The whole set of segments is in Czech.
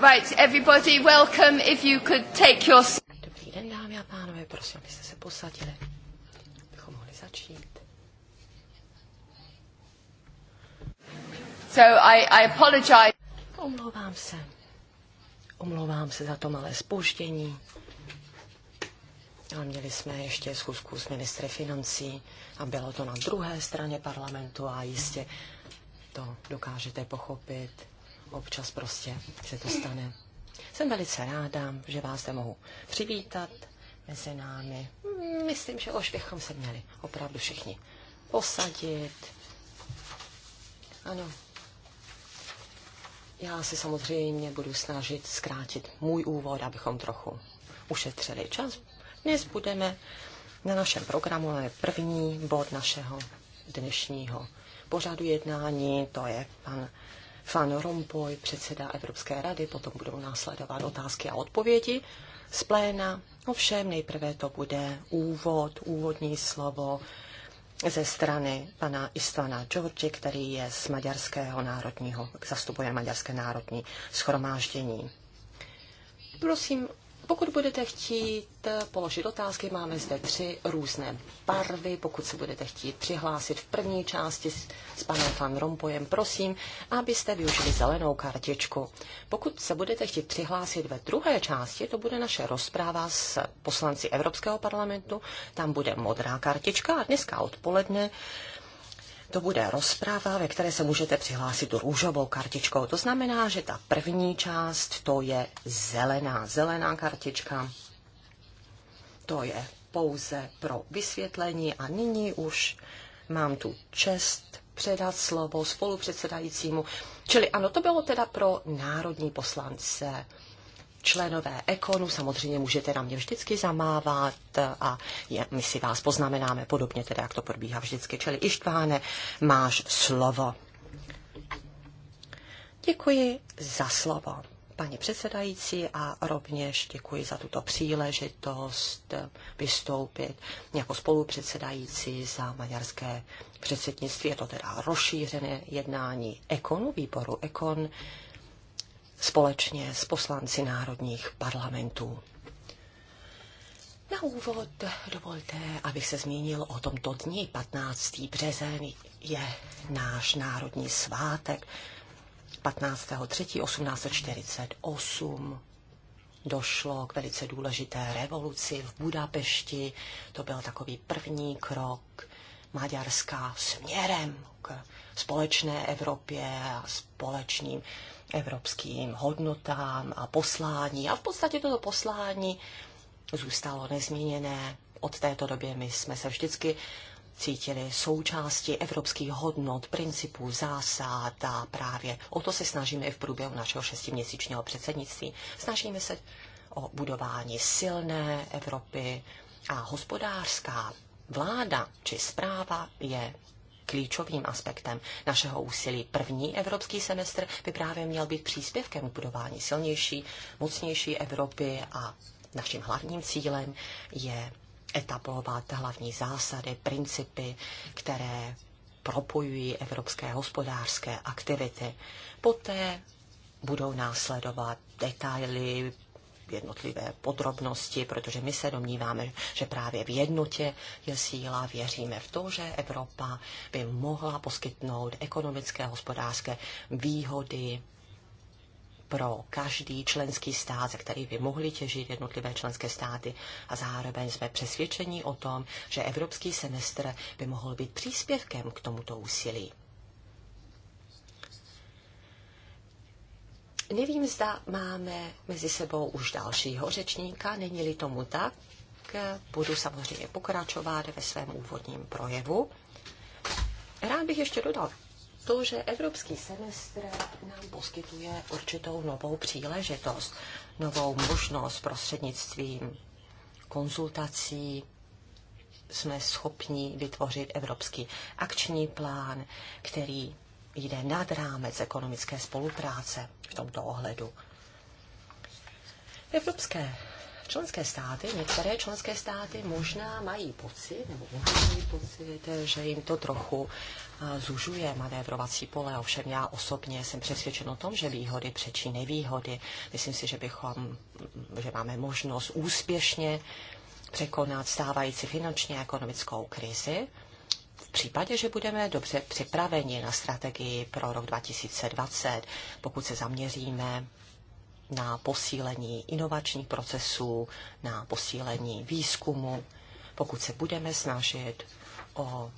Right, everybody, welcome. If you could take your... Dobrý den, dámy a pánové, prosím, abyste se posadili, abychom mohli začít. So I, I apologize. Omlouvám se. Omlouvám se za to malé spoždění. Ale měli jsme ještě schůzku s ministry financí a bylo to na druhé straně parlamentu a jistě to dokážete pochopit Občas prostě se to stane. Jsem velice ráda, že vás zde mohu přivítat mezi námi. Myslím, že už bychom se měli opravdu všichni posadit. Ano. Já si samozřejmě budu snažit zkrátit můj úvod, abychom trochu ušetřili čas. Dnes budeme na našem programu, ale první bod našeho dnešního pořadu jednání, to je pan Van Rompuy, předseda Evropské rady, potom budou následovat otázky a odpovědi z pléna. Ovšem nejprve to bude úvod, úvodní slovo ze strany pana Istvana Georgi, který je z maďarského národního, zastupuje maďarské národní schromáždění. Prosím pokud budete chtít položit otázky, máme zde tři různé barvy. Pokud se budete chtít přihlásit v první části s panem Van Rompojem, prosím, abyste využili zelenou kartičku. Pokud se budete chtít přihlásit ve druhé části, to bude naše rozpráva s poslanci Evropského parlamentu. Tam bude modrá kartička a dneska odpoledne to bude rozpráva, ve které se můžete přihlásit tu růžovou kartičkou. To znamená, že ta první část to je zelená, zelená kartička. To je pouze pro vysvětlení a nyní už mám tu čest předat slovo spolupředsedajícímu. Čili ano, to bylo teda pro národní poslance členové Ekonu, samozřejmě můžete na mě vždycky zamávat a je, my si vás poznamenáme podobně, teda jak to probíhá vždycky. Čili Ištváne, máš slovo. Děkuji za slovo, paní předsedající, a rovněž děkuji za tuto příležitost vystoupit jako spolupředsedající za maďarské předsednictví. Je to teda rozšířené jednání Ekonu, výboru Ekon společně s poslanci národních parlamentů. Na úvod dovolte, abych se zmínil o tomto dní. 15. březen je náš národní svátek. 15. 3. 1848 došlo k velice důležité revoluci v Budapešti. To byl takový první krok Maďarska směrem k společné Evropě a společným evropským hodnotám a poslání. A v podstatě toto poslání zůstalo nezměněné. Od této doby my jsme se vždycky cítili součástí evropských hodnot, principů, zásad a právě o to se snažíme i v průběhu našeho šestiměsíčního předsednictví. Snažíme se o budování silné Evropy a hospodářská vláda či zpráva je klíčovým aspektem našeho úsilí. První evropský semestr by právě měl být příspěvkem k budování silnější, mocnější Evropy a naším hlavním cílem je etablovat hlavní zásady, principy, které propojují evropské hospodářské aktivity. Poté budou následovat detaily, jednotlivé podrobnosti, protože my se domníváme, že právě v jednotě je síla. Věříme v to, že Evropa by mohla poskytnout ekonomické a hospodářské výhody pro každý členský stát, ze který by mohly těžit jednotlivé členské státy. A zároveň jsme přesvědčeni o tom, že evropský semestr by mohl být příspěvkem k tomuto úsilí. Nevím, zda máme mezi sebou už dalšího řečníka, není-li tomu tak, budu samozřejmě pokračovat ve svém úvodním projevu. Rád bych ještě dodal to, že evropský semestr nám poskytuje určitou novou příležitost, novou možnost prostřednictvím konzultací jsme schopni vytvořit evropský akční plán, který jde nad rámec ekonomické spolupráce v tomto ohledu. Evropské členské státy, některé členské státy možná mají pocit, nebo možná mají pocit, že jim to trochu zužuje manévrovací pole. Ovšem já osobně jsem přesvědčen o tom, že výhody přečí nevýhody. Myslím si, že bychom, že máme možnost úspěšně překonat stávající finančně ekonomickou krizi v případě, že budeme dobře připraveni na strategii pro rok 2020, pokud se zaměříme na posílení inovačních procesů, na posílení výzkumu, pokud se budeme snažit o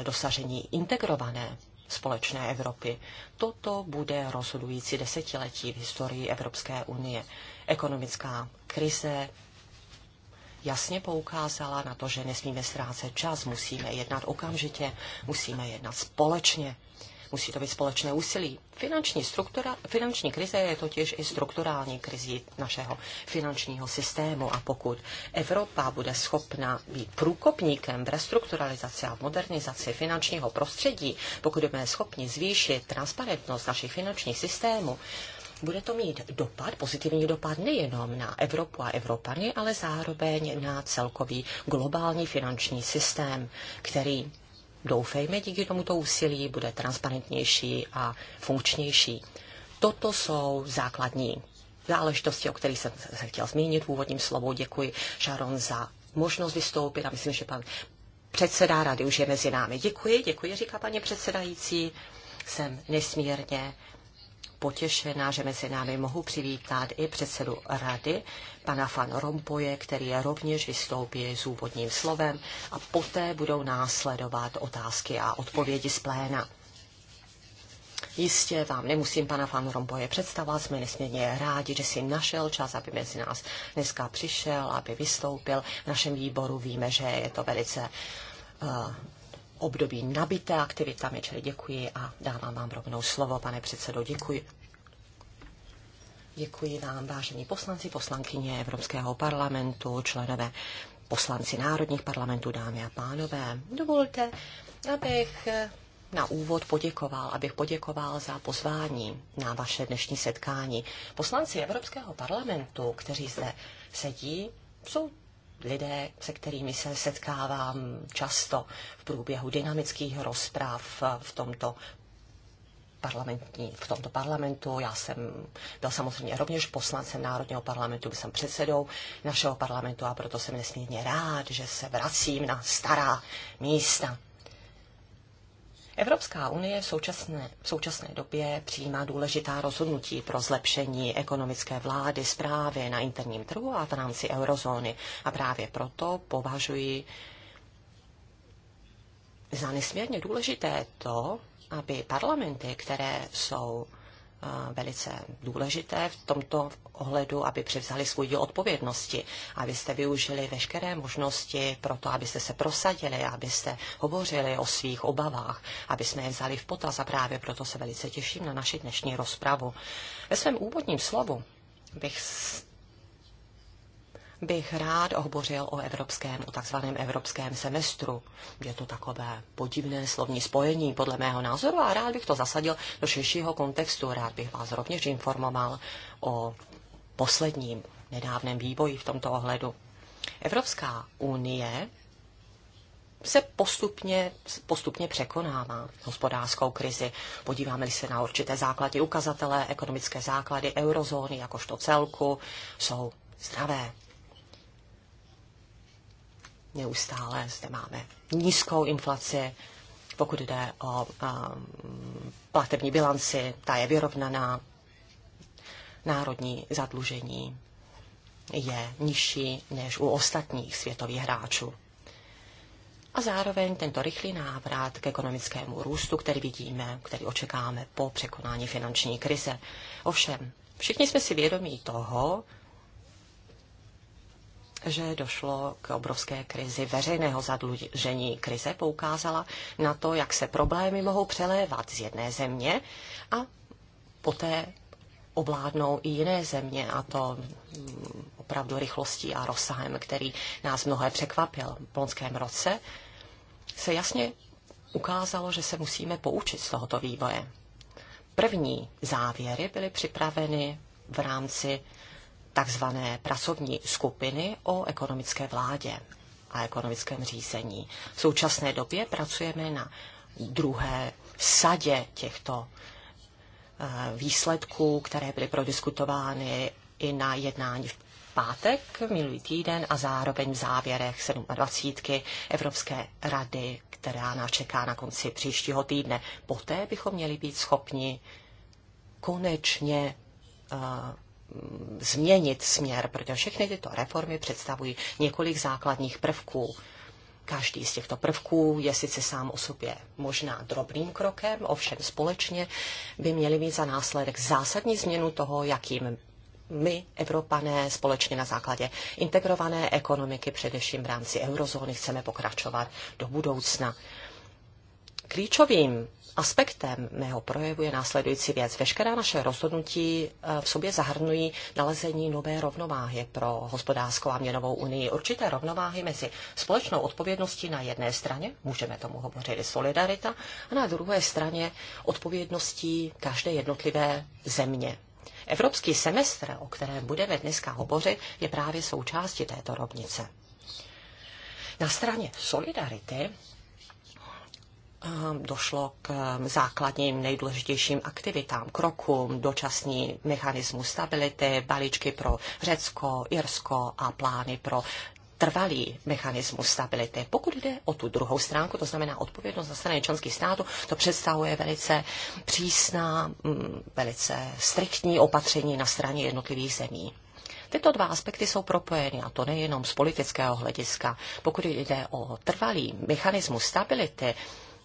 e, dosažení integrované společné Evropy. Toto bude rozhodující desetiletí v historii Evropské unie. Ekonomická krize jasně poukázala na to, že nesmíme ztrácet čas, musíme jednat okamžitě, musíme jednat společně. Musí to být společné úsilí. Finanční, struktura, finanční krize je totiž i strukturální krizí našeho finančního systému a pokud Evropa bude schopna být průkopníkem v restrukturalizaci a v modernizaci finančního prostředí, pokud budeme schopni zvýšit transparentnost našich finančních systémů, bude to mít dopad, pozitivní dopad nejenom na Evropu a Evropany, ale zároveň na celkový globální finanční systém, který doufejme díky tomuto úsilí bude transparentnější a funkčnější. Toto jsou základní záležitosti, o kterých jsem se chtěl zmínit v úvodním slovu. Děkuji Sharon za možnost vystoupit a myslím, že pan předseda rady už je mezi námi. Děkuji, děkuji, říká paní předsedající. Jsem nesmírně potěšena, že mezi námi mohu přivítat i předsedu rady, pana Fan Rompoje, který je rovněž vystoupí s úvodním slovem a poté budou následovat otázky a odpovědi z pléna. Jistě vám nemusím pana Fan Rompoje představovat, jsme nesmírně rádi, že si našel čas, aby mezi nás dneska přišel, aby vystoupil. V našem výboru víme, že je to velice eh, období nabité aktivitami, čili děkuji a dávám vám rovnou slovo, pane předsedo, děkuji. Děkuji vám, vážení poslanci, poslankyně Evropského parlamentu, členové poslanci národních parlamentů, dámy a pánové. Dovolte, abych na úvod poděkoval, abych poděkoval za pozvání na vaše dnešní setkání. Poslanci Evropského parlamentu, kteří zde sedí, jsou lidé, se kterými se setkávám často v průběhu dynamických rozpráv v tomto parlamentní, v tomto parlamentu. Já jsem byl samozřejmě rovněž poslancem Národního parlamentu, byl jsem předsedou našeho parlamentu a proto jsem nesmírně rád, že se vracím na stará místa. Evropská unie v současné, v současné době přijímá důležitá rozhodnutí pro zlepšení ekonomické vlády, zprávy na interním trhu a v rámci eurozóny. A právě proto považuji za nesmírně důležité to, aby parlamenty, které jsou eh, velice důležité v tomto ohledu, aby převzali svůj díl odpovědnosti, abyste využili veškeré možnosti pro to, abyste se prosadili, abyste hovořili o svých obavách, aby jsme je vzali v potaz a právě proto se velice těším na naši dnešní rozpravu. Ve svém úvodním slovu bych bych rád hovořil o evropském, o takzvaném evropském semestru. Je to takové podivné slovní spojení podle mého názoru a rád bych to zasadil do širšího kontextu. Rád bych vás rovněž informoval o posledním nedávném vývoji v tomto ohledu. Evropská unie se postupně, postupně překonává hospodářskou krizi. Podíváme-li se na určité základní ukazatele, ekonomické základy eurozóny jakožto celku, jsou zdravé. Neustále zde máme nízkou inflaci, pokud jde o um, platební bilanci, ta je vyrovnaná, národní zadlužení je nižší než u ostatních světových hráčů. A zároveň tento rychlý návrat k ekonomickému růstu, který vidíme, který očekáváme po překonání finanční krize. Ovšem, všichni jsme si vědomí toho, že došlo k obrovské krizi veřejného zadlužení. Krize poukázala na to, jak se problémy mohou přelévat z jedné země a poté ovládnou i jiné země a to mm, opravdu rychlostí a rozsahem, který nás mnohé překvapil. V loňském roce se jasně ukázalo, že se musíme poučit z tohoto vývoje. První závěry byly připraveny v rámci takzvané pracovní skupiny o ekonomické vládě a ekonomickém řízení. V současné době pracujeme na druhé sadě těchto Eh, výsledků, které byly prodiskutovány i na jednání v pátek minulý týden a zároveň v závěrech 27. Evropské rady, která nás čeká na konci příštího týdne. Poté bychom měli být schopni konečně uh, změnit směr, protože všechny tyto reformy představují několik základních prvků Každý z těchto prvků je sice sám o sobě možná drobným krokem, ovšem společně by měly mít za následek zásadní změnu toho, jakým my, Evropané, společně na základě integrované ekonomiky, především v rámci eurozóny, chceme pokračovat do budoucna. Klíčovým aspektem mého projevu je následující věc. Veškerá naše rozhodnutí eh, v sobě zahrnují nalezení nové rovnováhy pro hospodářskou a měnovou unii. Určité rovnováhy mezi společnou odpovědností na jedné straně, můžeme tomu hovořit solidarita, a na druhé straně odpovědností každé jednotlivé země. Evropský semestr, o kterém budeme dneska hovořit, je právě součástí této rovnice. Na straně solidarity Ehm, došlo k ehm, základním nejdůležitějším aktivitám, krokům, dočasní mechanismu stability, balíčky pro Řecko, Irsko a plány pro trvalý mechanismus stability. Pokud jde o tu druhou stránku, to znamená odpovědnost za strany členských států, to představuje velice přísná, mm, velice striktní opatření na straně jednotlivých zemí. Tyto dva aspekty jsou propojeny, a to nejenom z politického hlediska. Pokud jde o trvalý mechanismus stability,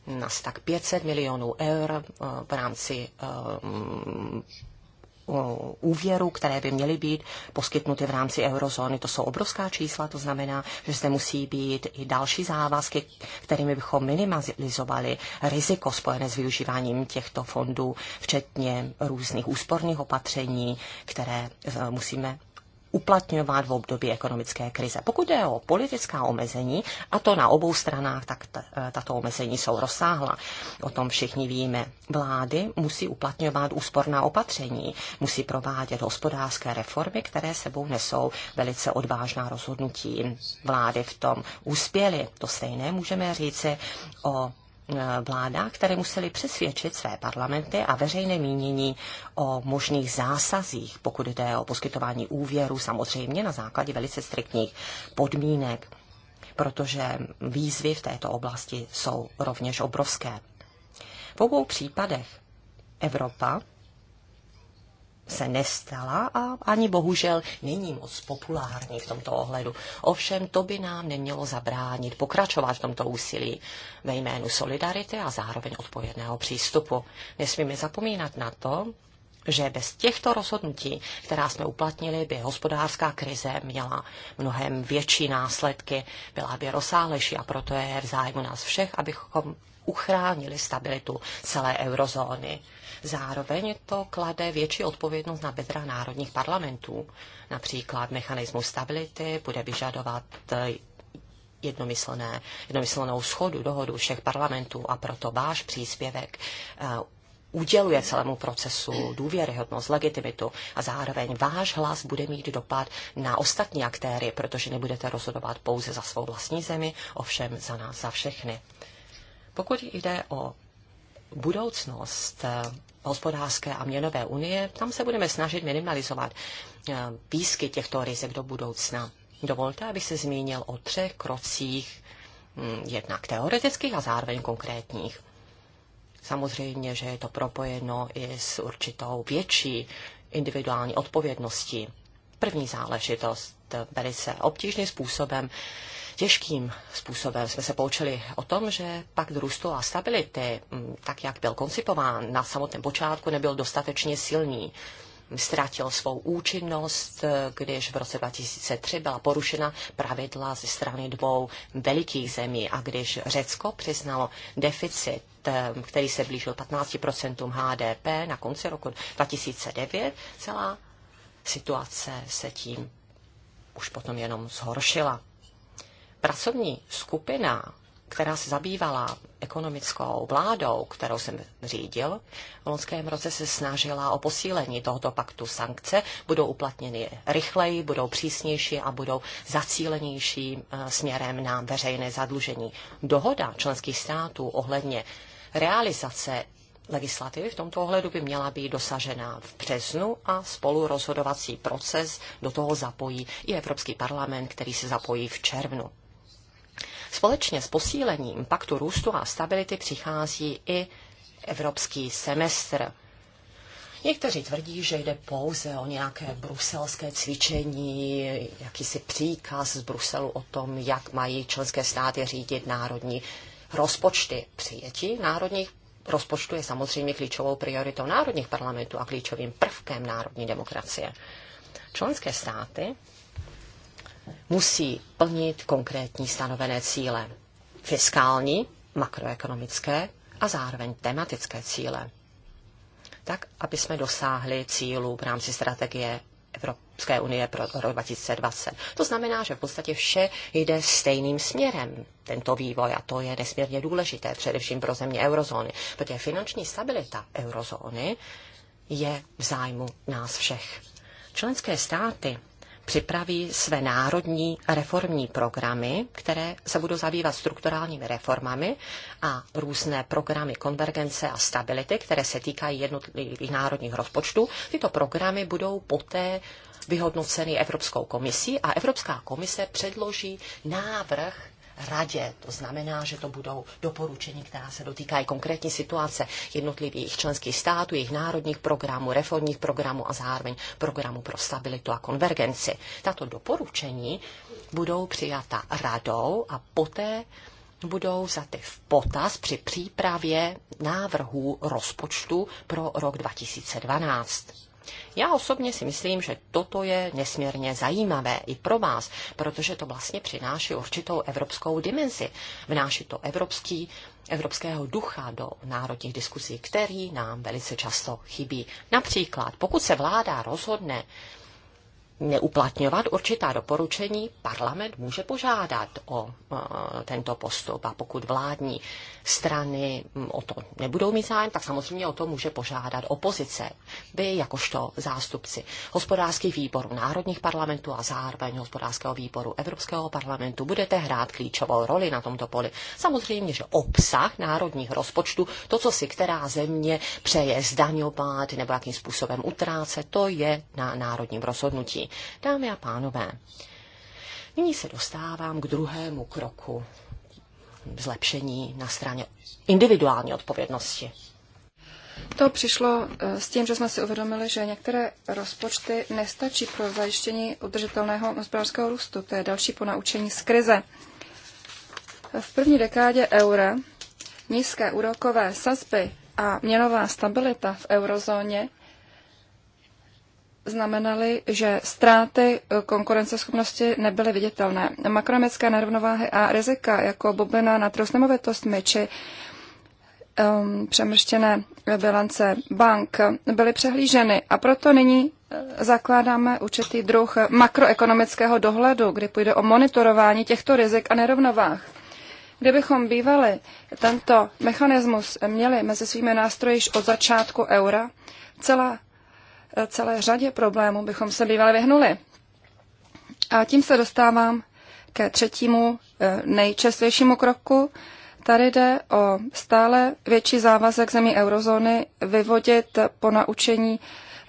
nás tak 500 milionů eur eh, v rámci eh, mm, úvěru, které by měly být poskytnuty v rámci eurozóny. To jsou obrovská čísla, to znamená, že zde musí být i další závazky, kterými bychom minimalizovali riziko spojené s využíváním těchto fondů, včetně různých úsporných opatření, které eh, musíme uplatňovat v období ekonomické krize. Pokud jde o politická omezení, a to na obou stranách, tak e, tato omezení jsou rozsáhla. O tom všichni víme. Vlády musí uplatňovat úsporná opatření, musí provádět hospodářské reformy, které sebou nesou velice odvážná rozhodnutí. Vlády v tom uspěly. To stejné můžeme říci o vládách, které museli přesvědčit své parlamenty a veřejné mínění o možných zásazích, pokud jde o poskytování úvěru, samozřejmě na základě velice striktních podmínek, protože výzvy v této oblasti jsou rovněž obrovské. V obou případech Evropa se nestala a ani bohužel není moc populární v tomto ohledu. Ovšem to by nám nemělo zabránit pokračovat v tomto úsilí ve jménu solidarity a zároveň odpovědného přístupu. Nesmíme zapomínat na to, že bez těchto rozhodnutí, která jsme uplatnili, by hospodářská krize měla mnohem větší následky, byla by rozsáhlejší a proto je v zájmu nás všech, abychom uchránili stabilitu celé eurozóny. Zároveň to klade větší odpovědnost na bedra národních parlamentů. Například mechanismus stability bude vyžadovat eh, jednomyslné, jednomyslnou schodu, dohodu všech parlamentů a proto váš příspěvek eh, uděluje celému procesu důvěryhodnost, legitimitu a zároveň váš hlas bude mít dopad na ostatní aktéry, protože nebudete rozhodovat pouze za svou vlastní zemi, ovšem za nás, za všechny. Pokud jde o budoucnost eh, hospodářské a měnové unie, tam se budeme snažit minimalizovat eh, výsky těchto rizik do budoucna. Dovolte, abych se zmínil o třech krocích, hm, jednak teoretických a zároveň konkrétních. Samozřejmě, že je to propojeno i s určitou větší individuální odpovědností. První záležitost, eh, velice obtížným způsobem těžkým způsobem jsme se poučili o tom, že pak růstu a stability, mm, tak jak byl koncipován na samotném počátku, nebyl dostatečně silný. Ztratil svou účinnost, eh, když v roce 2003 byla porušena pravidla ze strany dvou velikých zemí a když Řecko přiznalo deficit eh, který se blížil 15% HDP na konci roku 2009, celá situace se tím už potom jenom zhoršila pracovní skupina, která se zabývala ekonomickou vládou, kterou jsem řídil, v loňském roce se snažila o posílení tohoto paktu sankce. Budou uplatněny rychleji, budou přísnější a budou zacílenější eh, směrem na veřejné zadlužení. Dohoda členských států ohledně realizace legislativy v tomto ohledu by měla být dosažena v březnu a spolurozhodovací proces do toho zapojí i Evropský parlament, který se zapojí v červnu. Společně s posílením paktu růstu a stability přichází i evropský semestr. Někteří tvrdí, že jde pouze o nějaké bruselské cvičení, jakýsi příkaz z Bruselu o tom, jak mají členské státy řídit národní rozpočty. Přijetí národních rozpočtu je samozřejmě klíčovou prioritou národních parlamentů a klíčovým prvkem národní demokracie. Členské státy musí plnit konkrétní stanovené cíle. Fiskální, makroekonomické a zároveň tematické cíle. Tak, aby jsme dosáhli cílů v rámci strategie Evropské unie pro rok 2020. To znamená, že v podstatě vše jde stejným směrem, tento vývoj, a to je nesmírně důležité, především pro země eurozóny, protože finanční stabilita eurozóny je v zájmu nás všech. Členské státy připraví své národní reformní programy, které se budou zabývat strukturálními reformami a různé programy konvergence a stability, které se týkají jednotlivých národních rozpočtů. Tyto programy budou poté vyhodnoceny Evropskou komisí a Evropská komise předloží návrh radě. To znamená, že to budou doporučení, která se dotýkají konkrétní situace jednotlivých členských států, jejich národních programů, reformních programů a zároveň programů pro stabilitu a konvergenci. Tato doporučení budou přijata radou a poté budou ty v potaz při přípravě návrhů rozpočtu pro rok 2012. Já osobně si myslím, že toto je nesmírně zajímavé i pro vás, protože to vlastně přináší určitou evropskou dimenzi. Vnáší to evropský evropského ducha do národních diskusí, který nám velice často chybí. Například, pokud se vláda rozhodne neuplatňovat určitá doporučení, parlament může požádat o e, tento postup. A pokud vládní strany o to nebudou mít zájem, tak samozřejmě o to může požádat opozice. Vy jakožto zástupci hospodářských výborů národních parlamentů a zároveň hospodářského výboru Evropského parlamentu budete hrát klíčovou roli na tomto poli. Samozřejmě, že obsah národních rozpočtů, to, co si která země přeje zdaňovat nebo jakým způsobem utrácet, to je na národním rozhodnutí. Dámy a pánové, nyní se dostávám k druhému kroku zlepšení na straně individuální odpovědnosti. To přišlo eh, s tím, že jsme si uvědomili, že některé rozpočty nestačí pro zajištění udržitelného hospodářského růstu. To je další ponaučení z krize. V první dekádě eura nízké úrokové sazby a měnová stabilita v eurozóně znamenaly, že ztráty konkurenceschopnosti nebyly viditelné. Makronomické nerovnováhy a rizika jako bublina na trhu s nemovitostmi či um, přemrštěné bilance bank byly přehlíženy a proto nyní eh, zakládáme určitý druh makroekonomického dohledu, kdy půjde o monitorování těchto rizik a nerovnovách. Kdybychom bývali tento mechanismus měli mezi svými nástroji již od začátku eura, celá Eh, celé řadě problémů bychom se bývali vyhnuli. A tím se dostávám ke třetímu eh, nejčastějšímu kroku. Tady jde o stále větší závazek zemí eurozóny vyvodit po naučení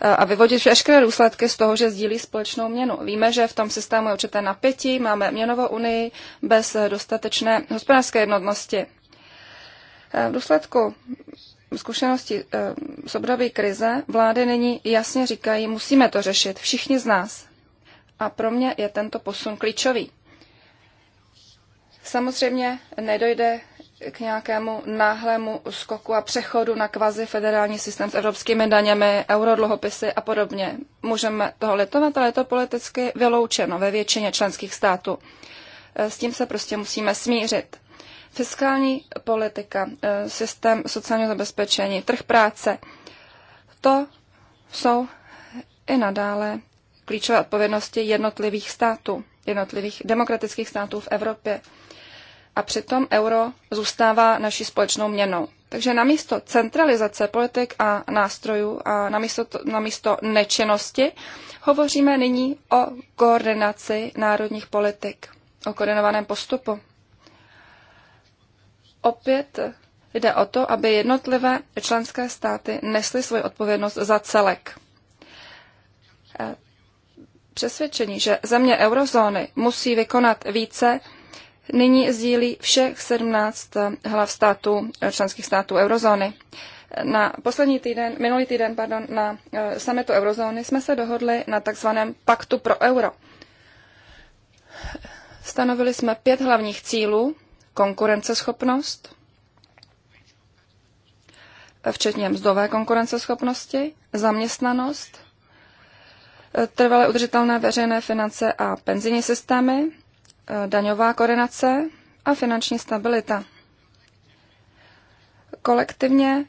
eh, a vyvodit všechny důsledky z toho, že sdílí společnou měnu. Víme, že v tom systému je určité napětí, máme měnovou unii bez dostatečné hospodářské jednotnosti. V důsledku zkušenosti eh, z období krize vlády nyní jasně říkají, musíme to řešit, všichni z nás. A pro mě je tento posun klíčový. Samozřejmě nedojde k nějakému náhlému skoku a přechodu na kvazi federální systém s evropskými daněmi, eurodluhopisy a podobně. Můžeme toho litovat, ale je to politicky vyloučeno ve většině členských států. Eh, s tím se prostě musíme smířit. Fiskální politika, e, systém sociálního zabezpečení, trh práce, to jsou i nadále klíčové odpovědnosti jednotlivých států, jednotlivých demokratických států v Evropě. A přitom euro zůstává naší společnou měnou. Takže namísto centralizace politik a nástrojů a namísto, namísto nečinnosti hovoříme nyní o koordinaci národních politik, o koordinovaném postupu opět jde o to, aby jednotlivé členské státy nesly svoji odpovědnost za celek. E, přesvědčení, že země eurozóny musí vykonat více, nyní sdílí všech 17 hlav států, e, členských států eurozóny. Na poslední týden, minulý týden, pardon, na e, sametu eurozóny jsme se dohodli na takzvaném paktu pro euro. Stanovili jsme pět hlavních cílů, konkurenceschopnost, včetně mzdové konkurenceschopnosti, zaměstnanost, trvale udržitelné veřejné finance a penzijní systémy, daňová koordinace a finanční stabilita. Kolektivně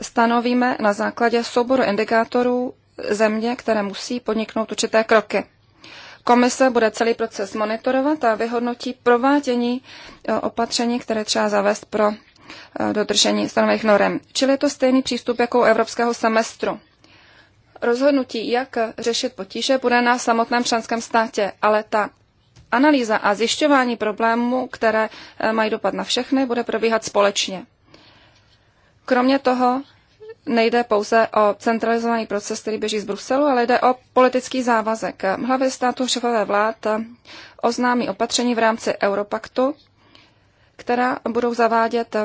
stanovíme na základě souboru indikátorů země, které musí podniknout určité kroky. Komise bude celý proces monitorovat a vyhodnotí provádění e, opatření, které třeba zavést pro e, dodržení stanovených norem. Čili je to stejný přístup jako u evropského semestru. Rozhodnutí, jak řešit potíže, bude na samotném členském státě, ale ta analýza a zjišťování problémů, které e, mají dopad na všechny, bude probíhat společně. Kromě toho nejde pouze o centralizovaný proces, který běží z Bruselu, ale jde o politický závazek. Hlavy státu šefové vlád oznámí opatření v rámci Europaktu, která budou zavádět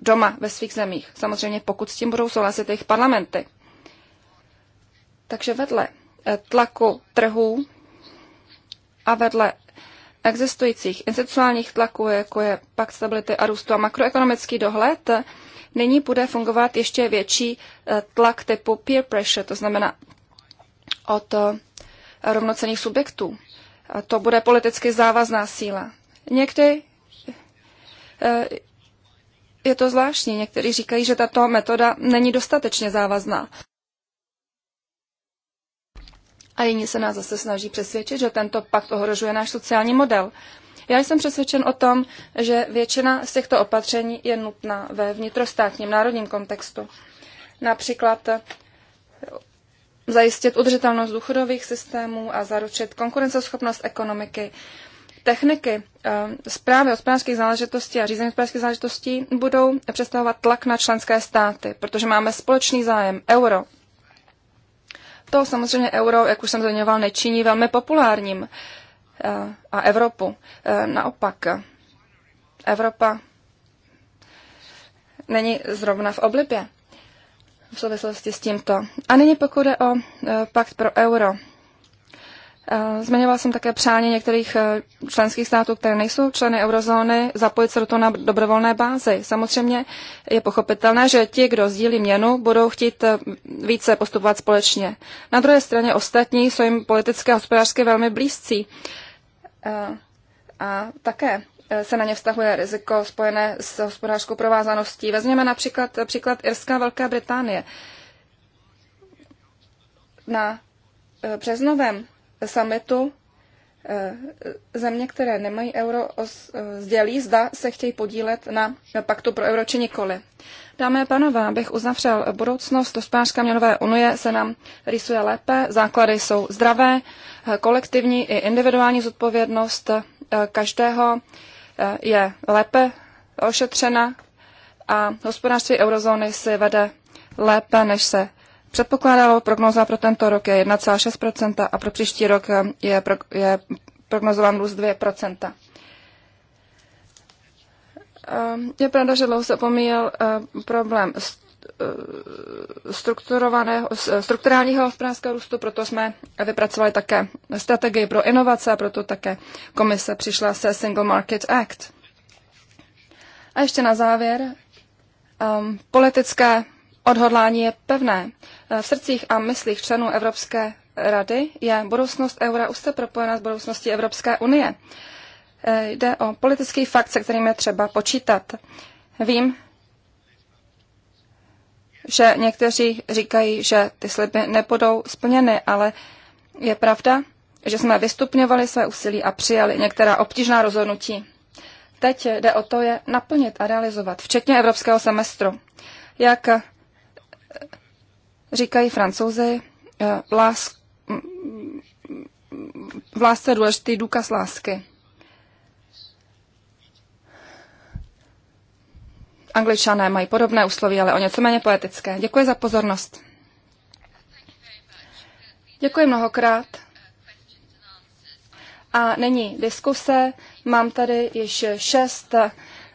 doma ve svých zemích. Samozřejmě pokud s tím budou souhlasit jejich parlamenty. Takže vedle tlaku trhů a vedle existujících institucionálních tlaků, jako je Pakt stability a růstu a makroekonomický dohled, nyní bude fungovat ještě větší eh, tlak typu peer pressure, to znamená od eh, rovnocených subjektů. A to bude politicky závazná síla. Někdy eh, je to zvláštní. Někteří říkají, že tato metoda není dostatečně závazná. A jiní se nás zase snaží přesvědčit, že tento pakt ohrožuje náš sociální model. Uh, já jsem přesvědčen o tom, že většina z těchto opatření je nutná ve vnitrostátním národním kontextu. Například eh, zajistit udržitelnost důchodových systémů a zaručit konkurenceschopnost ekonomiky. Techniky eh, zprávy hospodářských záležitostí a řízení hospodářských záležitostí budou představovat tlak na členské státy, protože máme společný zájem euro. To samozřejmě euro, jak už jsem zmiňoval, nečiní velmi populárním a Evropu. E, naopak, Evropa není zrovna v oblibě v souvislosti s tímto. A nyní pokud jde o e, pakt pro euro. E, Zmiňoval jsem také přání některých členských států, které nejsou členy eurozóny, zapojit se do toho na dobrovolné bázi. Samozřejmě je pochopitelné, že ti, kdo sdílí měnu, budou chtít více postupovat společně. Na druhé straně ostatní jsou jim politické a hospodářsky velmi blízcí Eh, a také eh, se na ně vztahuje riziko spojené s hospodářskou provázaností. Vezměme například eh, příklad Irská Velká Británie. Na březnovém summitu Eh, země, které nemají euro, eh, sdělí, zda se chtějí podílet na paktu pro euro či nikoli. Dámy a pánové, abych uzavřel budoucnost hospodářská měnové unie, se nám rýsuje lépe, základy jsou zdravé, eh, kolektivní i individuální zodpovědnost každého je lépe ošetřena a hospodářství eurozóny si vede lépe, než se Předpokládalo prognoza pro tento rok je 1,6% a pro příští rok je, pro, je prognozován růst 2%. Ehm, je pravda, že dlouho se pomíjel ehm, problém eh, eh, strukturálního hospodářského růstu, proto jsme vypracovali také strategii pro inovace a proto také komise přišla se Single Market Act. A ještě na závěr, um, politické odhodlání je pevné. V srdcích a myslích členů Evropské rady je budoucnost eura úzce propojena s budoucností Evropské unie. E, jde o politický fakt, se kterým je třeba počítat. Vím, že někteří říkají, že ty sliby nebudou splněny, ale je pravda, že jsme vystupňovali své úsilí a přijali některá obtížná rozhodnutí. Teď jde o to je naplnit a realizovat, včetně evropského semestru. Jak říkají francouzi, eh, lásk, v lásce je důležitý důkaz lásky. Angličané mají podobné úsloví, ale o něco méně poetické. Děkuji za pozornost. Děkuji mnohokrát. A není diskuse. Mám tady již šest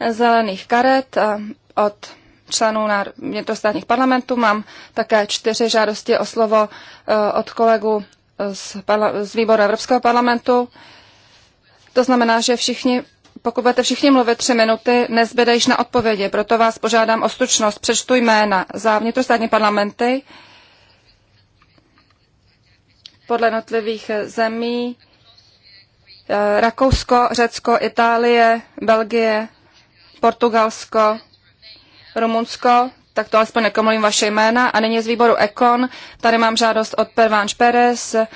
zelených karet eh, od členů na vnitrostátních parlamentů. Mám také čtyři žádosti o slovo eh, od kolegů z, parla- z výboru Evropského parlamentu. To znamená, že všichni, pokud budete všichni mluvit tři minuty, nezbyde již na odpovědi. Proto vás požádám o stručnost. Přečtu jména za vnitrostátní parlamenty podle notlivých eh, zemí. Eh, Rakousko, Řecko, Itálie, Belgie, Portugalsko, Rumunsko, tak to alespoň nekomolím vaše jména. A nyní z výboru Ekon, tady mám žádost od Pervánš Pérez, eh,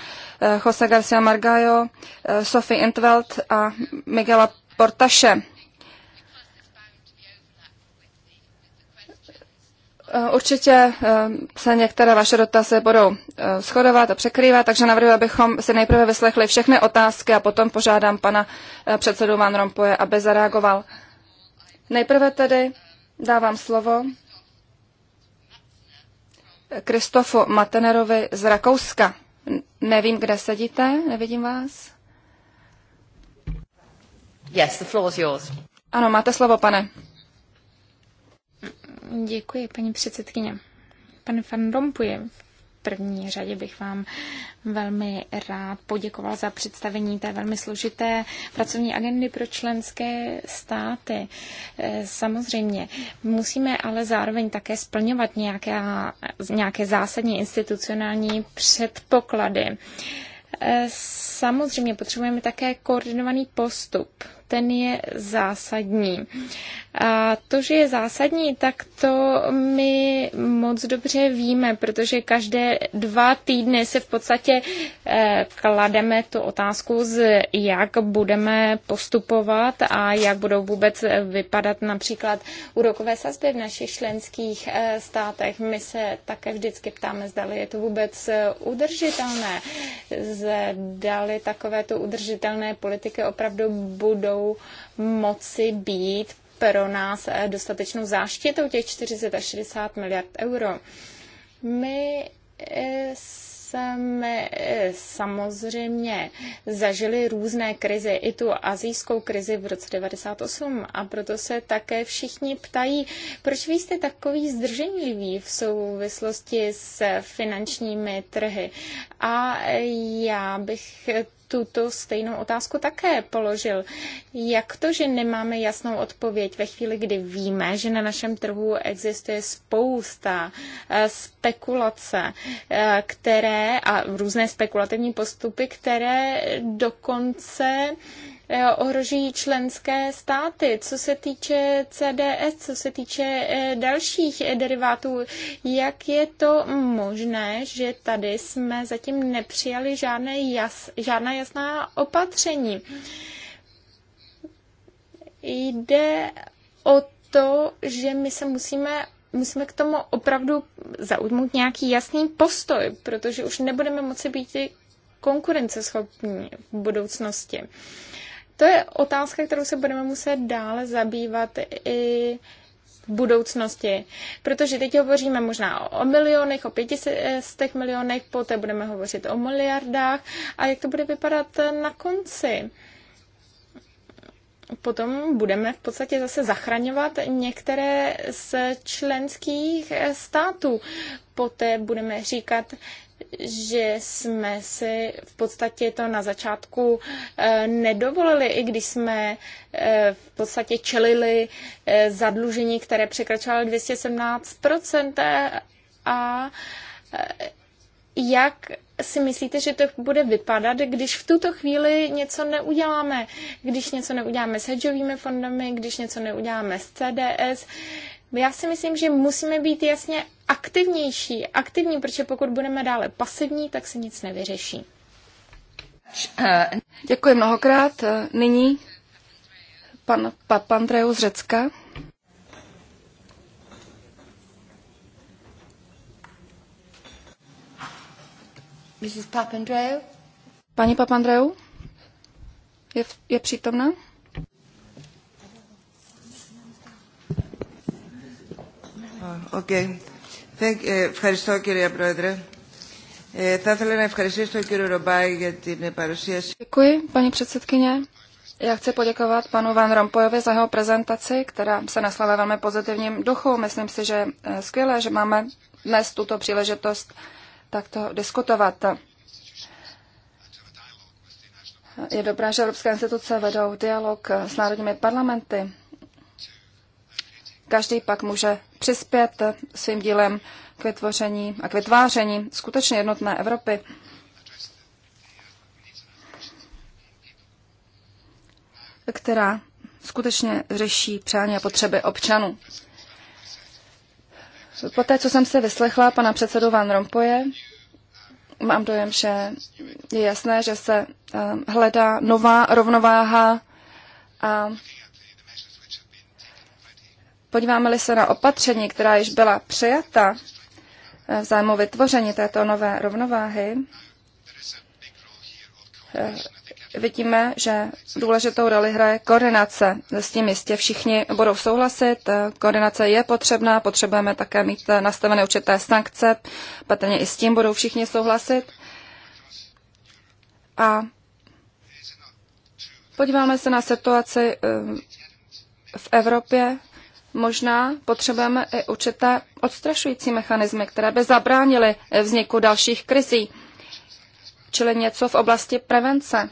Jose Garcia Margallo, eh, Sophie Intveld a Miguela Portaše. Eh, určitě se některé vaše dotazy budou shodovat a překrývat, takže navrhuji, abychom si nejprve vyslechli všechny otázky a potom požádám pana předsedu Van Rompuje, aby zareagoval. Nejprve tedy dávám slovo Kristofu Matenerovi z Rakouska. Nevím, kde sedíte, nevidím vás. Yes, the floor is yours. Ano, máte slovo, pane. Děkuji, paní předsedkyně. Pan Van Rompuy, první řadě bych vám velmi rád poděkoval za představení té velmi složité pracovní agendy pro členské státy. E, samozřejmě musíme ale zároveň také splňovat nějaké, nějaké zásadní institucionální předpoklady. E, samozřejmě potřebujeme také koordinovaný postup ten je zásadní. A to, že je zásadní, tak to my moc dobře víme, protože každé dva týdny se v podstatě eh, klademe tu otázku, z jak budeme postupovat a jak budou vůbec vypadat například úrokové sazby v našich členských eh, státech. My se také vždycky ptáme, zdali je to vůbec eh, udržitelné, zdali takovéto udržitelné politiky opravdu budou budou moci být pro nás dostatečnou záštitou těch 40 až 60 miliard euro. My eh, jsme eh, samozřejmě zažili různé krizi, i tu azijskou krizi v roce 98 a proto se také všichni ptají, proč vy jste takový zdrženlivý v souvislosti s finančními trhy. A já bych tuto stejnou otázku také položil. Jak to, že nemáme jasnou odpověď ve chvíli, kdy víme, že na našem trhu existuje spousta eh, spekulace, eh, které a různé spekulativní postupy, které dokonce Eh, ohrožují členské státy. Co se týče CDS, co se týče eh, dalších eh, derivátů, jak je to možné, že tady jsme zatím nepřijali žádné jas, žádná jasná opatření? Jde o to, že my se musíme musíme k tomu opravdu zaujmout nějaký jasný postoj, protože už nebudeme moci být konkurenceschopní v budoucnosti. To je otázka, kterou se budeme muset dále zabývat i v budoucnosti. Protože teď hovoříme možná o milionech, o pětistech milionech, poté budeme hovořit o miliardách a jak to bude vypadat na konci. Potom budeme v podstatě zase zachraňovat některé z členských států. Poté budeme říkat, že jsme si v podstatě to na začátku eh, nedovolili, i když jsme eh, v podstatě čelili eh, zadlužení, které překračovalo 217% a jak si myslíte, že to bude vypadat, když v tuto chvíli něco neuděláme? Když něco neuděláme s hedžovými fondami, když něco neuděláme s CDS, já si myslím, že musíme být jasně aktivnější, aktivní, protože pokud budeme dále pasivní, tak se nic nevyřeší. Děkuji mnohokrát. Nyní pan Papandreou z Řecka. Mrs. Papandreou? Paní Papandreou? Je, je přítomna? Okay. Thank, ε, eh, ευχαριστώ κυρία Πρόεδρε. Ε, θα ήθελα να ευχαριστήσω τον κύριο Ρομπάη για την παρουσίαση. Děkuji, paní předsedkyně. Já chci poděkovat panu Van Rompuyovi za jeho prezentaci, která se naslala velmi pozitivním duchu. Myslím si, že je eh, skvělé, že máme dnes tuto příležitost takto diskutovat. Je dobré, že evropské instituce vedou dialog s národními parlamenty. Každý pak může přispět svým dílem k vytvoření a k vytváření skutečně jednotné Evropy. která skutečně řeší přání a potřeby občanů. Poté, co jsem se vyslechla pana předsedu Van Rompoje, mám dojem, že je jasné, že se eh, hledá nová rovnováha a Podíváme-li se na opatření, která již byla přijata eh, v zájmu vytvoření této nové rovnováhy, eh, vidíme, že důležitou roli hraje koordinace. S tím jistě všichni budou souhlasit. Eh, koordinace je potřebná, potřebujeme také mít nastavené určité sankce, patrně i s tím budou všichni souhlasit. A podíváme se na situaci v Evropě možná potřebujeme i určité odstrašující mechanismy, které by zabránily vzniku dalších krizí, čili něco v oblasti prevence.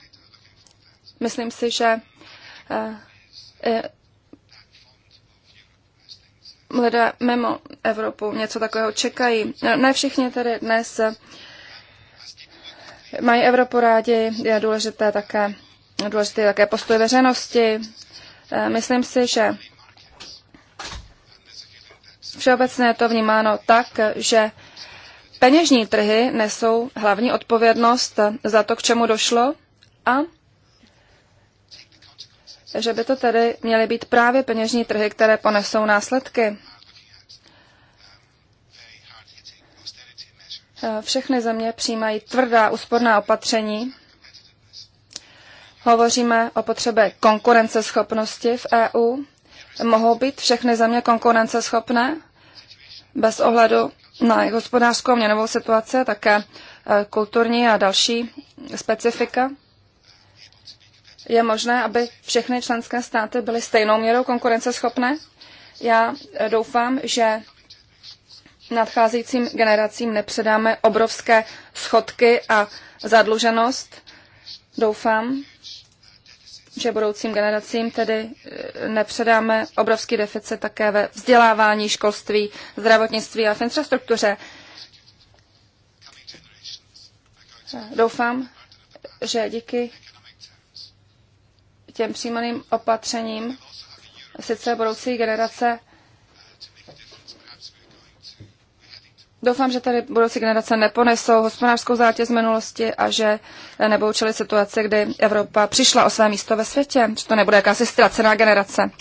Myslím si, že eh, eh, lidé mimo Evropu něco takového čekají. Ne všichni tedy dnes eh, mají Evropu rádi, je důležité také, důležité také postoj veřejnosti. Myslím si, že všeobecně je to vnímáno tak, že peněžní trhy nesou hlavní odpovědnost za to, k čemu došlo a že by to tedy měly být právě peněžní trhy, které ponesou následky. Všechny země přijímají tvrdá úsporná opatření. Hovoříme o potřebě konkurenceschopnosti v EU mohou být všechny země konkurenceschopné bez ohledu na jejich hospodářskou a měnovou situaci, také eh, kulturní a další specifika. Je možné, aby všechny členské státy byly stejnou měrou konkurenceschopné? Já eh, doufám, že nadcházejícím generacím nepředáme obrovské schodky a zadluženost. Doufám, že budoucím generacím tedy eh, nepředáme obrovský deficit také ve vzdělávání, školství, zdravotnictví a v infrastruktuře. Doufám, že díky těm přijímaným opatřením sice budoucí generace Doufám, že tady budoucí generace neponesou hospodářskou zátěž z minulosti a že eh, nebudou čelit situace, kdy Evropa přišla o své místo ve světě, že to nebude jakási ztracená generace.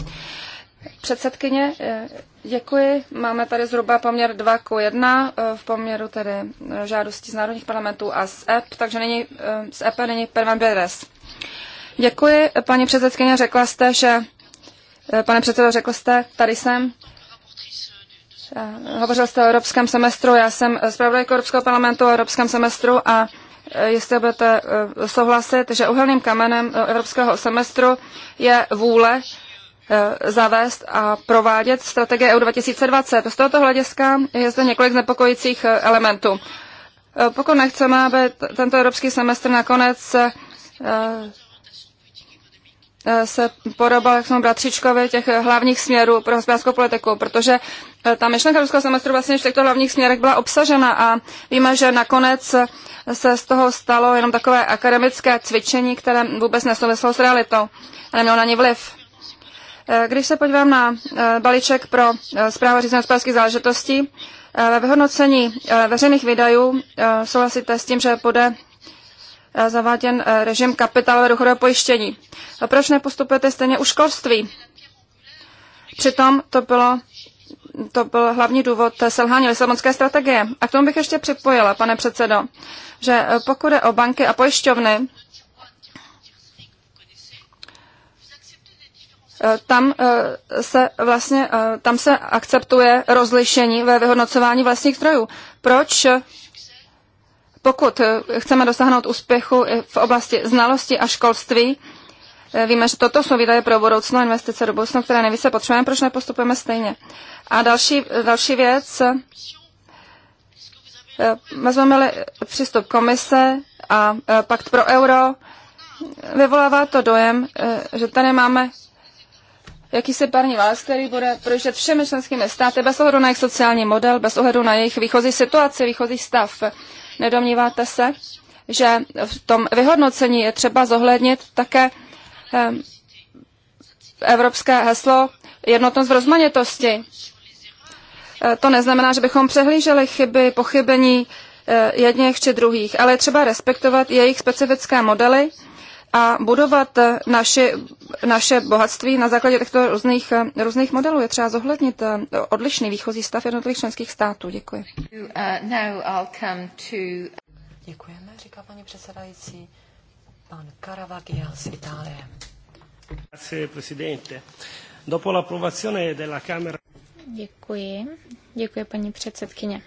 Předsedkyně, eh, děkuji. Máme tady zhruba poměr 2 k 1 v poměru tedy eh, žádosti z národních parlamentů a z EP, takže není, z EP není Pervan Beres. Děkuji, paní předsedkyně, řekla jste, že, pane předsedo, řekl jste, tady jsem, Hovořil jste o evropském semestru, já jsem zpravodajka Evropského parlamentu o evropském semestru a e, jestli budete e, souhlasit, že uhelným kamenem e, evropského semestru je vůle zavést a provádět strategie EU 2020. Z tohoto hlediska je zde několik znepokojících elementů. Pokud nechceme, aby tento evropský semestr nakonec Eh, se podobal, jak jsme bratřičkovi, těch eh, hlavních směrů pro hospodářskou politiku, protože eh, ta myšlenka ruského semestru vlastně v těchto hlavních směrech byla obsažena a víme, že nakonec se z toho stalo jenom takové akademické cvičení, které vůbec nesouvislo s realitou a nemělo na ní vliv. Když se podívám na balíček pro zprávu řízení hospodářských záležitostí, ve vyhodnocení veřejných výdajů souhlasíte s tím, že bude Eh, zaváděn eh, režim kapitálového důchodového pojištění. Proč nepostupujete stejně u školství? Přitom to bylo to byl hlavní důvod selhání Lisabonské strategie. A k tomu bych ještě připojila, pane předsedo, že eh, pokud je o banky a pojišťovny, tam se vlastně, tam se akceptuje rozlišení ve vyhodnocování vlastních zdrojů. Proč pokud eh, chceme dosáhnout úspěchu v oblasti znalosti a školství, eh, Víme, že toto jsou výdaje pro budoucnu investice do budoucnu, které nejvíce potřebujeme, proč nepostupujeme stejně. A další, další věc, eh, vezmeme přístup komise a pakt pro euro, vyvolává to dojem, že tady máme jakýsi parní vás, který bude projíždět všemi členskými státy bez ohledu na jejich sociální model, bez ohledu na jejich výchozí situaci, výchozí stav. Nedomníváte se, že v tom vyhodnocení je třeba zohlednit také ehm, evropské heslo jednotnost v rozmanitosti. E, to neznamená, že bychom přehlíželi chyby, pochybení e, jedněch či druhých, ale je třeba respektovat jejich specifické modely a budovat naše, naše bohatství na základě těchto různých, různých modelů. Je třeba zohlednit eh, odlišný výchozí stav jednotlivých členských států. Děkuji. Děkujeme, říká paní předsedající. Pan Caravaggio z Itálie. Děkuji. Děkuji, paní předsedkyně.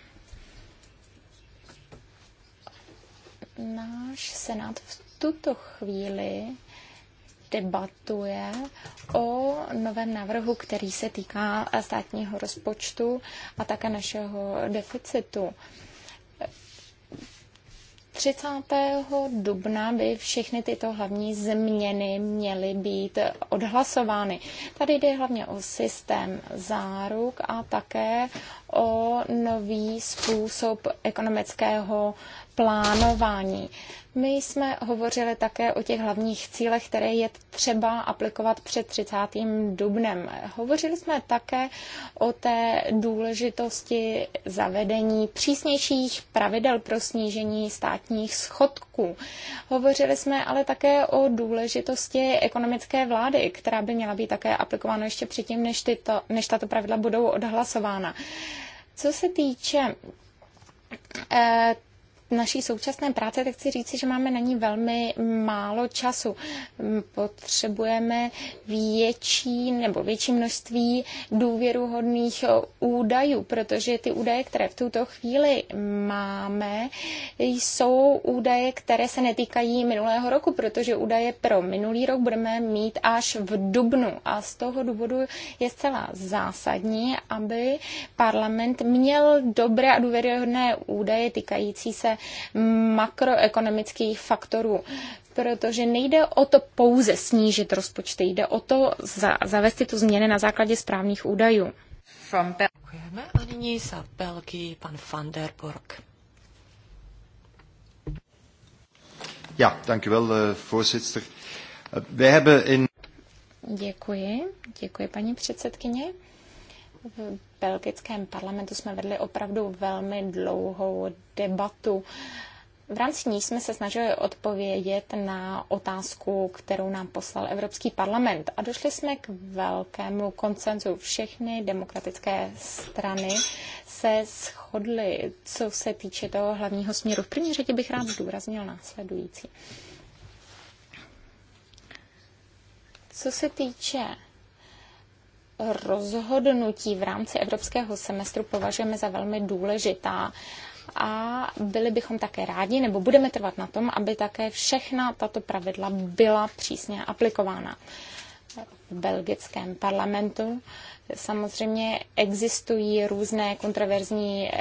Náš senát v tuto chvíli debatuje o novém návrhu, který se týká státního rozpočtu a také našeho deficitu. 30. dubna by všechny tyto hlavní změny měly být odhlasovány. Tady jde hlavně o systém záruk a také o nový způsob ekonomického plánování. My jsme hovořili také o těch hlavních cílech, které je třeba aplikovat před 30. dubnem. Hovořili jsme také o té důležitosti zavedení přísnějších pravidel pro snížení státních schodků. Hovořili jsme ale také o důležitosti ekonomické vlády, která by měla být také aplikována ještě předtím, než, tyto, než tato pravidla budou odhlasována. Co se týče eh, naší současné práce, tak chci říci, že máme na ní velmi málo času. Mm, potřebujeme větší nebo větší množství důvěruhodných eh, údajů, protože ty údaje, které v tuto chvíli máme, jsou údaje, které se netýkají minulého roku, protože údaje pro minulý rok budeme mít až v dubnu. A z toho důvodu je zcela zásadní, aby parlament měl dobré a důvěryhodné údaje týkající se makroekonomických faktorů, protože nejde o to pouze snížit rozpočty, jde o to za, zavést tu změny na základě správných údajů. From Děkujeme a nyní za Belgii pan van der Borg. Ja, dank u wel, eh, voorzitter. Eh, hebben in... Děkuji, děkuji paní předsedkyně v belgickém parlamentu jsme vedli opravdu velmi dlouhou debatu. V rámci ní jsme se snažili odpovědět na otázku, kterou nám poslal Evropský parlament a došli jsme k velkému koncenzu. Všechny demokratické strany se shodly, co se týče toho hlavního směru. V první řadě bych rád zdůraznil následující. Co se týče rozhodnutí v rámci evropského semestru považujeme za velmi důležitá a byli bychom také rádi, nebo budeme trvat na tom, aby také všechna tato pravidla byla přísně aplikována. V belgickém parlamentu samozřejmě existují různé kontroverzní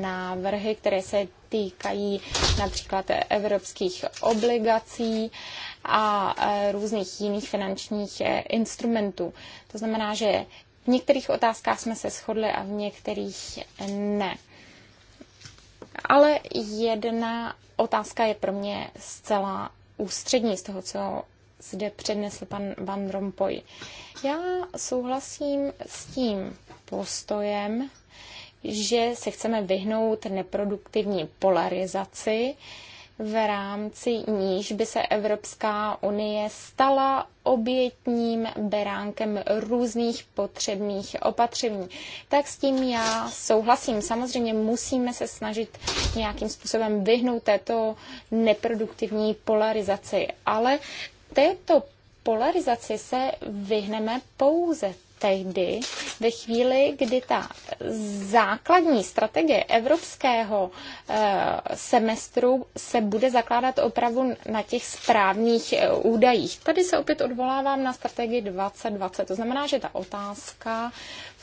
návrhy, které se týkají například evropských obligací a e, různých jiných finančních e, instrumentů. To znamená, že v některých otázkách jsme se shodli a v některých e, ne. Ale jedna otázka je pro mě zcela ústřední z toho, co zde přednesl pan Van Rompuy. Já souhlasím s tím postojem, že se chceme vyhnout neproduktivní polarizaci, v rámci níž by se Evropská unie stala obětním beránkem různých potřebných opatření. Tak s tím já souhlasím. Samozřejmě musíme se snažit nějakým způsobem vyhnout této neproduktivní polarizaci, ale této polarizaci se vyhneme pouze tehdy, ve chvíli, kdy ta základní strategie evropského eh, semestru se bude zakládat opravdu na těch správných eh, údajích. Tady se opět odvolávám na strategii 2020. To znamená, že ta otázka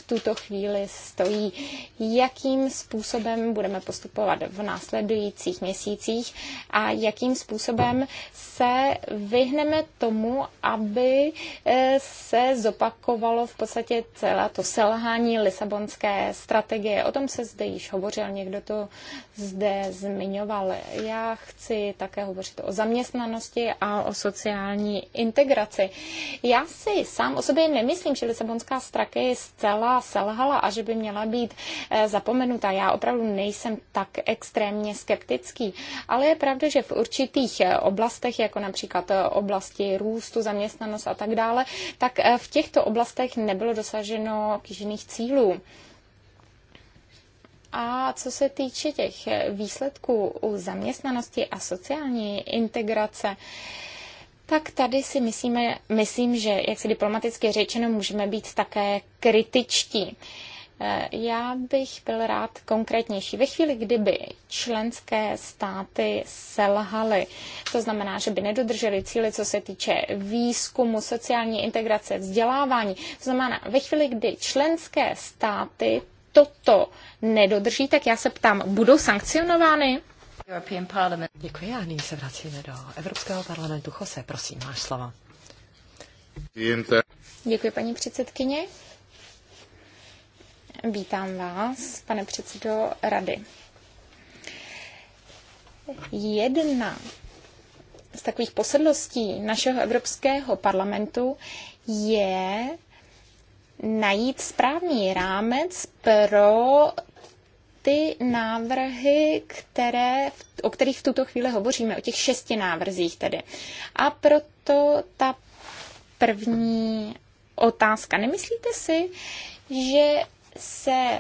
tuto chvíli stojí. Jakým způsobem budeme postupovat v následujících měsících a jakým způsobem se vyhneme tomu, aby eh, se zopakovalo v podstatě celé to selhání Lisabonské strategie. O tom se zde již hovořil, někdo to zde zmiňoval. Já chci také hovořit o zaměstnanosti a o sociální integraci. Já si sám o sobě nemyslím, že Lisabonská strategie je zcela selhala a že by měla být eh, zapomenuta. Já opravdu nejsem tak extrémně skeptický, ale je pravda, že v určitých eh, oblastech, jako například eh, oblasti růstu, zaměstnanost a tak dále, tak v těchto oblastech nebylo dosaženo kýžených cílů. A co se týče těch výsledků u zaměstnanosti a sociální integrace, tak tady si myslíme, myslím, že, jak se diplomaticky řečeno, můžeme být také kritičtí. Eh, já bych byl rád konkrétnější. Ve chvíli, kdyby členské státy selhaly, to znamená, že by nedodrželi cíly, co se týče výzkumu, sociální integrace, vzdělávání, to znamená, ve chvíli, kdy členské státy toto nedodrží, tak já se ptám, budou sankcionovány? Děkuji a nyní se vracíme do Evropského parlamentu. Jose, prosím, máš slovo. Děkuji, paní předsedkyně. Vítám vás, pane předsedo rady. Jedna z takových posedlostí našeho Evropského parlamentu je najít správný rámec pro ty návrhy, které, o kterých v tuto chvíli hovoříme, o těch šesti návrzích tedy. A proto ta první otázka. Nemyslíte si, že se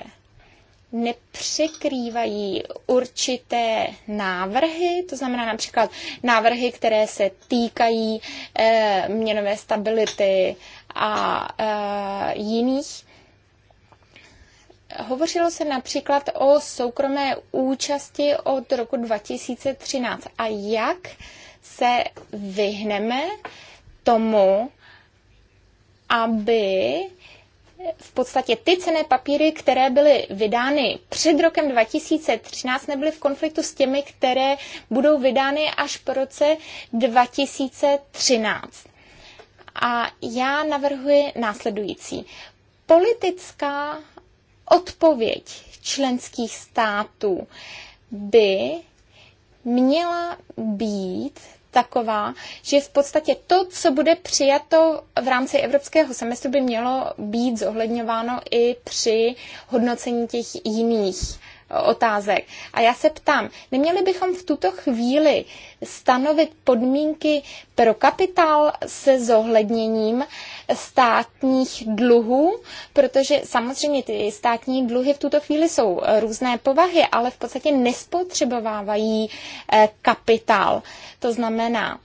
nepřekrývají určité návrhy, to znamená například návrhy, které se týkají e, měnové stability a e, jiných Hovořilo se například o soukromé účasti od roku 2013 a jak se vyhneme tomu, aby v podstatě ty cené papíry, které byly vydány před rokem 2013, nebyly v konfliktu s těmi, které budou vydány až po roce 2013. A já navrhuji následující. Politická odpověď členských států by měla být taková, že v podstatě to, co bude přijato v rámci evropského semestru, by mělo být zohledňováno i při hodnocení těch jiných otázek. A já se ptám, neměli bychom v tuto chvíli stanovit podmínky pro kapitál se zohledněním uh, státních dluhů, protože samozřejmě ty státní dluhy v tuto chvíli jsou různé povahy, ale v podstatě nespotřebovávají eh, kapitál. To znamená,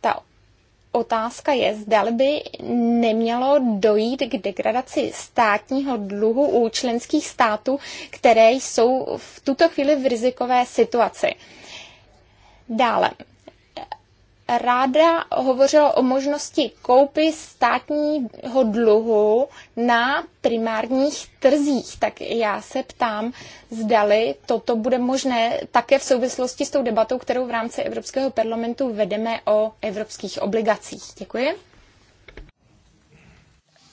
ta otázka je, zda by nemělo dojít k degradaci státního dluhu u členských států, které jsou v tuto chvíli v rizikové situaci. Dále, ráda hovořila o možnosti koupy státního dluhu na primárních trzích. Tak já se ptám, zdali toto bude možné také v souvislosti s tou debatou, kterou v rámci Evropského parlamentu vedeme o evropských obligacích. Děkuji.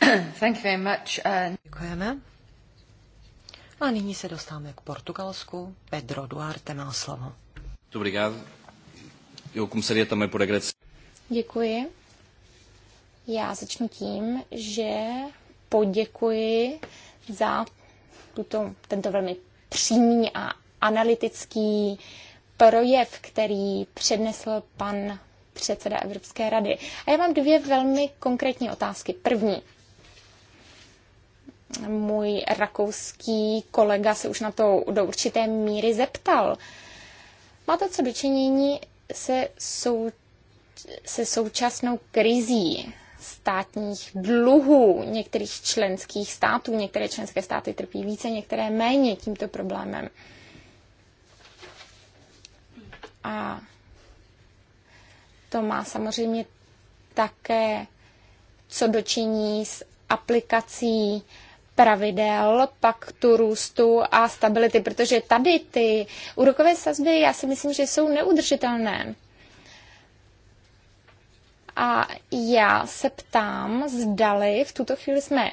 Thank you very much. Uh, Děkujeme. A nyní se dostáváme k Portugalsku. Pedro Duarte má slovo. Obrigado eu cum seria também Děkuji. Já začnu tím, že poděkuji za tuto, tento velmi přímý a analytický projev, který přednesl pan předseda Evropské rady. A já mám dvě velmi konkrétní otázky. První. Můj rakouský kolega se už na to do určité míry zeptal. Má to co dočinění se, sou, se současnou krizí státních dluhů některých členských států. Některé členské státy trpí více, některé méně tímto problémem. A to má samozřejmě také co dočiní s aplikací pravidel paktu růstu a stability, protože tady ty úrokové sazby, já si myslím, že jsou neudržitelné. A já se ptám, zdali v tuto chvíli jsme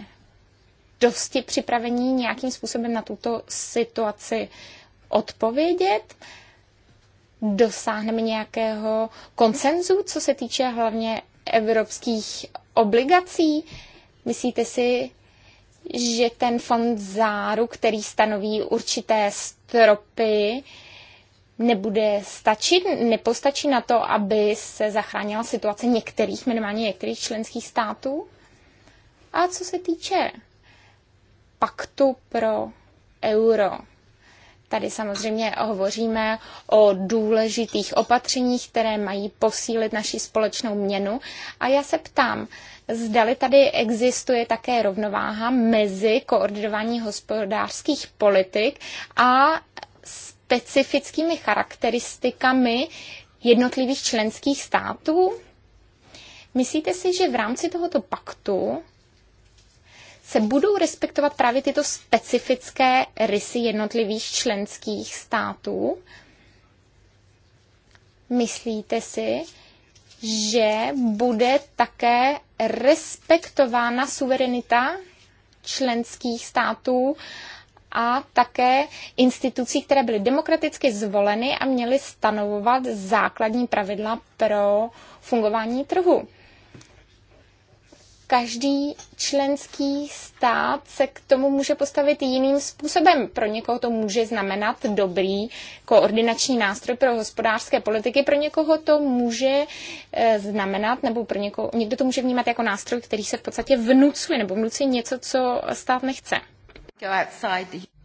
dosti připravení nějakým způsobem na tuto situaci odpovědět. Dosáhneme nějakého konsenzu, co se týče hlavně evropských obligací. Myslíte si, že ten fond záru, který stanoví určité stropy, nebude stačit, nepostačí na to, aby se zachránila situace některých, minimálně některých členských států? A co se týče paktu pro euro, Tady samozřejmě hovoříme o důležitých opatřeních, které mají posílit naši společnou měnu. A já se ptám, zdali tady existuje také rovnováha mezi koordinování hospodářských politik a specifickými charakteristikami jednotlivých členských států? Myslíte si, že v rámci tohoto paktu se budou respektovat právě tyto specifické rysy jednotlivých členských států? Myslíte si, že bude také respektována suverenita členských států a také institucí, které byly demokraticky zvoleny a měly stanovovat základní pravidla pro fungování trhu každý členský stát se k tomu může postavit jiným způsobem. Pro někoho to může znamenat dobrý koordinační nástroj pro hospodářské politiky, pro někoho to může eh, znamenat, nebo pro někoho, někdo to může vnímat jako nástroj, který se v podstatě vnucuje, nebo vnucuje něco, co stát nechce.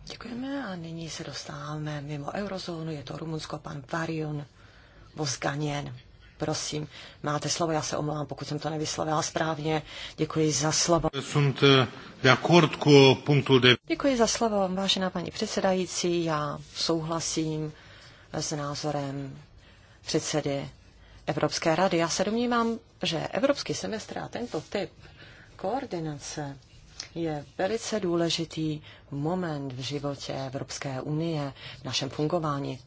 Děkujeme a nyní se dostáváme mimo eurozónu. Je to Rumunsko, pan Varion Voskanien. Prosím, máte slovo, já se omlouvám, pokud jsem to nevyslovila správně. Děkuji za slovo. Děkuji za slovo, vážená paní předsedající. Já souhlasím s názorem předsedy Evropské rady. Já se domnívám, že evropský semestr a tento typ koordinace je velice důležitý moment v životě Evropské unie, v našem fungování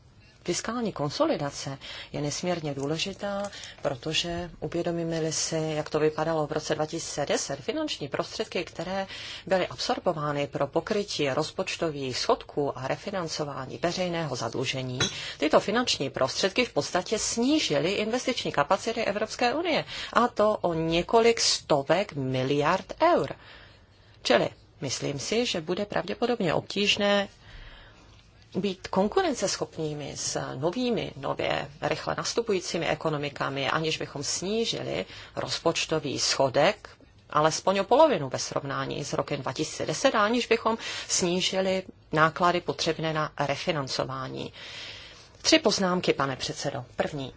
fiskální konsolidace je nesmírně důležitá, protože uvědomíme-li si, jak to vypadalo v roce 2010, finanční prostředky, které byly absorbovány pro pokrytí rozpočtových schodků a refinancování veřejného zadlužení, tyto finanční prostředky v podstatě snížily investiční kapacity Evropské unie, a to o několik stovek miliard eur. Čili myslím si, že bude pravděpodobně obtížné být konkurenceschopnými s novými, nově rychle nastupujícími ekonomikami, aniž bychom snížili rozpočtový schodek alespoň o polovinu ve srovnání s rokem 2010, aniž bychom snížili náklady potřebné na refinancování. Tři poznámky, pane předsedo. První.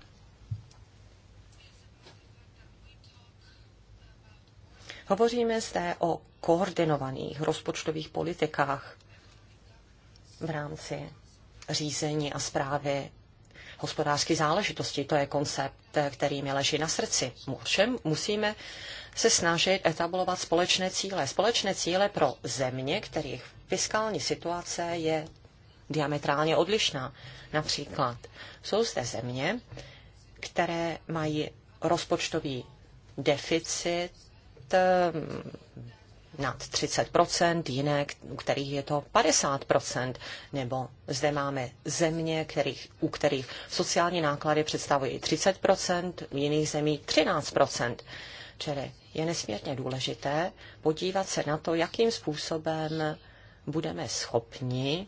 Hovoříme zde o koordinovaných rozpočtových politikách v rámci řízení a zprávy hospodářské záležitosti. To je koncept, který mi leží na srdci. Všem musíme se snažit etablovat společné cíle. Společné cíle pro země, kterých fiskální situace je diametrálně odlišná. Například jsou zde země, které mají rozpočtový deficit nad 30 jiné, u kterých je to 50 nebo zde máme země, kterých, u kterých sociální náklady představují 30 v jiných zemích 13 Čili je nesmírně důležité podívat se na to, jakým způsobem budeme schopni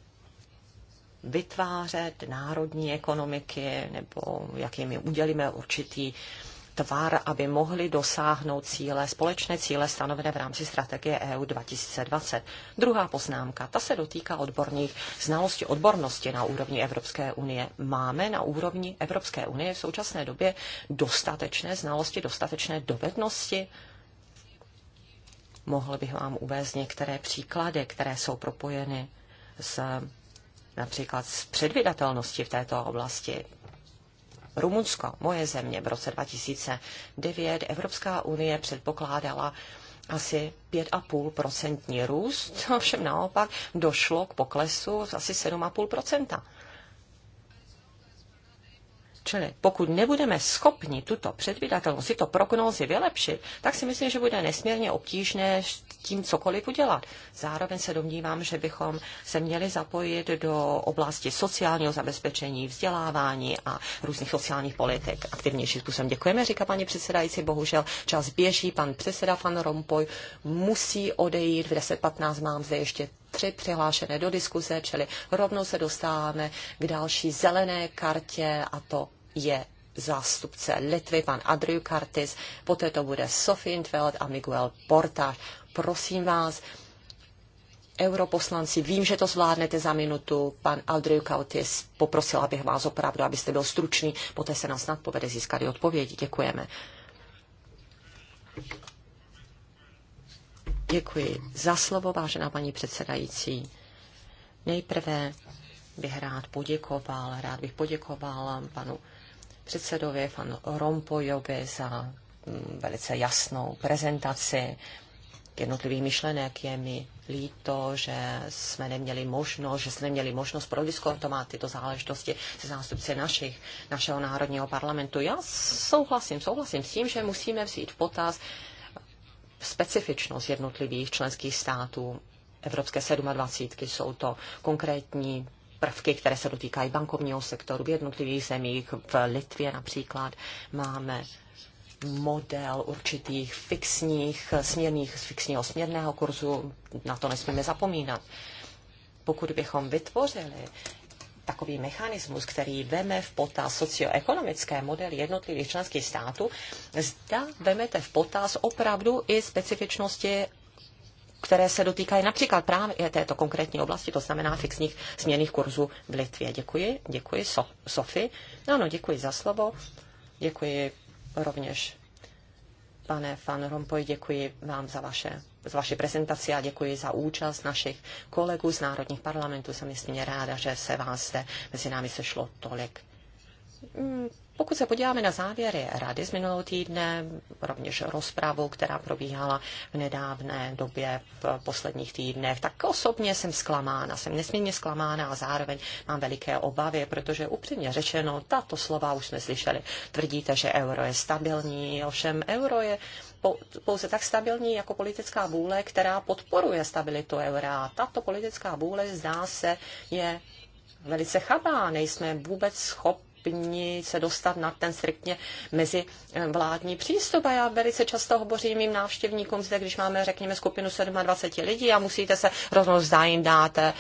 vytvářet národní ekonomiky nebo jakými udělíme určitý tvar, aby mohli dosáhnout cíle, společné cíle stanovené v rámci strategie EU 2020. Druhá poznámka, ta se dotýká odborných znalostí, odbornosti na úrovni Evropské unie. Máme na úrovni Evropské unie v současné době dostatečné znalosti, dostatečné dovednosti? Mohl bych vám uvést některé příklady, které jsou propojeny s například s předvydatelností v této oblasti Rumunsko, moje země, v roce 2009 Evropská unie předpokládala asi 5,5% růst, ovšem naopak došlo k poklesu asi 7,5%. Čili pokud nebudeme schopni tuto předvídatelnost, tyto prognózy vylepšit, tak si myslím, že bude nesmírně obtížné tím cokoliv udělat. Zároveň se domnívám, že bychom se měli zapojit do oblasti sociálního zabezpečení, vzdělávání a různých sociálních politik aktivnější způsobem. Děkujeme, říká paní předsedající. Bohužel čas běží, pan předseda Fan Rompoy musí odejít. V 10.15 mám zde ještě tři přihlášené do diskuze, čili rovnou se dostáváme k další zelené kartě a to je zástupce Litvy, pan Andrew Kartis, poté to bude Sofie Intveld a Miguel Portáš prosím vás, europoslanci, vím, že to zvládnete za minutu. Pan Audrey Kautis, poprosil abych vás opravdu, abyste byl stručný, poté se nám snad povede získat i odpovědi. Děkujeme. Děkuji za slovo, vážená paní předsedající. Nejprve bych rád poděkoval, rád bych poděkoval panu předsedovi, panu Rompojovi za mm, velice jasnou prezentaci jednotlivých myšlenek. Je mi líto, že jsme neměli možnost, že jsme neměli možnost prodiskutovat tyto záležitosti se zástupci našich, našeho národního parlamentu. Já souhlasím, souhlasím s tím, že musíme vzít v potaz specifičnost jednotlivých členských států. Evropské 27 jsou to konkrétní prvky, které se dotýkají bankovního sektoru v jednotlivých zemích. V Litvě například máme model určitých fixních směrných, fixního směrného kurzu, na to nesmíme zapomínat. Pokud bychom vytvořili takový mechanismus, který veme v potaz socioekonomické modely jednotlivých členských států, zda vemete v potaz opravdu i specifičnosti které se dotýkají například právě této konkrétní oblasti, to znamená fixních směrných kurzů v Litvě. Děkuji, děkuji so- Sofy. Ano, děkuji za slovo. Děkuji rovněž. Pane Fan Rompuy, děkuji vám za vaše z vaší prezentaci a děkuji za účast našich kolegů z národních parlamentů. Jsem jistě ráda, že se vás zde mezi námi sešlo tolik. Pokud se podíváme na závěry rady z minulého týdne, rovněž rozpravu, která probíhala v nedávné době, v posledních týdnech, tak osobně jsem zklamána, jsem nesmírně zklamána a zároveň mám veliké obavy, protože upřímně řečeno, tato slova už jsme slyšeli. Tvrdíte, že euro je stabilní, ovšem euro je pouze tak stabilní jako politická vůle, která podporuje stabilitu eura. Tato politická vůle, zdá se, je velice chabá. Nejsme vůbec schopni schopni se dostat na ten striktně mezi vládní přístup. A já velice často hovořím mým návštěvníkům, zde, když máme, řekněme, skupinu 27 lidí a musíte se rovnou zda jim eh,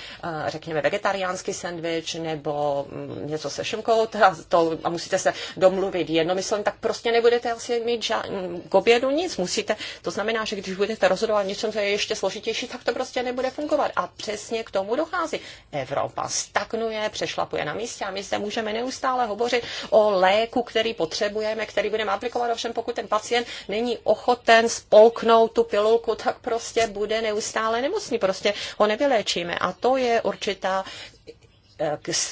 řekněme, vegetariánský sendvič nebo mm, něco se šumkou a, to, a musíte se domluvit jednomyslně, tak prostě nebudete asi mít žád, k obědu nic. Musíte, to znamená, že když budete rozhodovat něčem, co je ještě složitější, tak to prostě nebude fungovat. A přesně k tomu dochází. Evropa stagnuje, přešlapuje na místě a my zde můžeme neustále hovořit o léku, který potřebujeme, který budeme aplikovat, ovšem pokud ten pacient není ochoten spolknout tu pilulku, tak prostě bude neustále nemocný, prostě ho nevyléčíme. A to je určitá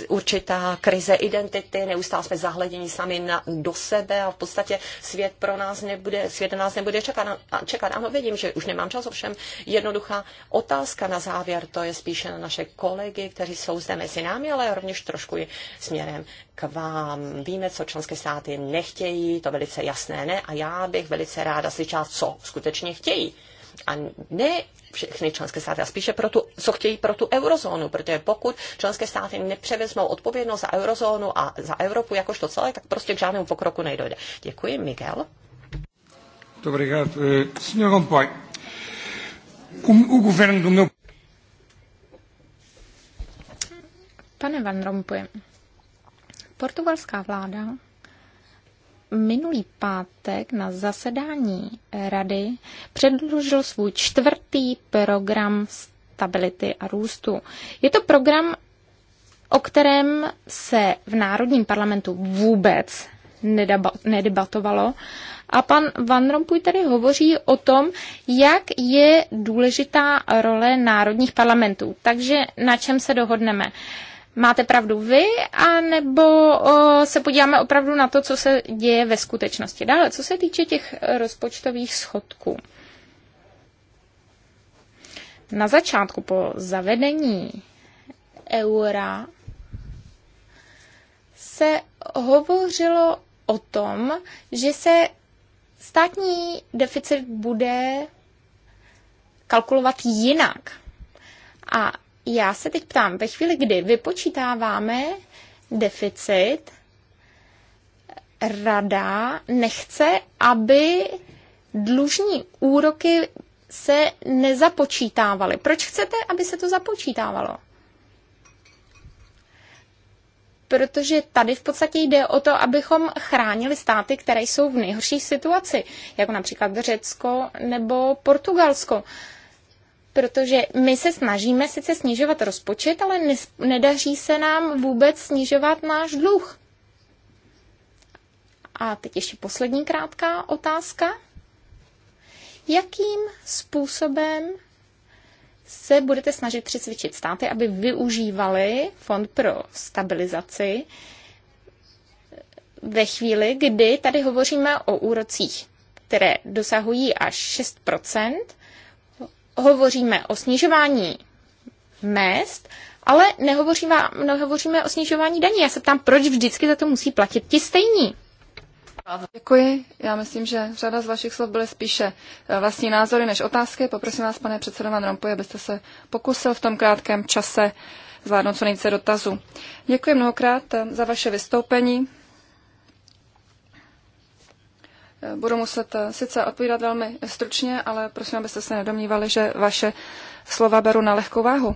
určitá krize identity, neustále jsme zahleděni sami na, do sebe a v podstatě svět pro nás nebude, svět nás nebude čekat. čekat. Ano, vidím, že už nemám čas, ovšem jednoduchá otázka na závěr, to je spíše na naše kolegy, kteří jsou zde mezi námi, ale rovněž trošku i směrem k vám. Víme, co členské státy nechtějí, to velice jasné ne, a já bych velice ráda slyšela, co skutečně chtějí a ne všechny členské státy, a spíše pro tu, co chtějí pro tu eurozónu, protože pokud členské státy nepřevezmou odpovědnost za eurozónu a za Evropu jakožto celé, tak prostě k žádnému pokroku nejdojde. Děkuji, Miguel. Dobrý den, eh, Pane Van Rompuy, portugalská vláda minulý pátek na zasedání rady předložil svůj čtvrtý program stability a růstu. Je to program, o kterém se v Národním parlamentu vůbec nedebatovalo. A pan Van Rompuy tady hovoří o tom, jak je důležitá role národních parlamentů. Takže na čem se dohodneme? máte pravdu vy, anebo se podíváme opravdu na to, co se děje ve skutečnosti. Dále, co se týče těch rozpočtových schodků. Na začátku po zavedení eura se hovořilo o tom, že se státní deficit bude kalkulovat jinak. A já se teď ptám, ve chvíli, kdy vypočítáváme deficit, rada nechce, aby dlužní úroky se nezapočítávaly. Proč chcete, aby se to započítávalo? protože tady v podstatě jde o to, abychom chránili státy, které jsou v nejhorší situaci, jako například Řecko nebo Portugalsko protože my se snažíme sice snižovat rozpočet, ale nedaří se nám vůbec snižovat náš dluh. A teď ještě poslední krátká otázka. Jakým způsobem se budete snažit přesvědčit státy, aby využívali fond pro stabilizaci ve chvíli, kdy tady hovoříme o úrocích, které dosahují až 6 hovoříme o snižování mest, ale nehovoříme, nehovoříme o snižování daní. Já se ptám, proč vždycky za to musí platit ti stejní? Děkuji. Já myslím, že řada z vašich slov byly spíše eh, vlastní názory než otázky. Poprosím vás, pane předsedo Van Rompuy, abyste se pokusil v tom krátkém čase zvládnout co nejvíce dotazu. Děkuji mnohokrát eh, za vaše vystoupení. Budu muset eh, sice odpovídat velmi stručně, ale prosím, abyste se nedomnívali, že vaše slova beru na lehkou váhu.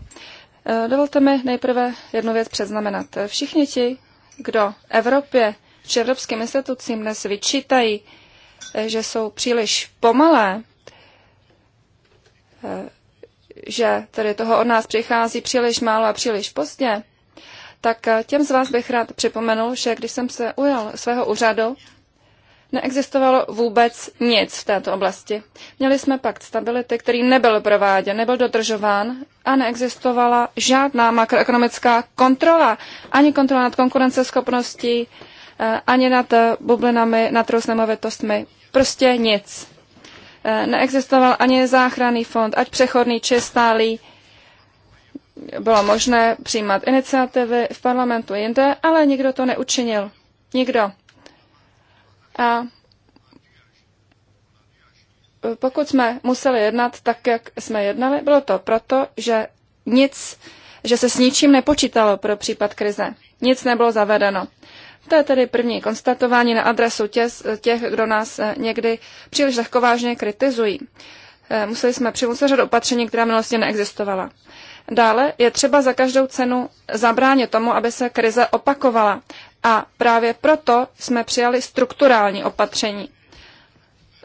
Eh, dovolte mi nejprve jednu věc předznamenat. Všichni ti, kdo Evropě či evropským institucím dnes vyčítají, eh, že jsou příliš pomalé, že tedy toho od nás přichází příliš málo a příliš pozdě, tak těm z vás bych rád připomenul, že když jsem se ujal svého úřadu, neexistovalo vůbec nic v této oblasti. Měli jsme pakt stability, který nebyl prováděn, nebyl dodržován a neexistovala žádná makroekonomická kontrola, ani kontrola nad konkurenceschopností, eh, ani nad eh, bublinami, nad nemovitostmi. Prostě nic. Eh, neexistoval ani záchranný fond, ať přechodný či stálý. Bylo možné přijímat iniciativy v parlamentu jinde, ale nikdo to neučinil. Nikdo. A pokud jsme museli jednat tak, jak jsme jednali, bylo to proto, že nic, že se s ničím nepočítalo pro případ krize. Nic nebylo zavedeno. To je tedy první konstatování na adresu těch, těch kdo nás eh, někdy příliš lehkovážně kritizují. Eh, museli jsme přijmout řadu opatření, která minulosti neexistovala. Dále je třeba za každou cenu zabránit tomu, aby se krize opakovala a právě proto jsme přijali strukturální opatření.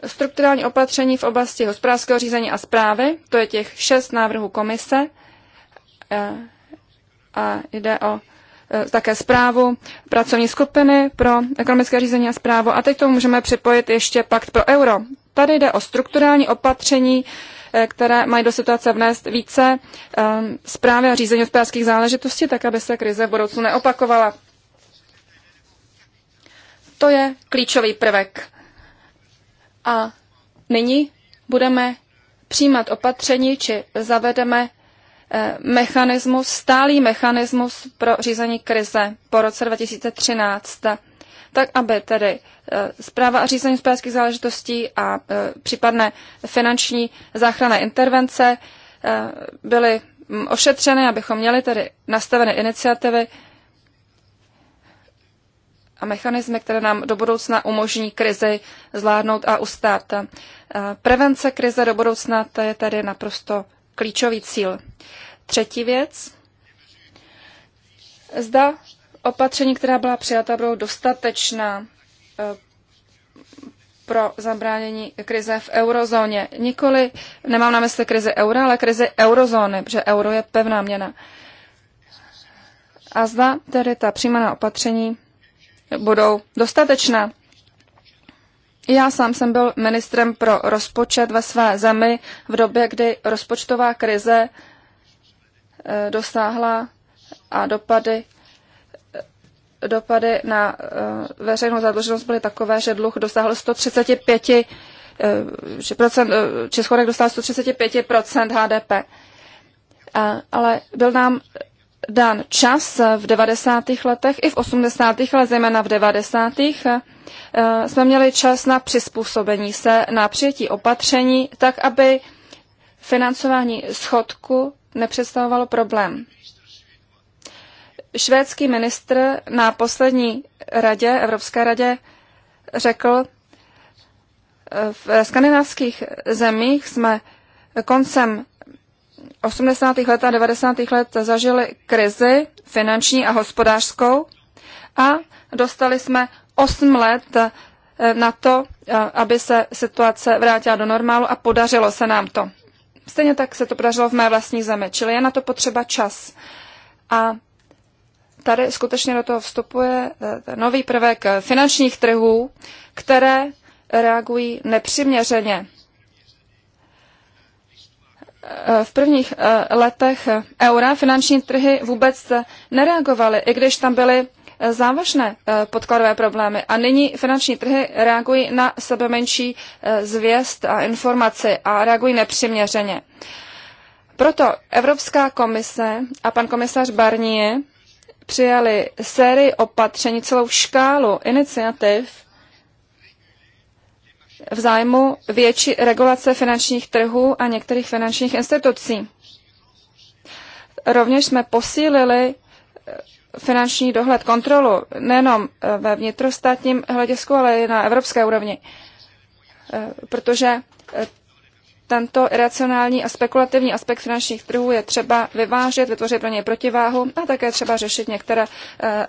Strukturální opatření v oblasti hospodářského řízení a zprávy, to je těch šest návrhů komise eh, a jde o eh, také zprávu pracovní skupiny pro ekonomické řízení a zprávu. A teď to můžeme připojit ještě pakt pro euro. Tady jde o strukturální opatření, eh, které mají do situace vnést více zprávy a řízení hospodářských záležitostí, tak aby se krize v budoucnu neopakovala. To je klíčový prvek. A nyní budeme přijímat opatření, či zavedeme eh, mechanismus, stálý mechanismus pro řízení krize po roce 2013, tak aby tedy eh, zpráva a řízení hospodářských záležitostí a eh, případné finanční záchranné intervence byly mm, ošetřeny, abychom měli tedy nastaveny iniciativy, a mechanismy, které nám do budoucna umožní krizi zvládnout a ustát. Prevence krize do budoucna to je tedy naprosto klíčový cíl. Třetí věc. Zda opatření, která byla přijata, budou dostatečná e, pro zabránění krize v eurozóně. Nikoli, nemám na mysli krizi eura, ale krizi eurozóny, protože euro je pevná měna. A zda tedy ta přijímaná opatření budou dostatečné. Já sám jsem byl ministrem pro rozpočet ve své zemi v době, kdy rozpočtová krize eh, dosáhla a dopady, eh, dopady na eh, veřejnou zadluženost byly takové, že dluh dosáhl 135 že, procent, že dostal 135 HDP. A, ale byl nám dán čas v 90. letech i v 80. ale zejména v 90. Eh, jsme měli čas na přizpůsobení se, na přijetí opatření, tak aby financování schodku nepředstavovalo problém. Švédský ministr na poslední radě, Evropské radě, řekl, eh, v skandinávských zemích jsme koncem 80. let a 90. let zažili krizi finanční a hospodářskou a dostali jsme 8 let eh, na to, eh, aby se situace vrátila do normálu a podařilo se nám to. Stejně tak se to podařilo v mé vlastní zemi, čili je na to potřeba čas. A tady skutečně do toho vstupuje eh, nový prvek finančních trhů, které reagují nepřiměřeně Eh, v prvních eh, letech eh, eura finanční trhy vůbec nereagovaly, i když tam byly závažné podkladové problémy. A nyní finanční trhy reagují na sebe menší zvěst a informaci a reagují nepřiměřeně. Proto Evropská komise a pan komisař Barnier přijali sérii opatření, celou škálu iniciativ, v zájmu větší regulace finančních trhů a některých finančních institucí. Rovněž jsme posílili eh, finanční dohled, kontrolu nejenom eh, ve vnitrostátním hledisku, ale i na evropské úrovni. Eh, protože tento iracionální a spekulativní aspekt finančních trhů je třeba vyvážet, vytvořit pro něj protiváhu a také třeba řešit některé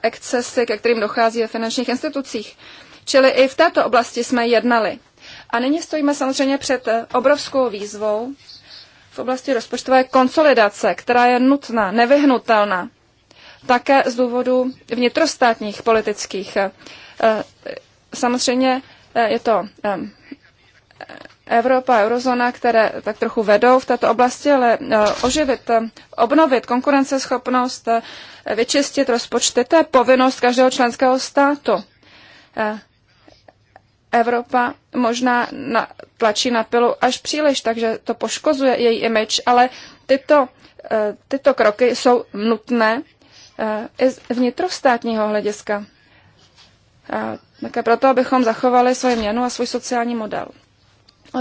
excesy, ke kterým dochází ve finančních institucích. Čili i v této oblasti jsme jednali. A nyní stojíme samozřejmě před eh, obrovskou výzvou v oblasti rozpočtové konsolidace, která je nutná, nevyhnutelná, také z důvodu vnitrostátních politických. Eh, eh, samozřejmě je to Evropa, eurozóna, které tak trochu vedou v této oblasti, ale oživit, obnovit konkurenceschopnost, vyčistit rozpočty, to je povinnost každého členského státu. Evropa možná na, tlačí na pilu až příliš, takže to poškozuje její image, ale tyto, eh, tyto kroky jsou nutné eh, i z vnitrostátního hlediska. také proto, abychom zachovali svoji měnu a svůj sociální model.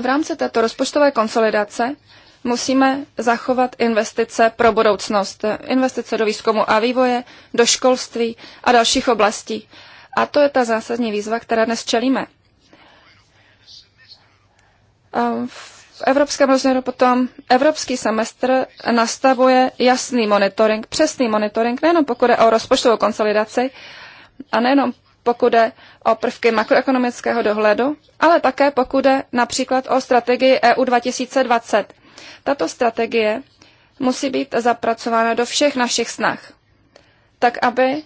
V rámci této rozpočtové konsolidace musíme zachovat investice pro budoucnost. Investice do výzkumu a vývoje, do školství a dalších oblastí. A to je ta zásadní výzva, která dnes čelíme. Ehm, v evropském rozměru potom evropský semestr nastavuje jasný monitoring, přesný monitoring, nejenom pokud je o rozpočtovou konsolidaci a nejenom pokud je o prvky makroekonomického dohledu, ale také pokud je například o strategii EU 2020. Tato strategie musí být zapracována do všech našich snah, tak aby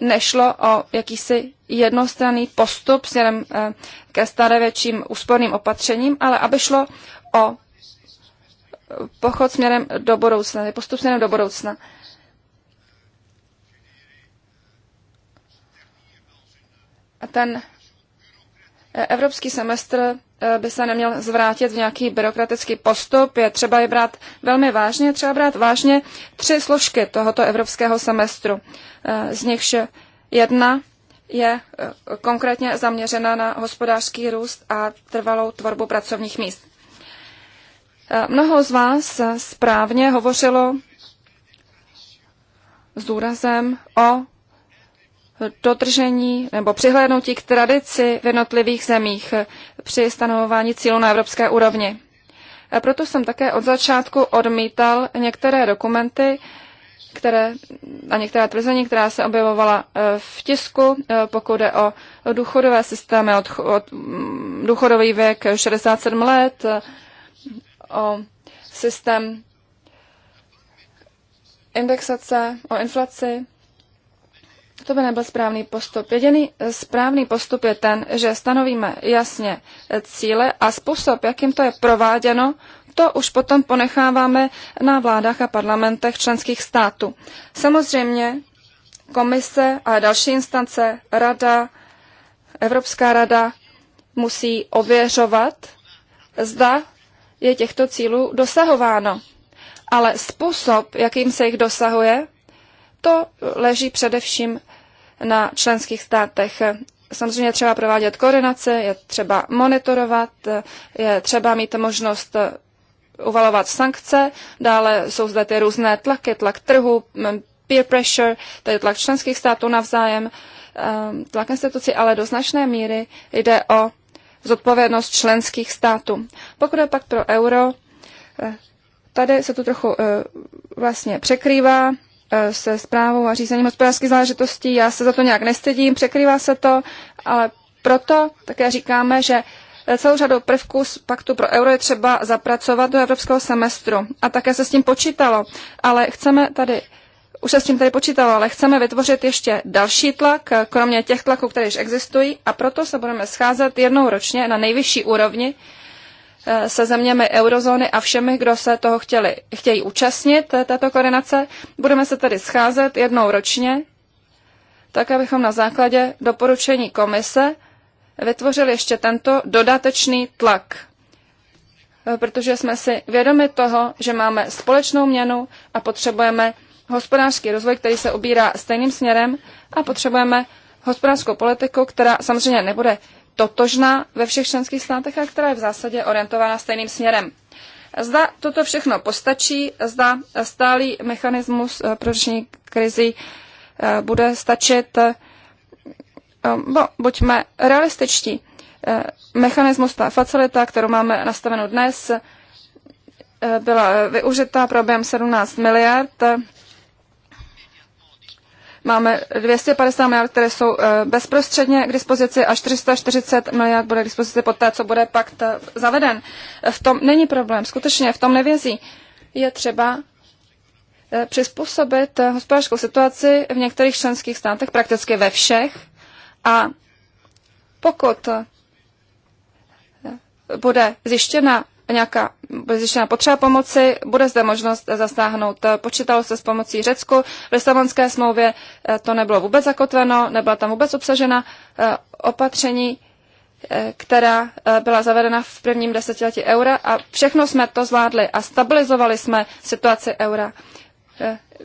nešlo o jakýsi jednostranný postup směrem eh, ke stále větším úsporným opatřením, ale aby šlo o pochod směrem do budoucna, postup směrem do budoucna. A ten eh, evropský semestr Eh, by se neměl zvrátit v nějaký byrokratický postup. Je třeba je brát velmi vážně, třeba brát vážně tři složky tohoto evropského semestru. Eh, z nichž jedna je eh, konkrétně zaměřena na hospodářský růst a trvalou tvorbu pracovních míst. Mnoho z vás správně hovořilo s důrazem o dodržení nebo přihlédnutí k tradici v jednotlivých zemích při stanovování cílů na evropské úrovni. A proto jsem také od začátku odmítal některé dokumenty které, a některá tvrzení, která se objevovala eh, v tisku, eh, pokud jde o důchodové systémy, od, od mm, důchodový věk 67 let, eh, o systém indexace, o inflaci, to by nebyl správný postup. Jediný eh, správný postup je ten, že stanovíme jasně eh, cíle a způsob, jakým to je prováděno, to už potom ponecháváme na vládách a parlamentech členských států. Samozřejmě komise a další instance, rada, Evropská rada musí ověřovat, zda je těchto cílů dosahováno. Ale způsob, jakým se jich dosahuje, to leží především na členských státech. Samozřejmě třeba provádět koordinace, je třeba monitorovat, je třeba mít možnost uvalovat sankce, dále jsou zde ty různé tlaky, tlak trhu, peer pressure, tedy tlak členských států navzájem, ehm, tlak institucí, ale do značné míry jde o zodpovědnost členských států. Pokud je pak pro euro, eh, tady se to trochu eh, vlastně překrývá, E, se zprávou a řízením hospodářských záležitostí. Já se za to nějak nestydím, překrývá se to, ale proto také říkáme, že celou řadu prvků z paktu pro euro je třeba zapracovat do evropského semestru. A také se s tím počítalo, ale chceme tady už se s tím tady počítalo, ale chceme vytvořit ještě další tlak, kromě těch tlaků, které již existují, a proto se budeme scházet jednou ročně na nejvyšší úrovni, Eh, se zeměmi eurozóny a všemi, kdo se toho chtěli, chtějí účastnit eh, této koordinace. Budeme se tedy scházet jednou ročně, tak abychom na základě doporučení komise vytvořili ještě tento dodatečný tlak eh, protože jsme si vědomi toho, že máme společnou měnu a potřebujeme hospodářský rozvoj, který se ubírá stejným směrem a potřebujeme hospodářskou politiku, která samozřejmě nebude totožná ve všech členských státech a která je v zásadě orientována stejným směrem. Zda toto všechno postačí, zda stálý mechanismus eh, pro řešení krizi eh, bude stačit, eh, bo, buďme realističtí. Mechanismus, ta facilita, kterou máme nastavenou dnes, byla využita pro objem 17 miliard Máme 250 miliard, které jsou eh, bezprostředně k dispozici a 440 miliard bude k dispozici poté, co bude pakt eh, zaveden. V tom není problém, skutečně v tom nevězí. Je třeba eh, přizpůsobit hospodářskou situaci v některých členských státech, prakticky ve všech. A pokud bude zjištěna nějaká bezděčná potřeba pomoci, bude zde možnost zasáhnout. Eh, počítalo se s pomocí Řecku, v Lisabonské smlouvě eh, to nebylo vůbec zakotveno, nebyla tam vůbec obsažena eh, opatření, která byla zavedena v prvním desetiletí eura a všechno jsme to zvládli a stabilizovali jsme situaci eura.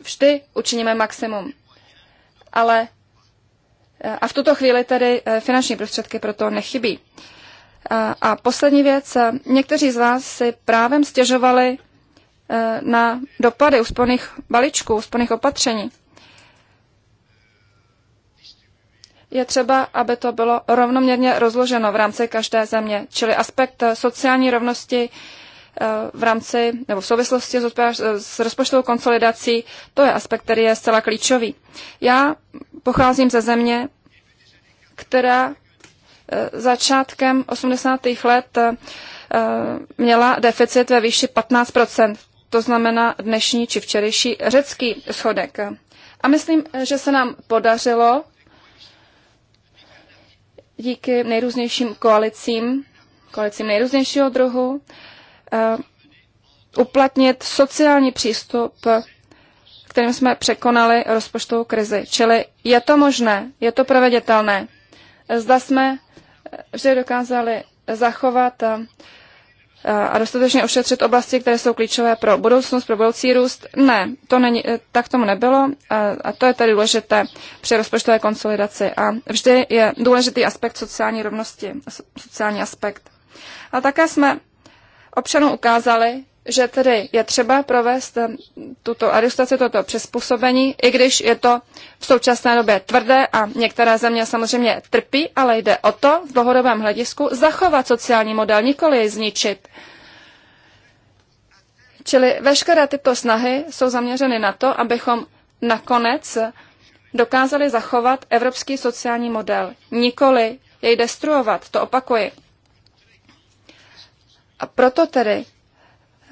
Vždy učiníme maximum. Ale a v tuto chvíli tedy finanční prostředky proto nechybí. A poslední věc, eh, někteří z vás si právem stěžovali eh, na dopady úsporných balíčků, úsporných opatření. Je třeba, aby to bylo rovnoměrně rozloženo v rámci každé země, čili aspekt eh, sociální rovnosti v rámci nebo v souvislosti s rozpočtovou konsolidací, to je aspekt, který je zcela klíčový. Já pocházím ze země, která Eh, začátkem 80. let eh, eh, měla deficit ve výši 15 to znamená dnešní či včerejší řecký schodek. A myslím, že se nám podařilo díky nejrůznějším koalicím, koalicím nejrůznějšího druhu, uplatnit sociální přístup, kterým jsme překonali rozpočtovou krizi. Čili je to možné, je to proveditelné. Zda jsme vždy dokázali zachovat a dostatečně ošetřit oblasti, které jsou klíčové pro budoucnost, pro budoucí růst. Ne, to není, e, tak tomu nebylo a to je tady důležité při rozpočtové konsolidaci. A vždy je důležitý aspekt sociální rovnosti, sociální aspekt. A také jsme občanům ukázali, že tedy je třeba provést eh, tuto adjustaci, toto přizpůsobení, i když je to v současné době tvrdé a některé země samozřejmě trpí, ale jde o to v dlouhodobém hledisku zachovat sociální model, nikoli je zničit. Čili veškeré tyto snahy jsou zaměřeny na to, abychom nakonec dokázali zachovat evropský sociální model, nikoli jej destruovat, to opakuji. A proto tedy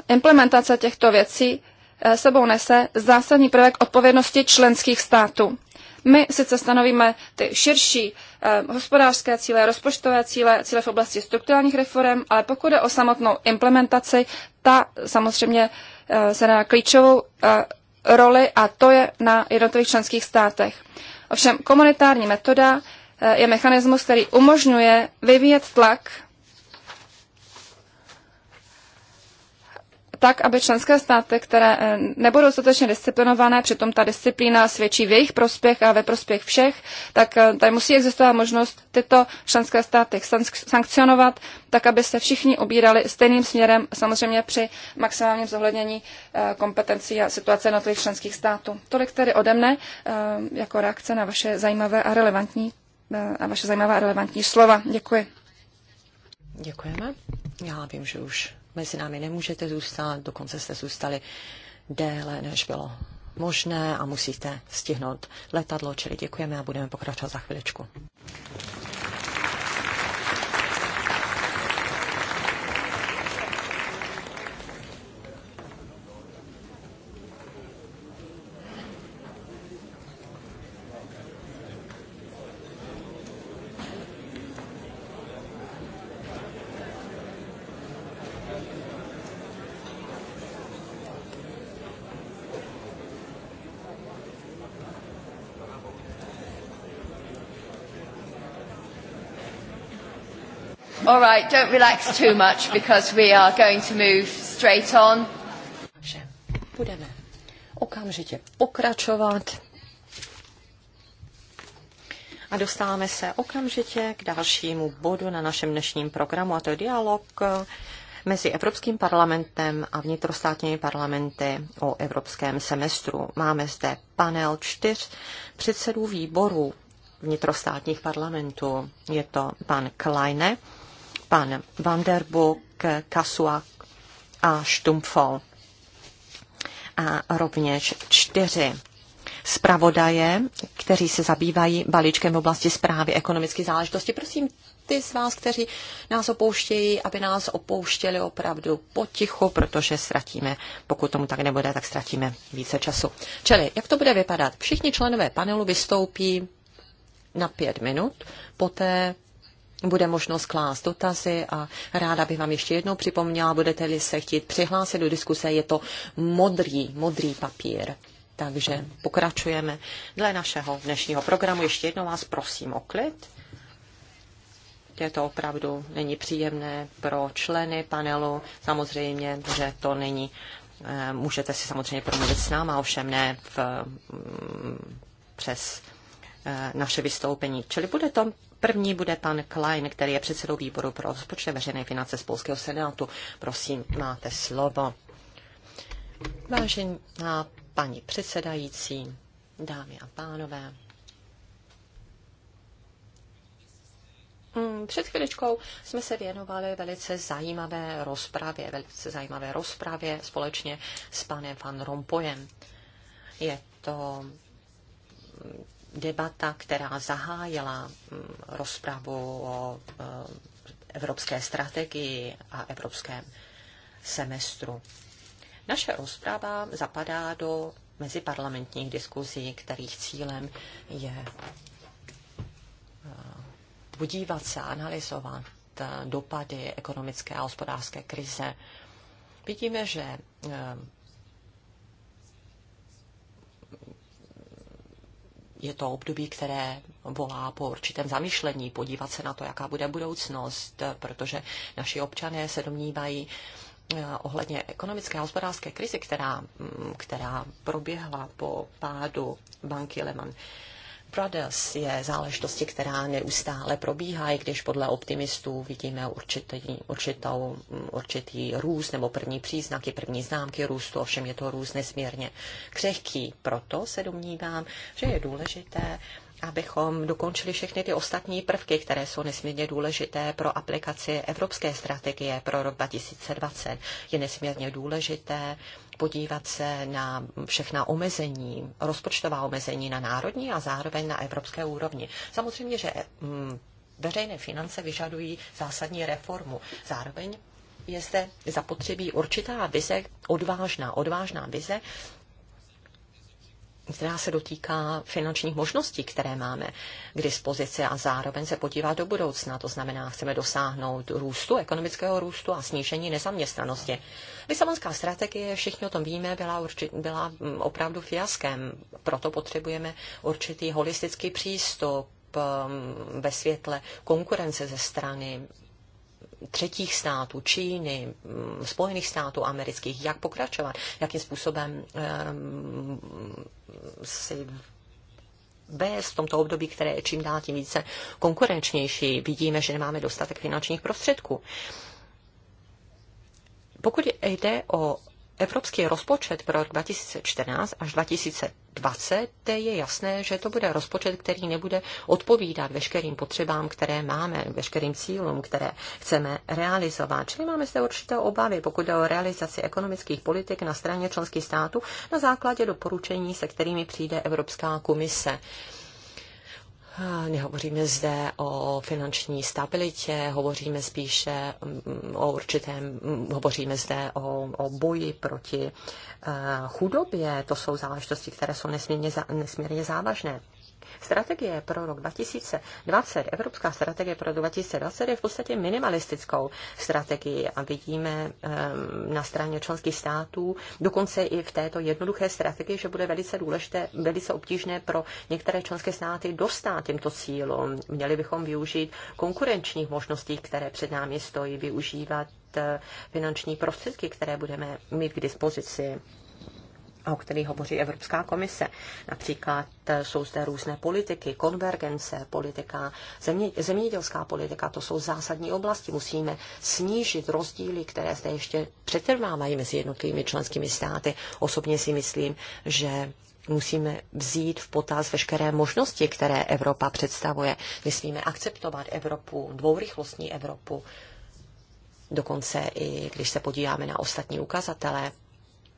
implementace těchto věcí eh, sebou nese zásadní prvek odpovědnosti členských států. My sice stanovíme ty širší eh, hospodářské cíle, rozpočtové cíle, cíle v oblasti strukturálních reform, ale pokud je o samotnou implementaci, ta samozřejmě eh, se dá klíčovou eh, roli a to je na jednotlivých členských státech. Ovšem komunitární metoda eh, je mechanismus, který umožňuje vyvíjet tlak tak, aby členské státy, které eh, nebudou dostatečně disciplinované, přitom ta disciplína svědčí v jejich prospěch a ve prospěch všech, tak eh, tady musí existovat možnost tyto členské státy sankcionovat, tak, aby se všichni obírali stejným směrem, samozřejmě při maximálním zohlednění eh, kompetencí a situace jednotlivých členských států. Tolik tedy ode mne jako reakce na vaše zajímavé a relevantní a vaše zajímavá a relevantní slova. Děkuji. Děkujeme. Já vím, že už mezi námi nemůžete zůstat, dokonce jste zůstali déle, než bylo možné a musíte stihnout letadlo, čili děkujeme a budeme pokračovat za chviličku. All right, don't relax too much because we are going to move straight on. Takže budeme okamžitě pokračovat. A dostáváme se okamžitě k dalšímu bodu na našem dnešním programu, a to je dialog eh, mezi Evropským parlamentem a vnitrostátními parlamenty o evropském semestru. Máme zde panel čtyř předsedů výborů vnitrostátních parlamentů. Je to pan Kleine, pan Vanderbuk, Kasuak a Štumfol. A rovněž čtyři zpravodaje, kteří se zabývají balíčkem v oblasti zprávy ekonomické záležitosti. Prosím ty z vás, kteří nás opouštějí, aby nás opouštěli opravdu potichu, protože ztratíme, pokud tomu tak nebude, tak ztratíme více času. Čili, jak to bude vypadat? Všichni členové panelu vystoupí na pět minut, poté bude možnost klást dotazy a ráda bych vám ještě jednou připomněla, budete-li se chtít přihlásit do diskuse, je to modrý, modrý papír. Takže pokračujeme dle našeho dnešního programu. Ještě jednou vás prosím o klid. Je to opravdu není příjemné pro členy panelu. Samozřejmě, že to není. Eh, můžete si samozřejmě promluvit s náma, ovšem ne v, mm, přes eh, naše vystoupení. Čili bude to První bude pan Klein, který je předsedou výboru pro rozpočet veřejné finance z Polského senátu. Prosím, máte slovo. Vážená paní předsedající, dámy a pánové, hmm, Před chviličkou jsme se věnovali velice zajímavé rozpravě, velice zajímavé rozpravě společně s panem Van Rompojem. Je to debata, která zahájila mm, rozpravu o eh, evropské strategii a evropském semestru. Naše rozprava zapadá do meziparlamentních diskuzí, kterých cílem je eh, podívat se, analyzovat eh, dopady ekonomické a hospodářské krize. Vidíme, že je to období, které volá po určitém zamyšlení, podívat se na to, jaká bude budoucnost, protože naši občané se domnívají, eh, ohledně ekonomické a hospodářské krizi, která, mm, která proběhla po pádu banky Lehman Brothers je záležitosti, která neustále probíhá, i když podle optimistů vidíme určitý, určitou, určitý růst nebo první příznaky, první známky růstu, ovšem je to růst nesmírně křehký. Proto se domnívám, že je důležité abychom dokončili všechny ty ostatní prvky, které jsou nesmírně důležité pro aplikaci Evropské strategie pro rok 2020. Je nesmírně důležité podívat se na všechna omezení, rozpočtová omezení na národní a zároveň na evropské úrovni. Samozřejmě, že mm, veřejné finance vyžadují zásadní reformu. Zároveň je zde zapotřebí určitá vize, odvážná, odvážná vize, která se dotýká finančních možností, které máme k dispozici a zároveň se podívá do budoucna. To znamená, chceme dosáhnout růstu, ekonomického růstu a snížení nezaměstnanosti. Lisabonská strategie, všichni o tom víme, byla, urči, byla mm, opravdu fiaskem. Proto potřebujeme určitý holistický přístup mm, ve světle konkurence ze strany třetích států, Číny, mm, Spojených států amerických, jak pokračovat, jakým způsobem ehm, si vést v tomto období, které je čím dál tím více konkurenčnější. Vidíme, že nemáme dostatek finančních prostředků. Pokud jde o evropský rozpočet pro 2014 až 2020, je jasné, že to bude rozpočet, který nebude odpovídat veškerým potřebám, které máme, veškerým cílům, které chceme realizovat. Čili máme zde určité obavy, pokud jde o realizaci ekonomických politik na straně členských států na základě doporučení, se kterými přijde Evropská komise. Nehovoříme zde o finanční stabilitě, hovoříme spíše mm, o určitém, mm, hovoříme zde o, o boji proti eh, chudobě. To jsou záležitosti, které jsou nesmírně, nesmírně závažné strategie pro rok 2020, Evropská strategie pro 2020 je v podstatě minimalistickou strategii a vidíme ehm, na straně členských států, dokonce i v této jednoduché strategii, že bude velice důležité, velice obtížné pro některé členské státy dostat těmto cílům. Měli bychom využít konkurenčních možností, které před námi stojí, využívat eh, finanční prostředky, které budeme mít k dispozici o kterých hovoří Evropská komise. Například e, jsou zde různé politiky, konvergence, politika, země, zemědělská politika, to jsou zásadní oblasti. Musíme snížit rozdíly, které zde ještě přetrvávají mezi jednotlivými členskými státy. Osobně si myslím, že musíme vzít v potaz veškeré možnosti, které Evropa představuje. Nesmíme akceptovat Evropu, dvourychlostní Evropu, dokonce i když se podíváme na ostatní ukazatele,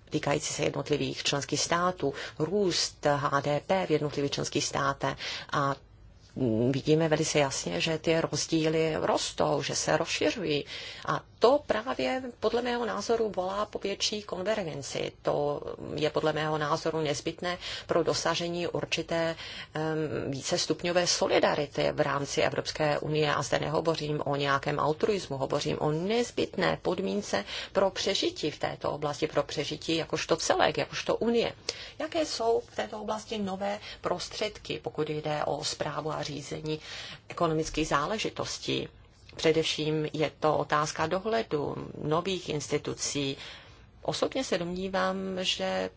týkající se jednotlivých členských států, růst HDP v jednotlivých členských státech a Mm, vidíme velice jasně, že ty rozdíly rostou, že se rozšiřují. A to právě podle mého názoru volá po větší konvergenci. To je podle mého názoru nezbytné pro dosažení určité um, vícestupňové solidarity v rámci Evropské unie. A zde nehovořím o nějakém altruismu, hovořím o nezbytné podmínce pro přežití v této oblasti, pro přežití jakožto celek, jakožto unie. Jaké jsou v této oblasti nové prostředky, pokud jde o zprávu a řízení ekonomických záležitostí. Především je to otázka dohledu nových institucí. Osobně se domnívám, že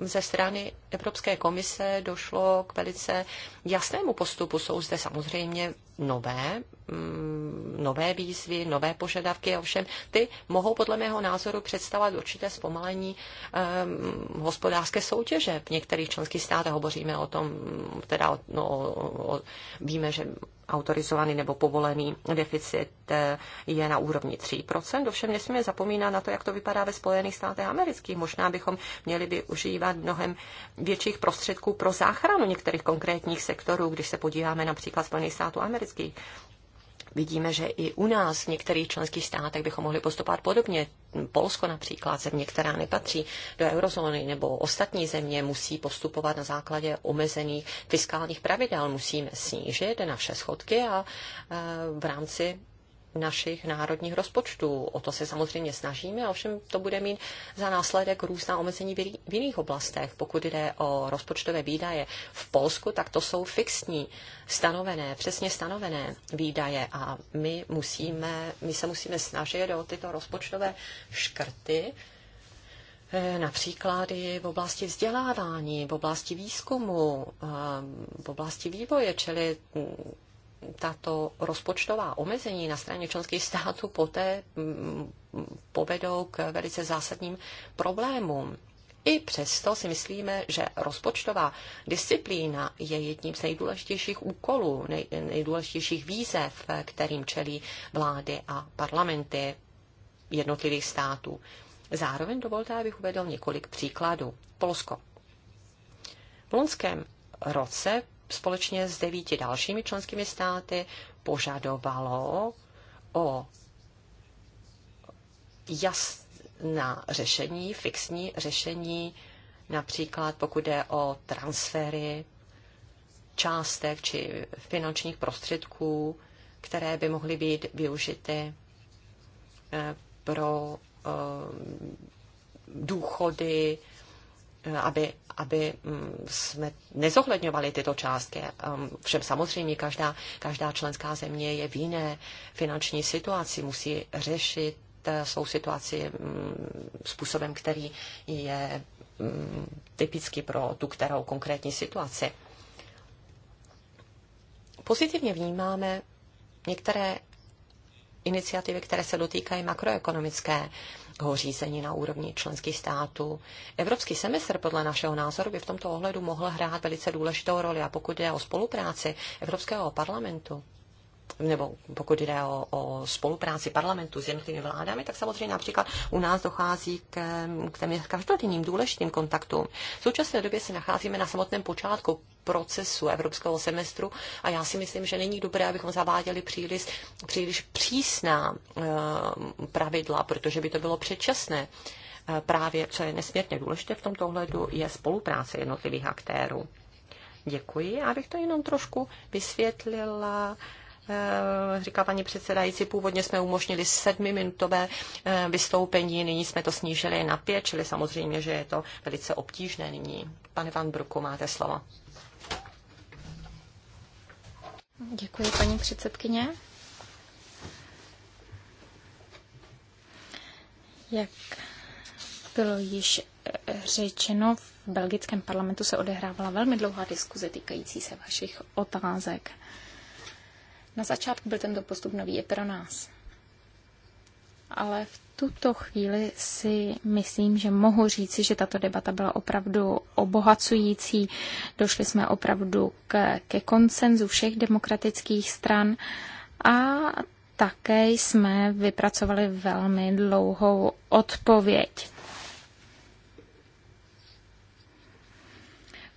ze strany Evropské komise došlo k velice jasnému postupu. Jsou zde samozřejmě nové, mm, nové výzvy, nové požadavky, ovšem ty mohou podle mého názoru představovat určité zpomalení um, hospodářské soutěže. V některých členských státech hovoříme o tom, teda o, no, o, víme, že autorizovaný nebo povolený deficit eh, je na úrovni 3%. Ovšem nesmíme zapomínat na to, jak to vypadá ve Spojených státech amerických. Možná bychom měli využívat mnohem větších prostředků pro záchranu některých konkrétních sektorů, když se podíváme například Spojených států amerických. Vidíme, že i u nás v některých členských státech bychom mohli postupovat podobně. Polsko například, země, která nepatří do eurozóny, nebo ostatní země musí postupovat na základě omezených fiskálních pravidel. Musíme snížit naše schodky a e, v rámci našich národních rozpočtů. O to se samozřejmě snažíme, ovšem to bude mít za následek různá omezení v jiných oblastech. Pokud jde o rozpočtové výdaje v Polsku, tak to jsou fixní, stanovené, přesně stanovené výdaje a my, musíme, my se musíme snažit o tyto rozpočtové škrty, eh, například i v oblasti vzdělávání, v oblasti výzkumu, eh, v oblasti vývoje, čili hm, tato rozpočtová omezení na straně členských států poté mm, povedou k velice zásadním problémům. I přesto si myslíme, že rozpočtová disciplína je jedním z nejdůležitějších úkolů, nej, nejdůležitějších výzev, kterým čelí vlády a parlamenty jednotlivých států. Zároveň dovolte, abych uvedl několik příkladů. Polsko. V loňském roce společně s devíti dalšími členskými státy požadovalo o jasná řešení, fixní řešení, například pokud jde o transfery částek či finančních prostředků, které by mohly být využity eh, pro eh, důchody, aby, aby mm, jsme nezohledňovali tyto částky. Ehm, všem samozřejmě každá, každá členská země je v jiné finanční situaci, musí řešit eh, svou situaci mm, způsobem, který je mm, typický pro tu kterou konkrétní situaci. Pozitivně vnímáme některé iniciativy, které se dotýkají makroekonomické řízení na úrovni členských států. Evropský semestr podle našeho názoru by v tomto ohledu mohl hrát velice důležitou roli a pokud jde o spolupráci Evropského parlamentu nebo pokud jde o, o spolupráci parlamentu s jednotlivými vládami, tak samozřejmě například u nás dochází k, k téměř každodenním důležitým kontaktům. V současné době se nacházíme na samotném počátku procesu evropského semestru a já si myslím, že není dobré, abychom zaváděli příliš, příliš přísná e, pravidla, protože by to bylo předčasné. E, právě, co je nesmírně důležité v tomto ohledu, je spolupráce jednotlivých aktérů. Děkuji. Abych to jenom trošku vysvětlila Eh, říká paní předsedající, původně jsme umožnili sedmiminutové eh, vystoupení, nyní jsme to snížili na pět, čili samozřejmě, že je to velice obtížné nyní. Pane Van Bruku, máte slovo. Děkuji, paní předsedkyně. Jak bylo již eh, řečeno, v belgickém parlamentu se odehrávala velmi dlouhá diskuze týkající se vašich otázek. Na začátku byl tento postup nový i pro nás. Ale v tuto chvíli si myslím, že mohu říci, že tato debata byla opravdu obohacující. Došli jsme opravdu ke, ke konsenzu všech demokratických stran a také jsme vypracovali velmi dlouhou odpověď.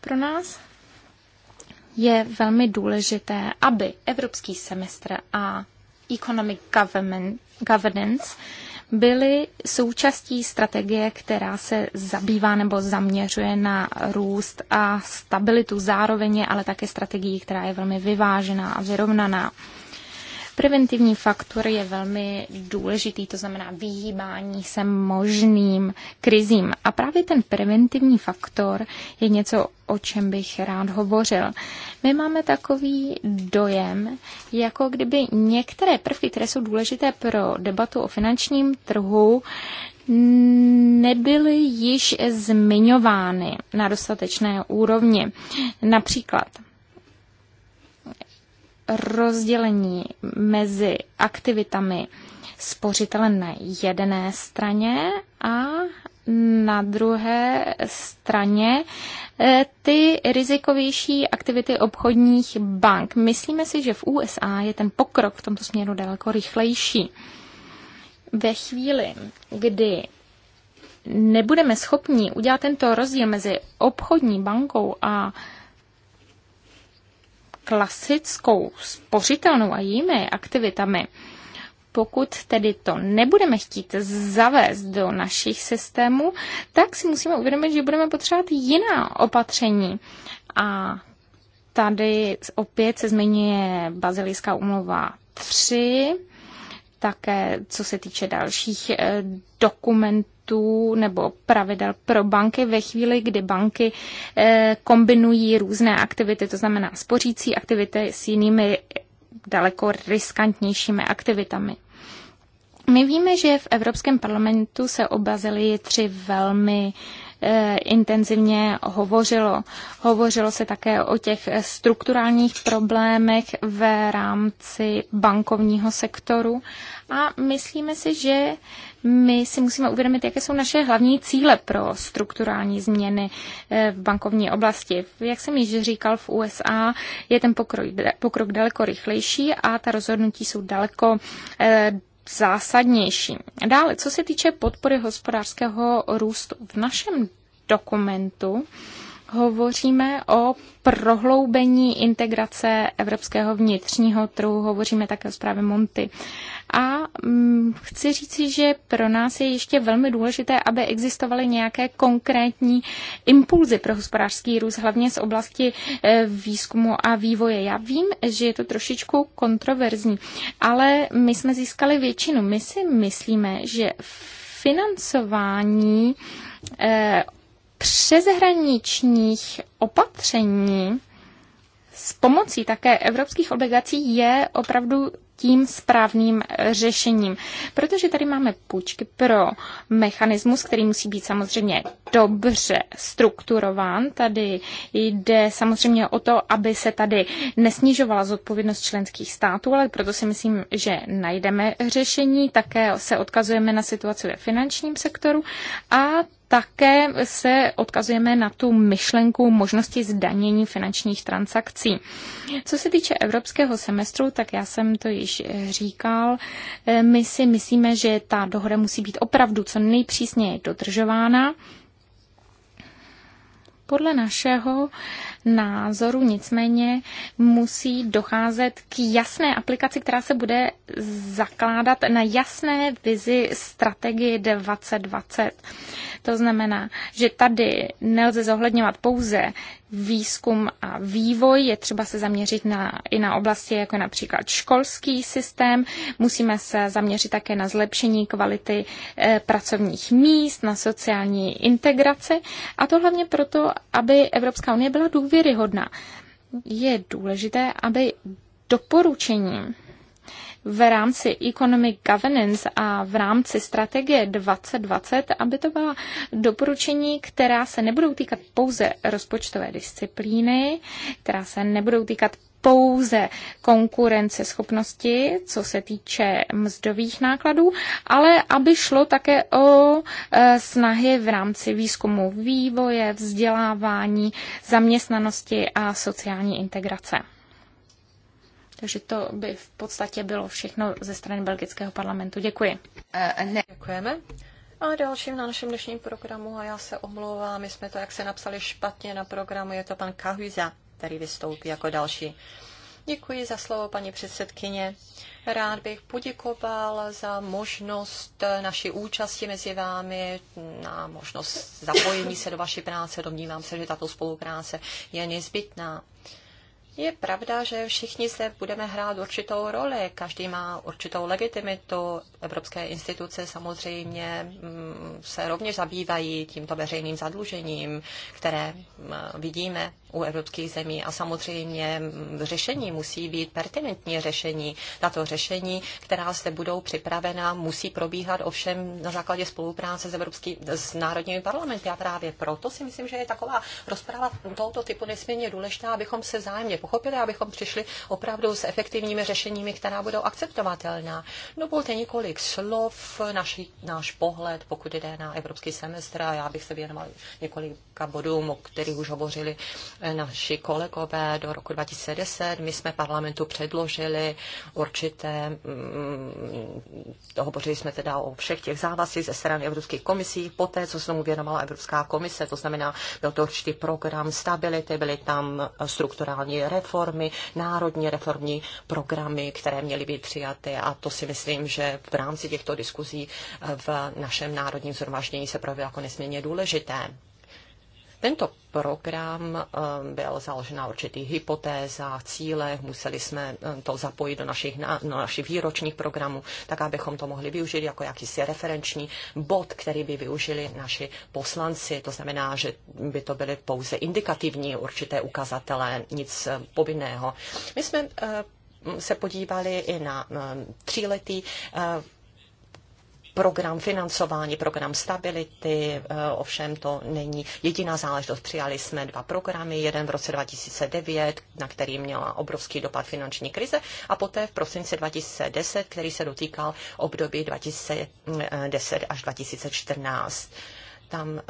Pro nás je velmi důležité, aby evropský semestr a economic governance byly součástí strategie, která se zabývá nebo zaměřuje na růst a stabilitu zároveň, ale také strategii, která je velmi vyvážená a vyrovnaná. Preventivní faktor je velmi důležitý, to znamená vyhýbání se možným krizím. A právě ten preventivní faktor je něco, o čem bych rád hovořil. My máme takový dojem, jako kdyby některé prvky, které jsou důležité pro debatu o finančním trhu, nebyly již zmiňovány na dostatečné úrovni. Například rozdělení mezi aktivitami spořitele na jedné straně a na druhé straně eh, ty rizikovější aktivity obchodních bank. Myslíme si, že v USA je ten pokrok v tomto směru daleko rychlejší. Ve chvíli, kdy nebudeme schopni udělat tento rozdíl mezi obchodní bankou a klasickou spořitelnou a jinými aktivitami, pokud tedy to nebudeme chtít zavést do našich systémů, tak si musíme uvědomit, že budeme potřebovat jiná opatření. A tady opět se zmiňuje Bazilijská umluva 3, také co se týče dalších eh, dokumentů nebo pravidel pro banky ve chvíli, kdy banky eh, kombinují různé aktivity, to znamená spořící aktivity s jinými daleko riskantnějšími aktivitami. My víme, že v Evropském parlamentu se obazily tři velmi uh, Eh, intenzivně hovořilo. Hovořilo se také o těch strukturálních problémech v rámci bankovního sektoru a myslíme si, že my si musíme uvědomit, jaké jsou naše hlavní cíle pro strukturální změny eh, v bankovní oblasti. Jak jsem již říkal, v USA je ten pokrok, pokrok daleko rychlejší a ta rozhodnutí jsou daleko eh, zásadnější. Dále, co se týče podpory hospodářského růstu, v našem dokumentu hovoříme o prohloubení integrace evropského vnitřního trhu, hovoříme také o zprávě Monty. A mm, chci říci, že pro nás je ještě velmi důležité, aby existovaly nějaké konkrétní impulzy pro hospodářský růst, hlavně z oblasti e, výzkumu a vývoje. Já vím, že je to trošičku kontroverzní, ale my jsme získali většinu. My si myslíme, že financování e, přeshraničních opatření s pomocí také evropských obligací je opravdu tím správným eh, řešením. Protože tady máme půjčky pro mechanismus, který musí být samozřejmě dobře strukturován. Tady jde samozřejmě o to, aby se tady nesnižovala zodpovědnost členských států, ale proto si myslím, že najdeme řešení. Také se odkazujeme na situaci ve finančním sektoru a také se odkazujeme na tu myšlenku možnosti zdanění finančních transakcí. Co se týče evropského semestru, tak já jsem to již eh, říkal. Eh, my si myslíme, že ta dohoda musí být opravdu co nejpřísněji dodržována. Podle našeho názoru, nicméně musí docházet k jasné aplikaci, která se bude zakládat na jasné vizi strategii 2020. To znamená, že tady nelze zohledňovat pouze výzkum a vývoj, je třeba se zaměřit na, i na oblasti, jako je například školský systém, musíme se zaměřit také na zlepšení kvality e, pracovních míst, na sociální integraci a to hlavně proto, aby Evropská unie byla důvěrná důvěryhodná. Je důležité, aby doporučení v rámci Economic Governance a v rámci strategie 2020, aby to byla doporučení, která se nebudou týkat pouze rozpočtové disciplíny, která se nebudou týkat pouze konkurenceschopnosti, co se týče mzdových nákladů, ale aby šlo také o e, snahy v rámci výzkumu vývoje, vzdělávání, zaměstnanosti a sociální integrace. Takže to by v podstatě bylo všechno ze strany belgického parlamentu. Děkuji. E, ne. Děkujeme. A dalším na našem dnešním programu, a já se omlouvám, my jsme to, jak se napsali špatně na programu, je to pan Kahuza který vystoupí jako další. Děkuji za slovo, paní předsedkyně. Rád bych poděkoval za možnost naší účasti mezi vámi, na možnost zapojení se do vaší práce. Domnívám se, že tato spolupráce je nezbytná. Je pravda, že všichni se budeme hrát určitou roli. Každý má určitou legitimitu. Evropské instituce samozřejmě mm, se rovněž zabývají tímto veřejným zadlužením, které mm, vidíme u evropských zemí. A samozřejmě řešení musí být pertinentní řešení. Tato řešení, která se budou připravena, musí probíhat ovšem na základě spolupráce s, evropský, s národními parlamenty. A právě proto si myslím, že je taková rozprava tohoto typu nesmírně důležitá, abychom se zájemně pochopili, abychom přišli opravdu s efektivními řešeními, která budou akceptovatelná. No Dovolte několik slov, naši náš pohled, pokud jde na evropský semestr, a já bych se věnoval několika bodům, o kterých už hovořili naši kolegové do roku 2010. My jsme parlamentu předložili určité, toho mm, hovořili jsme teda o všech těch závazcích ze strany Evropských komisí, poté, co se tomu věnovala Evropská komise, to znamená, byl to určitý program stability, byly tam strukturální reformy, národní reformní programy, které měly být přijaty a to si myslím, že v rámci těchto diskuzí v našem národním zhromaždění se projevilo jako nesmírně důležité. Tento program eh, byl založen na určitých hypotézách, cílech, museli jsme eh, to zapojit do našich, na, do našich výročních programů, tak abychom to mohli využít jako jakýsi referenční bod, který by využili naši poslanci. To znamená, že by to byly pouze indikativní určité ukazatele, nic eh, povinného. My jsme se podívali i na tříletý program financování, program stability, eh, ovšem to není jediná záležitost. Přijali jsme dva programy, jeden v roce 2009, na který měla obrovský dopad finanční krize a poté v prosinci 2010, který se dotýkal období 2010 mm, eh, až 2014 tam ehm,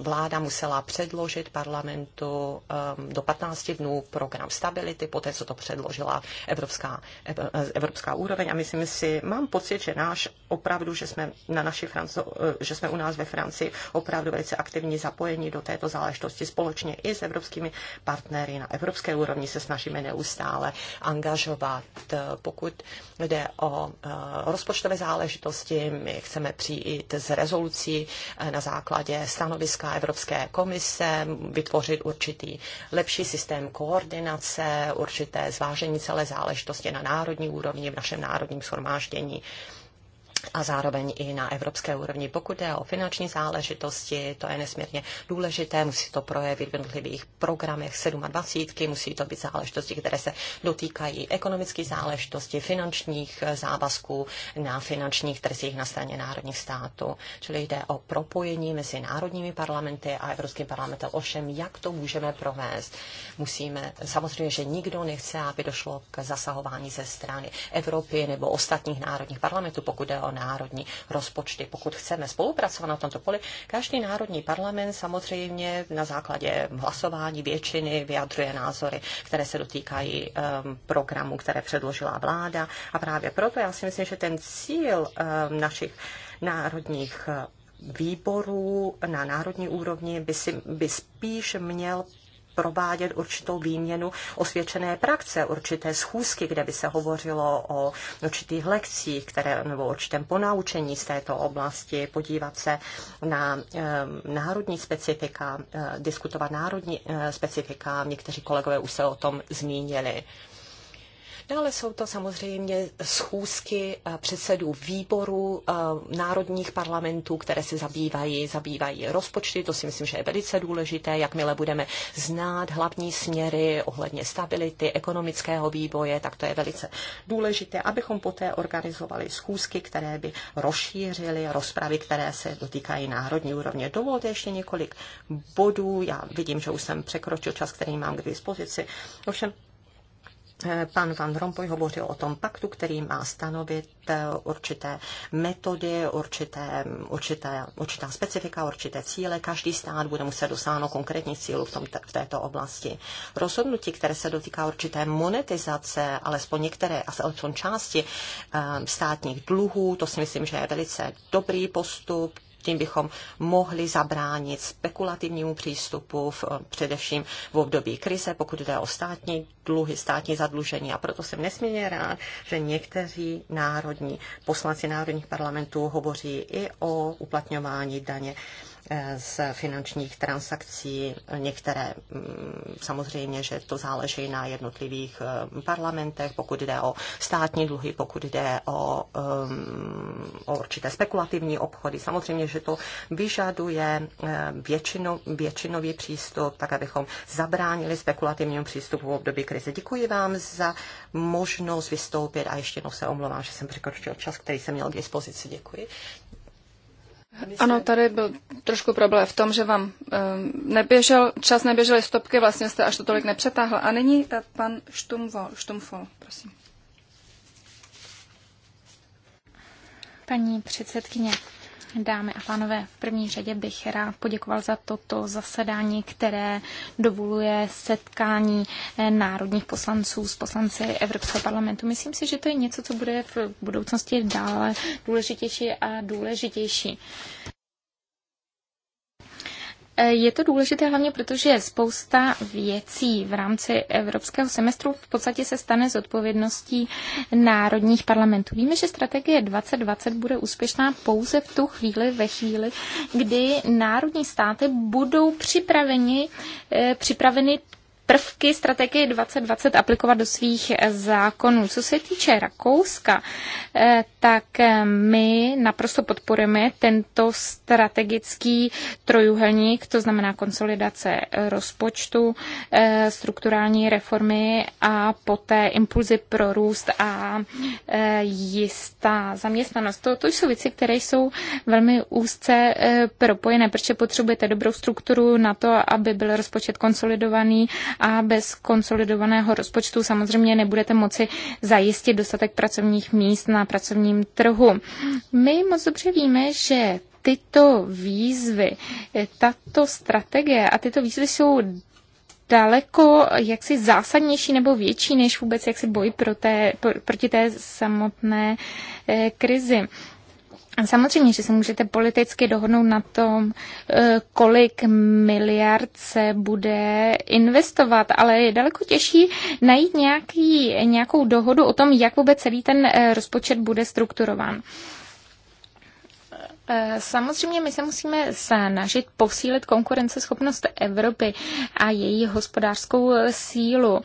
vláda musela předložit parlamentu ehm, do 15 dnů program stability, poté co to předložila evropská, e, evropská úroveň. A myslím si, mám pocit, že náš opravdu, že jsme, na naši Franco, e, že jsme u nás ve Francii opravdu velice aktivní zapojení do této záležitosti společně i s evropskými partnery na evropské úrovni se snažíme neustále angažovat. Pokud jde o e, rozpočtové záležitosti, my chceme přijít z rezolucí na základě stanoviska Evropské komise vytvořit určitý lepší systém koordinace, určité zvážení celé záležitosti na národní úrovni, v našem národním shromáždění a zároveň i na evropské úrovni. Pokud jde o finanční záležitosti, to je nesmírně důležité, musí to projevit v jednotlivých programech 27, musí to být záležitosti, které se dotýkají ekonomických záležitostí, finančních závazků na finančních trzích na straně národních států. Čili jde o propojení mezi národními parlamenty a Evropským parlamentem. Ovšem, jak to můžeme provést? Musíme, samozřejmě, že nikdo nechce, aby došlo k zasahování ze strany Evropy nebo ostatních národních parlamentů, pokud jde o národní rozpočty. Pokud chceme spolupracovat na tomto poli, každý národní parlament samozřejmě na základě hlasování většiny vyjadřuje názory, které se dotýkají um, ehm, programu, které předložila vláda. A právě proto já si myslím, že ten cíl um, našich národních ehm, výborů na národní úrovni by, si, by spíš měl provádět určitou výměnu osvědčené praxe, určité schůzky, kde by se hovořilo o určitých lekcích které, nebo určitém ponaučení z této oblasti, podívat se na e, národní specifika, e, diskutovat národní e, specifika. Někteří kolegové už se o tom zmínili. Dále jsou to samozřejmě schůzky eh, předsedů výborů eh, národních parlamentů, které se zabývají, zabývají rozpočty. To si myslím, že je velice důležité. Jakmile budeme znát hlavní směry ohledně stability, ekonomického vývoje, tak to je velice důležité, abychom poté organizovali schůzky, které by rozšířily rozpravy, které se dotýkají národní úrovně. Dovolte ještě několik bodů. Já vidím, že už jsem překročil čas, který mám k dispozici. Ovšem, Pan Van Rompuy hovořil o tom paktu, který má stanovit eh, určité metody, určité, určité, určitá specifika, určité cíle. Každý stát bude muset dosáhnout konkrétních cílů v, tom, v této oblasti. Rozhodnutí, které se dotýká určité monetizace, alespoň některé, alespoň části eh, státních dluhů, to si myslím, že je velice dobrý postup tím bychom mohli zabránit spekulativnímu přístupu, v, eh, především v období krize, pokud jde o státní dluhy, státní zadlužení. A proto jsem nesmírně rád, že někteří národní poslanci národních parlamentů hovoří i o uplatňování daně z finančních transakcí. Některé mm, samozřejmě, že to záleží na jednotlivých mm, parlamentech, pokud jde o státní dluhy, pokud jde o, mm, o určité spekulativní obchody. Samozřejmě, že to vyžaduje e, většinu, většinový přístup, tak abychom zabránili spekulativnímu přístupu v období krize. Děkuji vám za možnost vystoupit a ještě jednou se omlouvám, že jsem překročil čas, který jsem měl k dispozici. Děkuji. Ano, tady byl trošku problém v tom, že vám ehm, neběžel, čas neběžely stopky, vlastně jste až to tolik nepřetáhl. A nyní ta pan Štumvo, Štumfol, prosím. Paní předsedkyně, Dámy a pánové, v první řadě bych rád poděkoval za toto zasedání, které dovoluje setkání eh, národních poslanců s poslanci Evropského parlamentu. Myslím si, že to je něco, co bude v budoucnosti dále důležitější a důležitější. E, je to důležité hlavně protože spousta věcí v rámci evropského semestru v podstatě se stane z odpovědností národních parlamentů. Víme, že strategie 2020 bude úspěšná pouze v tu chvíli, ve chvíli, kdy národní státy budou připraveni, e, připraveny prvky strategie 2020 aplikovat do svých zákonů. Co se týče Rakouska, eh, tak eh, my naprosto podporujeme tento strategický trojuhelník, to znamená konsolidace rozpočtu, eh, strukturální reformy a poté impulzy pro růst a jistá zaměstnanost. To, to jsou věci, které jsou velmi úzce propojené, protože potřebujete dobrou strukturu na to, aby byl rozpočet konsolidovaný a bez konsolidovaného rozpočtu samozřejmě nebudete moci zajistit dostatek pracovních míst na pracovním trhu. My moc dobře víme, že tyto výzvy, tato strategie a tyto výzvy jsou daleko jaksi zásadnější nebo větší než vůbec jaksi boj pro té, pro, proti té samotné eh, krizi. Samozřejmě, že se můžete politicky dohodnout na tom, eh, kolik miliard se bude investovat, ale je daleko těžší najít nějaký, nějakou dohodu o tom, jak vůbec celý ten eh, rozpočet bude strukturován. Eh, samozřejmě my se musíme snažit posílit konkurenceschopnost Evropy a její hospodářskou sílu.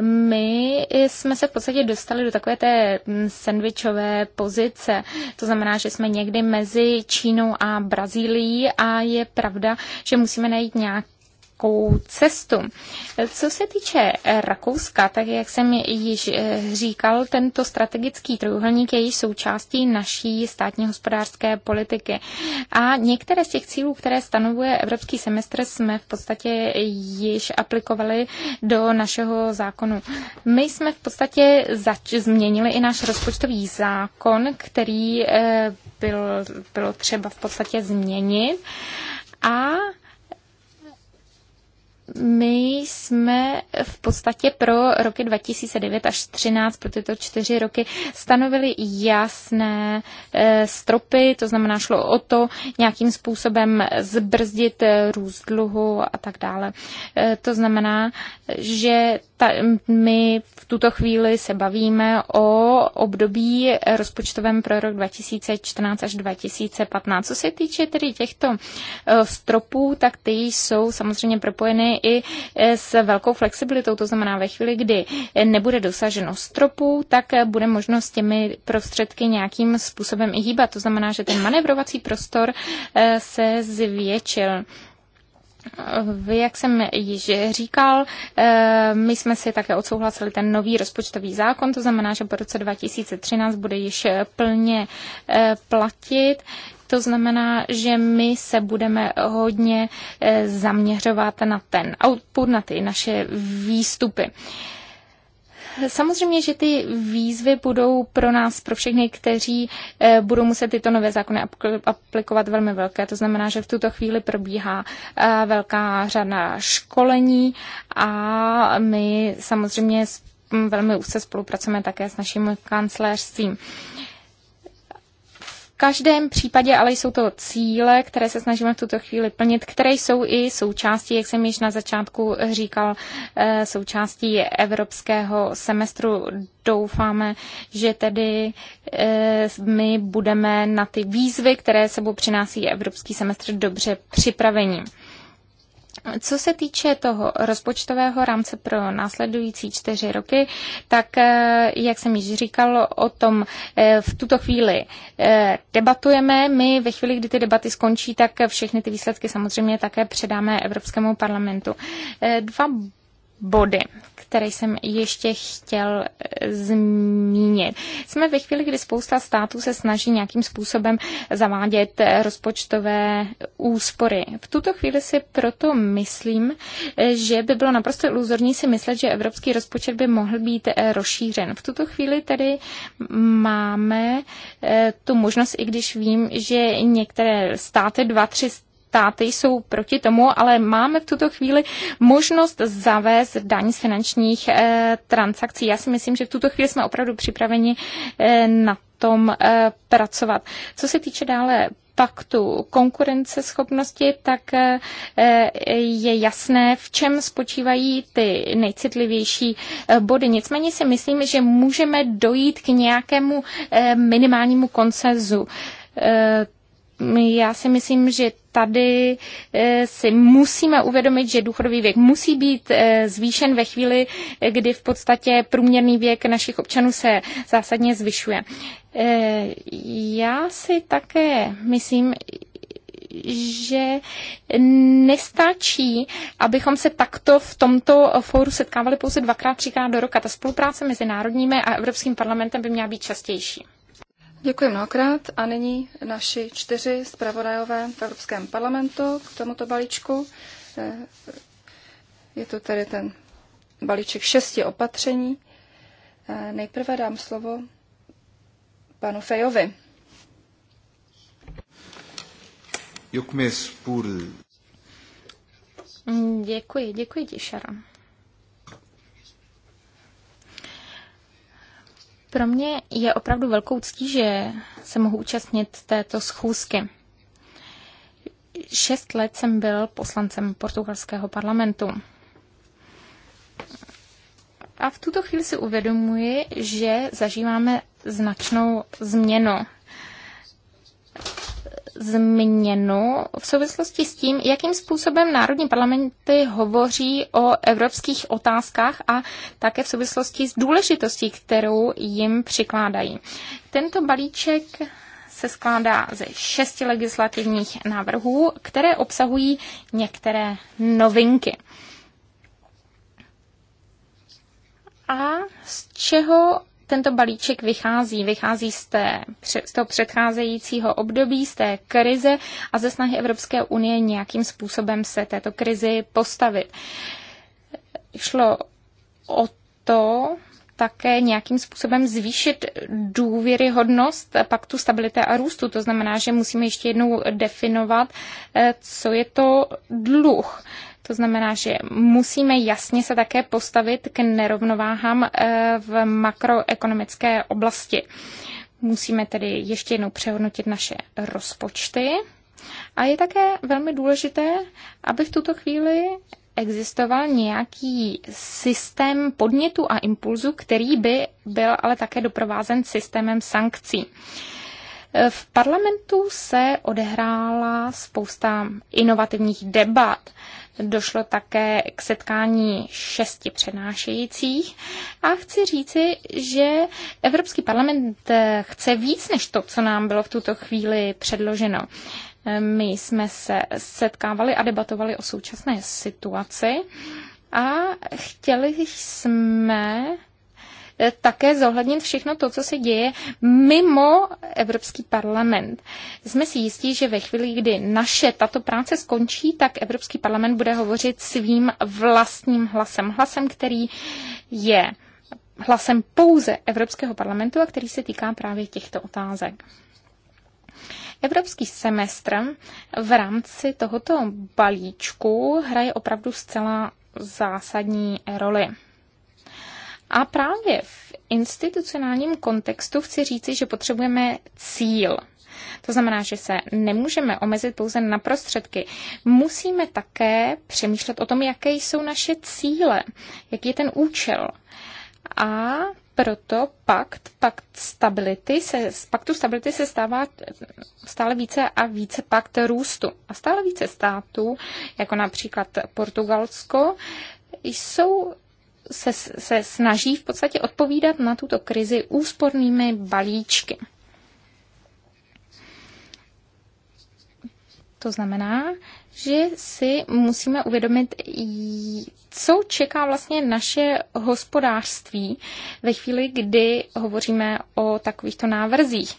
My jsme se v podstatě dostali do takové té hm, sandvičové pozice. To znamená, že jsme někdy mezi Čínou a Brazílií a je pravda, že musíme najít nějak rakouskou cestu. Co se týče Rakouska, tak jak jsem již eh, říkal, tento strategický trojuhelník je již součástí naší státní hospodářské politiky. A některé z těch cílů, které stanovuje evropský semestr, jsme v podstatě již aplikovali do našeho zákonu. My jsme v podstatě zač- změnili i náš rozpočtový zákon, který eh, byl, bylo třeba v podstatě změnit. A my jsme v podstatě pro roky 2009 až 2013, pro tyto čtyři roky, stanovili jasné eh, stropy, to znamená šlo o to nějakým způsobem zbrzdit růst dluhu a tak dále. Eh, to znamená, že ta, my v tuto chvíli se bavíme o období rozpočtovém pro rok 2014 až 2015. Co se týče tedy těchto eh, stropů, tak ty jsou samozřejmě propojeny i eh, s velkou flexibilitou. To znamená, ve chvíli, kdy nebude dosaženo stropu, tak eh, bude možno s těmi prostředky nějakým způsobem i hýbat. To znamená, že ten manevrovací prostor se zvětšil. Jak jsem již říkal, eh, my jsme si také odsouhlasili ten nový rozpočtový zákon, to znamená, že po roce 2013 bude již eh, plně eh, platit. To znamená, že my se budeme hodně zaměřovat na ten output, na ty naše výstupy. Samozřejmě, že ty výzvy budou pro nás, pro všechny, kteří eh, budou muset tyto nové zákony aplikovat velmi velké. To znamená, že v tuto chvíli probíhá eh, velká řada školení a my samozřejmě velmi úzce spolupracujeme také s naším kancelářstvím každém případě ale jsou to cíle, které se snažíme v tuto chvíli plnit, které jsou i součástí, jak jsem již na začátku říkal, eh, součástí evropského semestru. Doufáme, že tedy eh, my budeme na ty výzvy, které sebou přináší evropský semestr, dobře připraveni. Co se týče toho rozpočtového rámce pro následující čtyři roky, tak eh, jak jsem již říkal, o tom eh, v tuto chvíli eh, debatujeme. My ve chvíli, kdy ty debaty skončí, tak všechny ty výsledky samozřejmě také předáme Evropskému parlamentu. Dva body, které jsem ještě chtěl eh, zmínit. Jsme ve chvíli, kdy spousta států se snaží nějakým způsobem zavádět eh, rozpočtové úspory. V tuto chvíli si proto myslím, eh, že by bylo naprosto iluzorní si myslet, že evropský rozpočet by mohl být rozšířen. V tuto chvíli tedy máme tu možnost, i když vím, že některé státy, dva, tři státy jsou proti tomu, ale máme v tuto chvíli možnost zavést daň z finančních eh, transakcí. Já si myslím, že v tuto chvíli jsme opravdu připraveni eh, na tom eh, pracovat. Co se týče dále paktu konkurenceschopnosti, tak je jasné, v čem spočívají ty nejcitlivější body. Nicméně si myslím, že můžeme dojít k nějakému minimálnímu koncenzu. Já si myslím, že tady eh, si musíme uvědomit, že důchodový věk musí být eh, zvýšen ve chvíli, eh, kdy v podstatě průměrný věk našich občanů se zásadně zvyšuje. Já si také myslím, že nestačí, abychom se takto v tomto fóru setkávali pouze dvakrát, třikrát do roka. Ta spolupráce mezi národními a Evropským parlamentem by měla být častější. Děkuji mnohokrát a nyní naši čtyři zpravodajové v Evropském parlamentu k tomuto balíčku. Eh, je to tedy ten balíček šesti opatření. Eh, nejprve dám slovo panu Fejovi. Děkuji, děkuji ti, Sharon. Pro mě je opravdu velkou ctí, že se mohu účastnit této schůzky. Šest let jsem byl poslancem portugalského parlamentu. A v tuto chvíli si uvědomuji, že zažíváme značnou změnu změnu v souvislosti s tím, jakým způsobem národní parlamenty hovoří o evropských otázkách a také v souvislosti s důležitostí, kterou jim přikládají. Tento balíček se skládá ze šesti legislativních návrhů, které obsahují některé novinky. A z čeho tento balíček vychází. Vychází z, té, z toho předcházejícího období, z té krize a ze snahy Evropské unie nějakým způsobem se této krizi postavit. Šlo o to také nějakým způsobem zvýšit důvěryhodnost paktu stability a růstu. To znamená, že musíme ještě jednou definovat, eh, co je to dluh. To znamená, že musíme jasně se také postavit k nerovnováhám eh, v makroekonomické oblasti. Musíme tedy ještě jednou přehodnotit naše rozpočty. A je také velmi důležité, aby v tuto chvíli existoval nějaký systém podnětu a impulzu, který by byl ale také doprovázen systémem sankcí. Eh, v parlamentu se odehrála spousta inovativních debat došlo také k setkání šesti přenášejících a chci říci, že Evropský parlament eh, chce víc než to, co nám bylo v tuto chvíli předloženo. Eh, my jsme se setkávali a debatovali o současné situaci a chtěli jsme Eh, také zohlednit všechno to, co se děje mimo Evropský parlament. Jsme si jistí, že ve chvíli, kdy naše tato práce skončí, tak Evropský parlament bude hovořit svým vlastním hlasem. Hlasem, který je hlasem pouze Evropského parlamentu a který se týká právě těchto otázek. Evropský semestr v rámci tohoto balíčku hraje opravdu zcela zásadní roli. A právě v institucionálním kontextu chci říci, že potřebujeme cíl. To znamená, že se nemůžeme omezit pouze na prostředky. Musíme také přemýšlet o tom, jaké jsou naše cíle, jaký je ten účel. A proto pakt, pakt stability se, z paktu stability se stává stále více a více pakt růstu. A stále více států, jako například Portugalsko, jsou se, se snaží v podstatě odpovídat na tuto krizi úspornými balíčky. To znamená, že si musíme uvědomit, co čeká vlastně naše hospodářství ve chvíli, kdy hovoříme o takovýchto návrzích.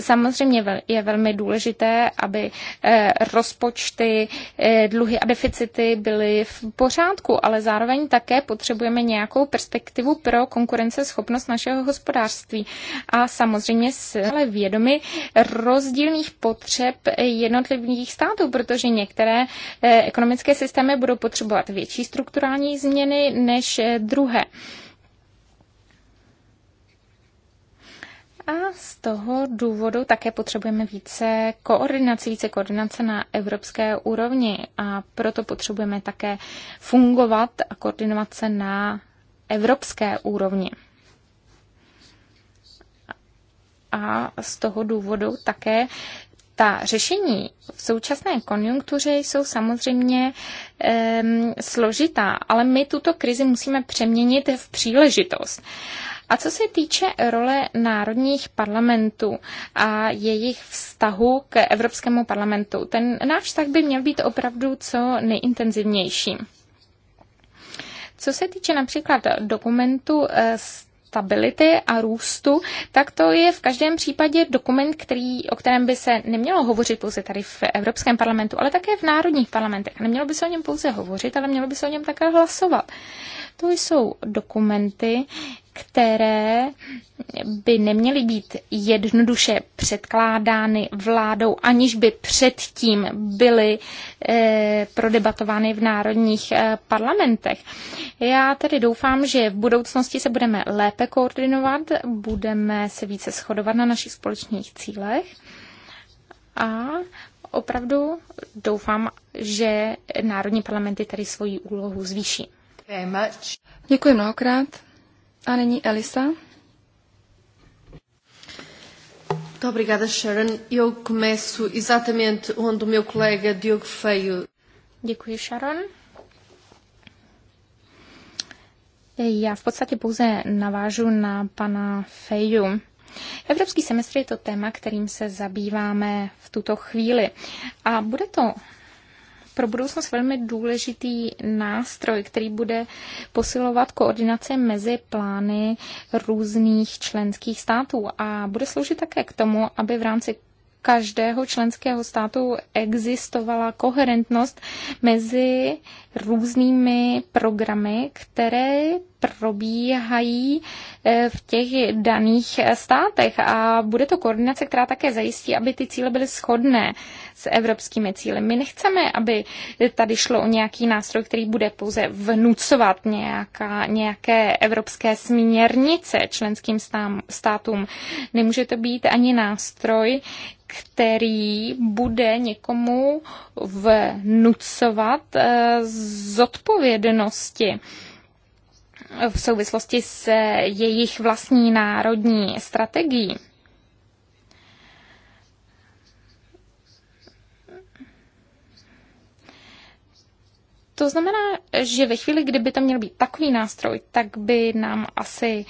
Samozřejmě je velmi důležité, aby eh, rozpočty, eh, dluhy a deficity byly v pořádku, ale zároveň také potřebujeme nějakou perspektivu pro konkurenceschopnost našeho hospodářství. A samozřejmě ale vědomi rozdílných potřeb jednotlivých států, protože některé eh, ekonomické systémy budou potřebovat větší strukturální radikální změny než eh, druhé. A z toho důvodu také potřebujeme více koordinace, více koordinace na evropské úrovni a proto potřebujeme také fungovat a koordinovat se na evropské úrovni. A z toho důvodu také ta řešení v současné konjunktuře jsou samozřejmě um, složitá, ale my tuto krizi musíme přeměnit v příležitost. A co se týče role národních parlamentů a jejich vztahu k Evropskému parlamentu, ten náš vztah by měl být opravdu co nejintenzivnější. Co se týče například dokumentu z eh, stability a růstu, tak to je v každém případě dokument, který, o kterém by se nemělo hovořit pouze tady v Evropském parlamentu, ale také v národních parlamentech. Nemělo by se o něm pouze hovořit, ale mělo by se o něm také hlasovat. To jsou dokumenty, které by neměly být jednoduše předkládány vládou, aniž by předtím byly eh, prodebatovány v národních eh, parlamentech. Já tedy doufám, že v budoucnosti se budeme lépe koordinovat, budeme se více shodovat na našich společných cílech a opravdu doufám, že národní parlamenty tady svoji úlohu zvýší. Děkuji mnohokrát. A nyní Elisa. Muito obrigada, Sharon. Eu começo exatamente onde o meu colega Diogo Feio. Děkuji, Sharon. Já v podstatě pouze navážu na pana Feju. Evropský semestr je to téma, kterým se zabýváme v tuto chvíli. A bude to pro budoucnost velmi důležitý nástroj, který bude posilovat koordinaci mezi plány různých členských států a bude sloužit také k tomu, aby v rámci každého členského státu existovala koherentnost mezi různými programy, které probíhají eh, v těch daných státech a bude to koordinace, která také zajistí, aby ty cíle byly shodné s evropskými cíly. My nechceme, aby tady šlo o nějaký nástroj, který bude pouze vnucovat nějaká, nějaké evropské směrnice členským státům. Nemůže to být ani nástroj, který bude někomu vnucovat eh, zodpovědnosti v souvislosti s jejich vlastní národní strategií. To znamená, že ve chvíli, kdyby to měl být takový nástroj, tak by nám asi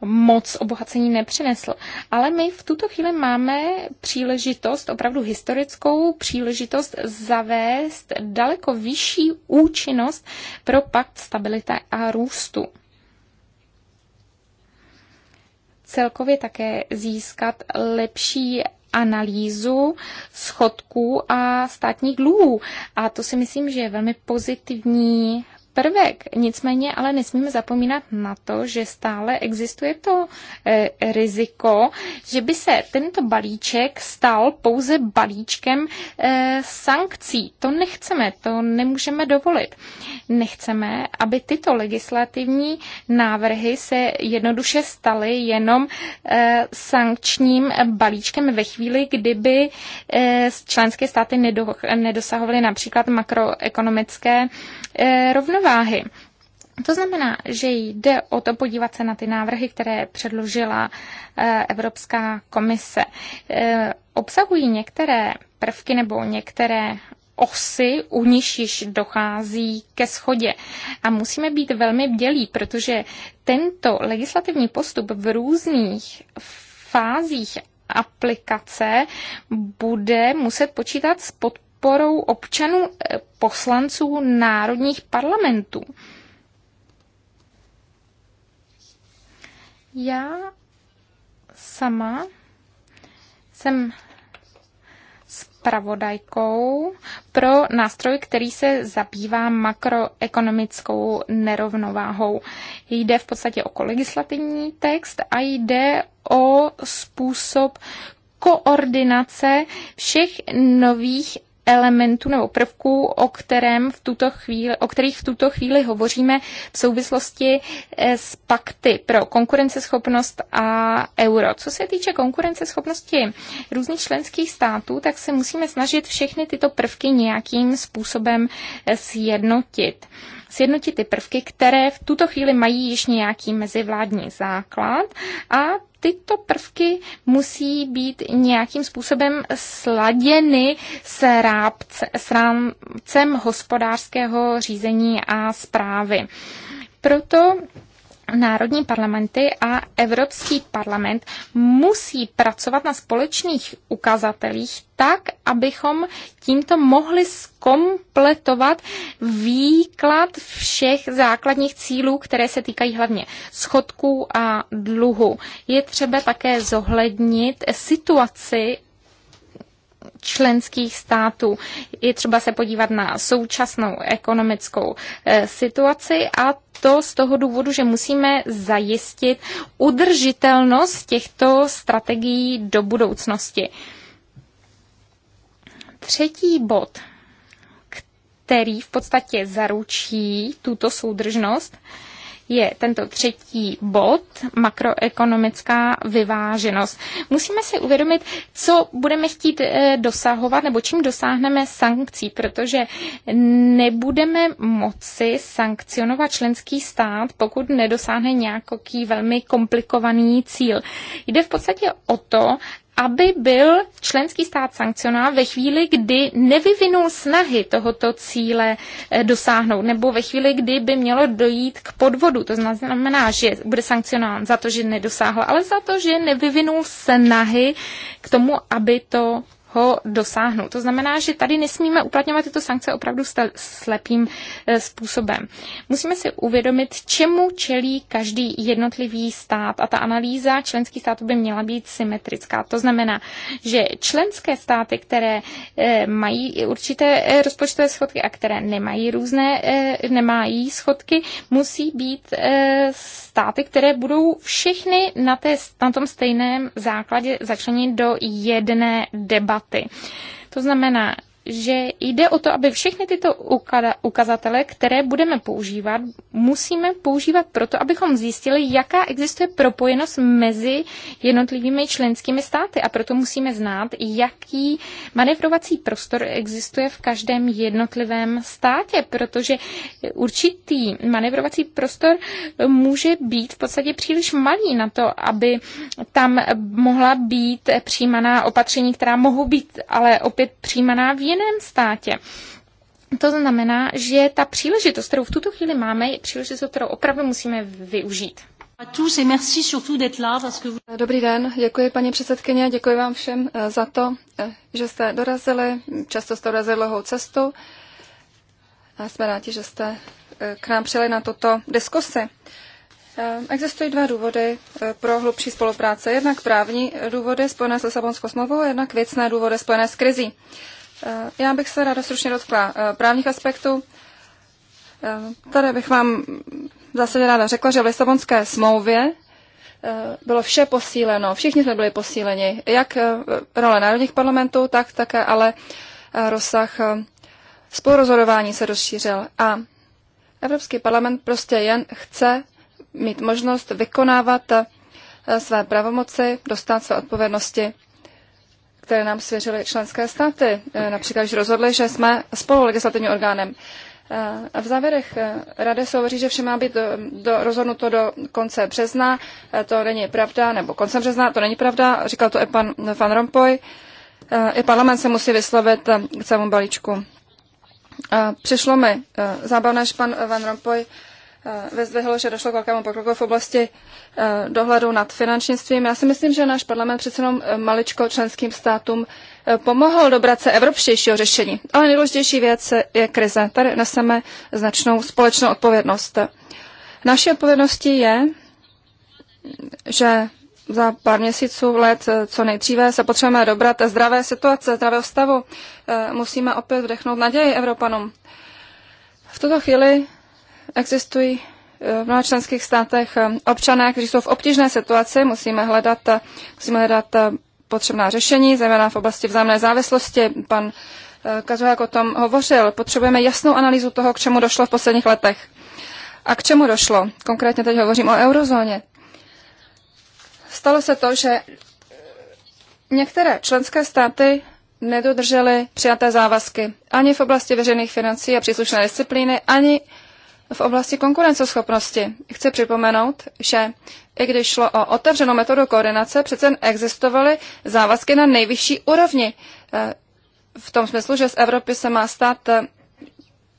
moc obohacení nepřinesl. Ale my v tuto chvíli máme příležitost, opravdu historickou příležitost zavést daleko vyšší účinnost pro pakt stability a růstu. Celkově také získat lepší analýzu schodků a státních dluhů. A to si myslím, že je velmi pozitivní prvek. Nicméně ale nesmíme zapomínat na to, že stále existuje to e, riziko, že by se tento balíček stal pouze balíčkem e, sankcí. To nechceme, to nemůžeme dovolit. Nechceme, aby tyto legislativní návrhy se jednoduše staly jenom e, sankčním balíčkem ve chvíli, kdyby členské státy nedosahovaly například makroekonomické rovnováhy rovnováhy. To znamená, že jde o to podívat se na ty návrhy, které předložila eh, Evropská komise. Eh, obsahují některé prvky nebo některé osy, u nich již dochází ke schodě. A musíme být velmi bdělí, protože tento legislativní postup v různých fázích aplikace bude muset počítat s podporou podporou občanů eh, poslanců národních parlamentů. Já sama jsem spravodajkou pro nástroj, který se zabývá makroekonomickou nerovnováhou. Jde v podstatě o legislativní text a jde o způsob koordinace všech nových elementů nebo prvků, o, kterém v tuto chvíli, o kterých v tuto chvíli hovoříme v souvislosti eh, s pakty pro konkurenceschopnost a euro. Co se týče konkurenceschopnosti různých členských států, tak se musíme snažit všechny tyto prvky nějakým způsobem eh, sjednotit sjednotit ty prvky, které v tuto chvíli mají již nějaký mezivládní základ a tyto prvky musí být nějakým způsobem sladěny s, rábce, s rámcem hospodářského řízení a zprávy. Proto národní parlamenty a Evropský parlament musí pracovat na společných ukazatelích tak, abychom tímto mohli skompletovat výklad všech základních cílů, které se týkají hlavně schodků a dluhu. Je třeba také zohlednit situaci členských států. Je třeba se podívat na současnou ekonomickou eh, situaci a to z toho důvodu, že musíme zajistit udržitelnost těchto strategií do budoucnosti. Třetí bod, který v podstatě zaručí tuto soudržnost, je tento třetí bod, makroekonomická vyváženost. Musíme si uvědomit, co budeme chtít eh, dosahovat nebo čím dosáhneme sankcí, protože nebudeme moci sankcionovat členský stát, pokud nedosáhne nějaký velmi komplikovaný cíl. Jde v podstatě o to, aby byl členský stát sankcionován ve chvíli, kdy nevyvinul snahy tohoto cíle eh, dosáhnout, nebo ve chvíli, kdy by mělo dojít k podvodu. To znamená, že bude sankcionován za to, že nedosáhl, ale za to, že nevyvinul snahy k tomu, aby to ho dosáhnout. To znamená, že tady nesmíme uplatňovat tyto sankce opravdu slepým e, způsobem. Musíme si uvědomit, čemu čelí každý jednotlivý stát a ta analýza členských států by měla být symetrická. To znamená, že členské státy, které e, mají určité e, rozpočtové schodky a které nemají různé, nemají schodky, musí být státy, které budou všechny na, té, na tom stejném základě začleněny do jedné debaty. To znamená, že jde o to, aby všechny tyto ukazatele, které budeme používat, musíme používat proto, abychom zjistili, jaká existuje propojenost mezi jednotlivými členskými státy a proto musíme znát, jaký manevrovací prostor existuje v každém jednotlivém státě, protože určitý manevrovací prostor může být v podstatě příliš malý na to, aby tam mohla být přijímaná opatření, která mohou být ale opět přijímaná v jiném jiném státě. To znamená, že ta příležitost, kterou v tuto chvíli máme, je příležitost, kterou opravdu musíme využít. Dobrý den, děkuji paní předsedkyně, děkuji vám všem eh, za to, eh, že jste dorazili. Často jste dorazili dlouhou cestu a jsme rádi, že jste eh, k nám přijeli na toto diskusy. Existují dva důvody pro hlubší spolupráce. Jednak právní důvody spojené s Lisabonskou smlouvou, jednak věcné důvody spojené s krizí. Eh, já bych se ráda stručně dotkla eh, právních aspektů. Eh, tady bych vám zase ráda řekla, že v Lisabonské smlouvě bylo vše posíleno, všichni jsme byli posíleni, jak role národních parlamentů, tak také ale rozsah spolurozhodování se rozšířil a Evropský parlament prostě jen chce mít možnost vykonávat své pravomoci, dostat své odpovědnosti které nám svěřily členské státy. Eh, například, když rozhodli, že jsme spolu legislativním orgánem. Eh, v závěrech eh, rady se hovoří, že vše má být do, do, rozhodnuto do konce března. To není pravda, nebo koncem března, to není pravda. Říkal to i pan Van Rompuy. I parlament se musí vyslovit k celému balíčku. Přišlo mi zábavné, že pan Van Rompuy Eh, vyzdvihlo, že došlo k velkému pokroku v oblasti eh, dohledu nad finančnictvím. Já si myslím, že náš parlament přece jenom eh, maličko členským státům pomohl dobrat se evropštějšího řešení. Ale nejdůležitější věc je krize. Tady neseme značnou společnou odpovědnost. Naší odpovědností je, že za pár měsíců, let, co nejdříve se potřebujeme dobrat zdravé situace, zdravého stavu. Musíme opět vdechnout naději Evropanům. V tuto chvíli existují eh, v mnoha členských státech eh, občané, kteří jsou v obtížné situaci, musíme hledat, eh, musíme hledat potřebná řešení, zejména v oblasti vzájemné závislosti. Pan Kazuják o tom hovořil. Potřebujeme jasnou analýzu toho, k čemu došlo v posledních letech. A k čemu došlo? Konkrétně teď hovořím o eurozóně. Stalo se to, že některé členské státy nedodržely přijaté závazky ani v oblasti veřejných financí a příslušné disciplíny, ani v oblasti konkurenceschopnosti. Chci připomenout, že i když šlo o otevřenou metodu koordinace, přece existovaly závazky na nejvyšší úrovni. E, v tom smyslu, že z Evropy se má stát e,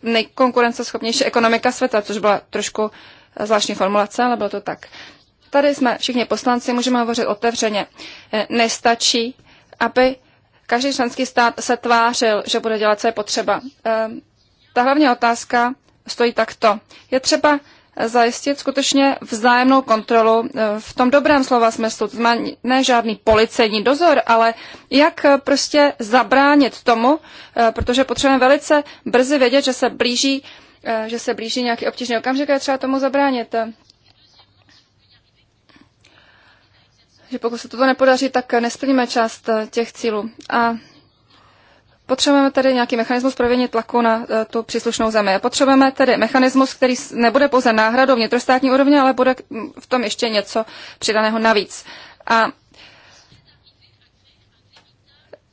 nejkonkurenceschopnější ekonomika světa, což byla trošku e, zvláštní formulace, ale bylo to tak. Tady jsme všichni poslanci, můžeme hovořit otevřeně. Nestačí, aby každý členský stát se tvářil, že bude dělat, co je potřeba. Ta hlavní otázka stojí takto. Je třeba eh, zajistit skutečně vzájemnou kontrolu eh, v tom dobrém slova smyslu. To znamená ne žádný policejní dozor, ale jak eh, prostě zabránit tomu, protože potřebujeme velice brzy vědět, že se blíží, že se blíží nějaký obtížný okamžik a je třeba tomu zabránit. Že pokud se toto nepodaří, tak nesplníme část těch cílů. A Potřebujeme tedy nějaký mechanismus provění tlaku na e, tu příslušnou zemi. Potřebujeme tedy mechanismus, který nebude pouze náhradou vnitrostátní úrovně, ale bude v tom ještě něco přidaného navíc. A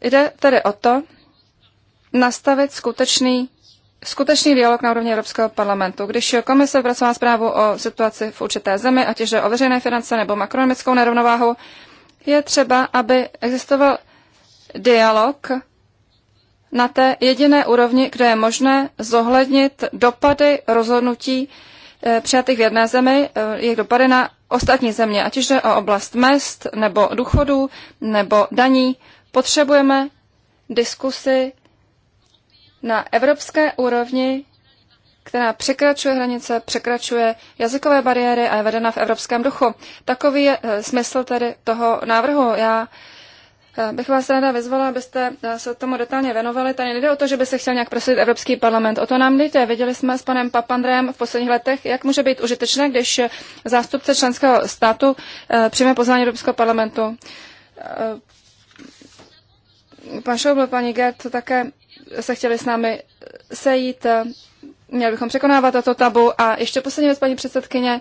jde tedy o to, nastavit skutečný skutečný dialog na úrovni Evropského parlamentu. Když komise pracovala zprávu o situaci v určité zemi, ať jde o veřejné finance nebo makronomickou nerovnováhu, je třeba, aby existoval dialog na té jediné úrovni, kde je možné zohlednit dopady rozhodnutí eh, přijatých v jedné zemi, eh, jejich dopady na ostatní země, ať už jde o oblast mest, nebo důchodů, nebo daní. Potřebujeme diskusy na evropské úrovni, která překračuje hranice, překračuje jazykové bariéry a je vedena v evropském duchu. Takový je eh, smysl tedy toho návrhu. Já Eh, bych vás ráda vyzvala, abyste eh, se tomu detailně věnovali. Tady nejde o to, že by se chtěl nějak prosit Evropský parlament. O to nám nejde. Viděli jsme s panem Papandrem v posledních letech, jak může být užitečné, když eh, zástupce členského státu přijme pozvání Evropského parlamentu. Pan Šoubl, paní Gert také se chtěli s námi sejít. Měli bychom překonávat toto tabu. A ještě poslední věc, paní předsedkyně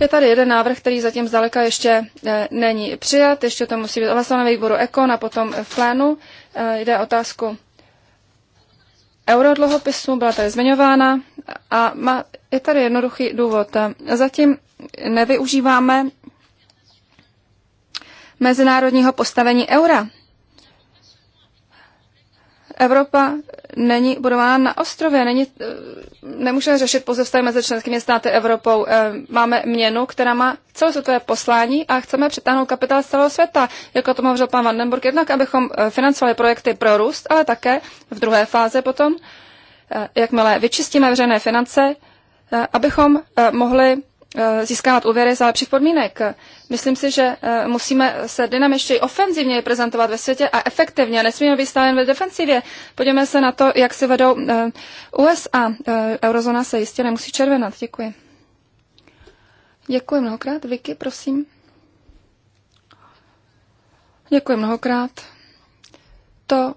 je tady jeden návrh, který zatím zdaleka ještě eh, není přijat, ještě to musí být hlasován na výboru EKON a potom v plénu. Eh, jde otázku eurodluhopisů, byla tady zmiňována a má, je tady jednoduchý důvod. Eh, zatím nevyužíváme mezinárodního postavení eura Evropa není budována na ostrově, není, eh, nemůžeme řešit pouze vztahy mezi členskými státy Evropou. Eh, máme měnu, která má celosvětové poslání a chceme přitáhnout kapitál z celého světa, jako to hovořil pan Vandenburg, jednak abychom eh, financovali projekty pro růst, ale také v druhé fáze potom, jakmile vyčistíme veřejné finance, abychom mohli Eh, získávat úvěry za lepších podmínek. Myslím si, že eh, musíme se dynamičtěji ofenzivně prezentovat ve světě a efektivně. Nesmíme být stále ve defensivě. Podívejme se na to, jak se vedou eh, USA. Eurozona se jistě nemusí červenat. Děkuji. Děkuji mnohokrát. Vicky, prosím. Děkuji mnohokrát. To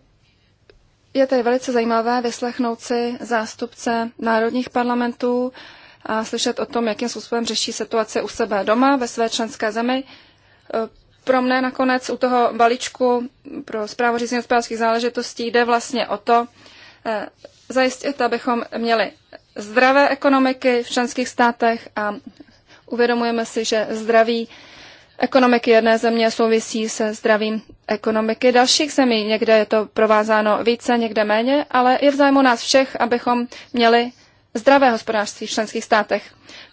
je tady velice zajímavé vyslechnout si zástupce národních parlamentů, a slyšet o tom, jakým způsobem řeší situace u sebe doma, ve své členské zemi. E, pro mne nakonec u toho balíčku pro zprávu řízení hospodářských záležitostí jde vlastně o to, e, zajistit, abychom měli zdravé ekonomiky v členských státech a uvědomujeme si, že zdraví ekonomiky jedné země souvisí se zdravím ekonomiky dalších zemí. Někde je to provázáno více, někde méně, ale je v zájmu nás všech, abychom měli zdravé hospodářství v členských státech.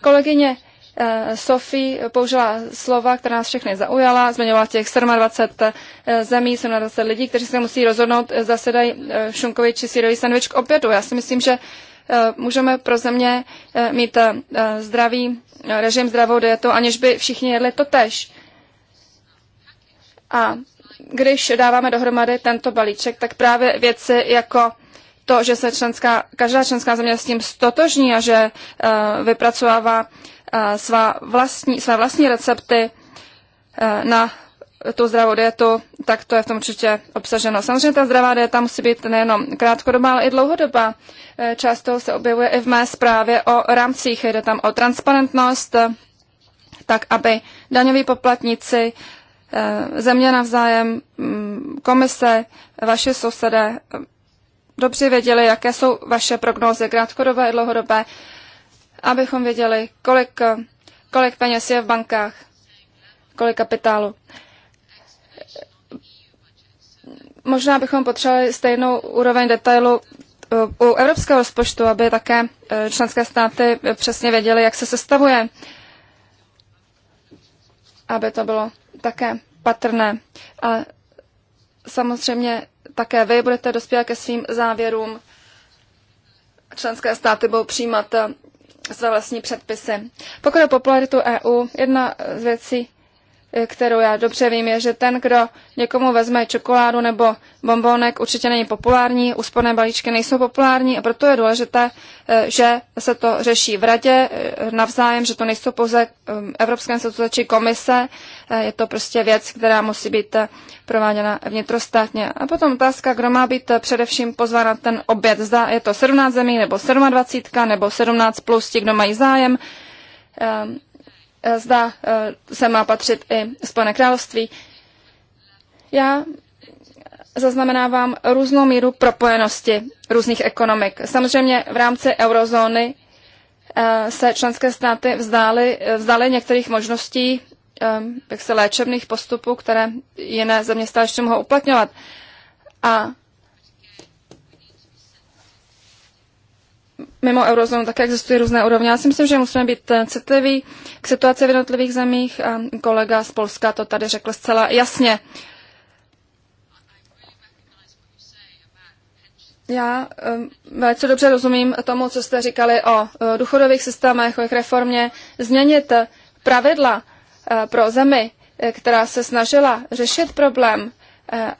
Kolegyně eh, Sophie použila slova, která nás všechny zaujala, zmiňovala těch 27 eh, zemí, 27 lidí, kteří se musí rozhodnout, eh, zasedají šunkový či sírový sandwich k obědu. Já si myslím, že můžeme pro země mít zdravý režim, zdravou dietu, aniž by všichni jedli to tež. A když dáváme dohromady tento balíček, tak právě věci jako to, že se členská, každá členská země s tím stotožní a že uh, vypracovává uh, svá vlastní, své vlastní recepty uh, na tu zdravou dietu, tak to je v tom určitě obsaženo. Samozřejmě ta zdravá dieta musí být nejenom krátkodobá, ale i dlouhodobá. Často se objevuje i v mé zprávě o rámcích. Jde tam o transparentnost, tak aby daňoví poplatníci, země navzájem, mm, komise, vaše sousedé dobře věděli, jaké jsou vaše prognózy krátkodobé i dlouhodobé, abychom věděli, kolik, kolik peněz je v bankách, kolik kapitálu. Možná bychom potřebovali stejnou úroveň detailu uh, u evropského rozpočtu, aby také uh, členské státy přesně věděly, jak se sestavuje, aby to bylo také patrné. A samozřejmě také vy budete dospět ke svým závěrům. Členské státy budou přijímat eh, své vlastní předpisy. Pokud je popularitu EU, jedna z věcí, kterou já dobře vím, je, že ten, kdo někomu vezme čokoládu nebo bombonek, určitě není populární, úsporné balíčky nejsou populární a proto je důležité, eh, že se to řeší v radě eh, navzájem, že to nejsou pouze ehm, Evropské instituce či komise, eh, je to prostě věc, která musí být prováděna vnitrostátně. A potom otázka, kdo má být především pozván na ten oběd. Zda je to 17 zemí nebo 27 nebo 17 plus ti, kdo mají zájem ehm, Eh, zda eh, se má patřit i Spojené království. Já zaznamenávám různou míru propojenosti různých ekonomik. Samozřejmě v rámci eurozóny eh, se členské státy vzdály, vzdály některých možností jak se léčebných postupů, které jiné země stále ještě mohou uplatňovat. A mimo eurozónu také existují různé úrovně. Já si myslím, že musíme být eh, citliví k situaci v jednotlivých zemích a kolega z Polska to tady řekl zcela jasně. Já ehm, velice dobře rozumím tomu, co jste říkali o eh, důchodových systémech, o jejich reformě. Změnit eh, pravidla pro zemi, která se snažila řešit problém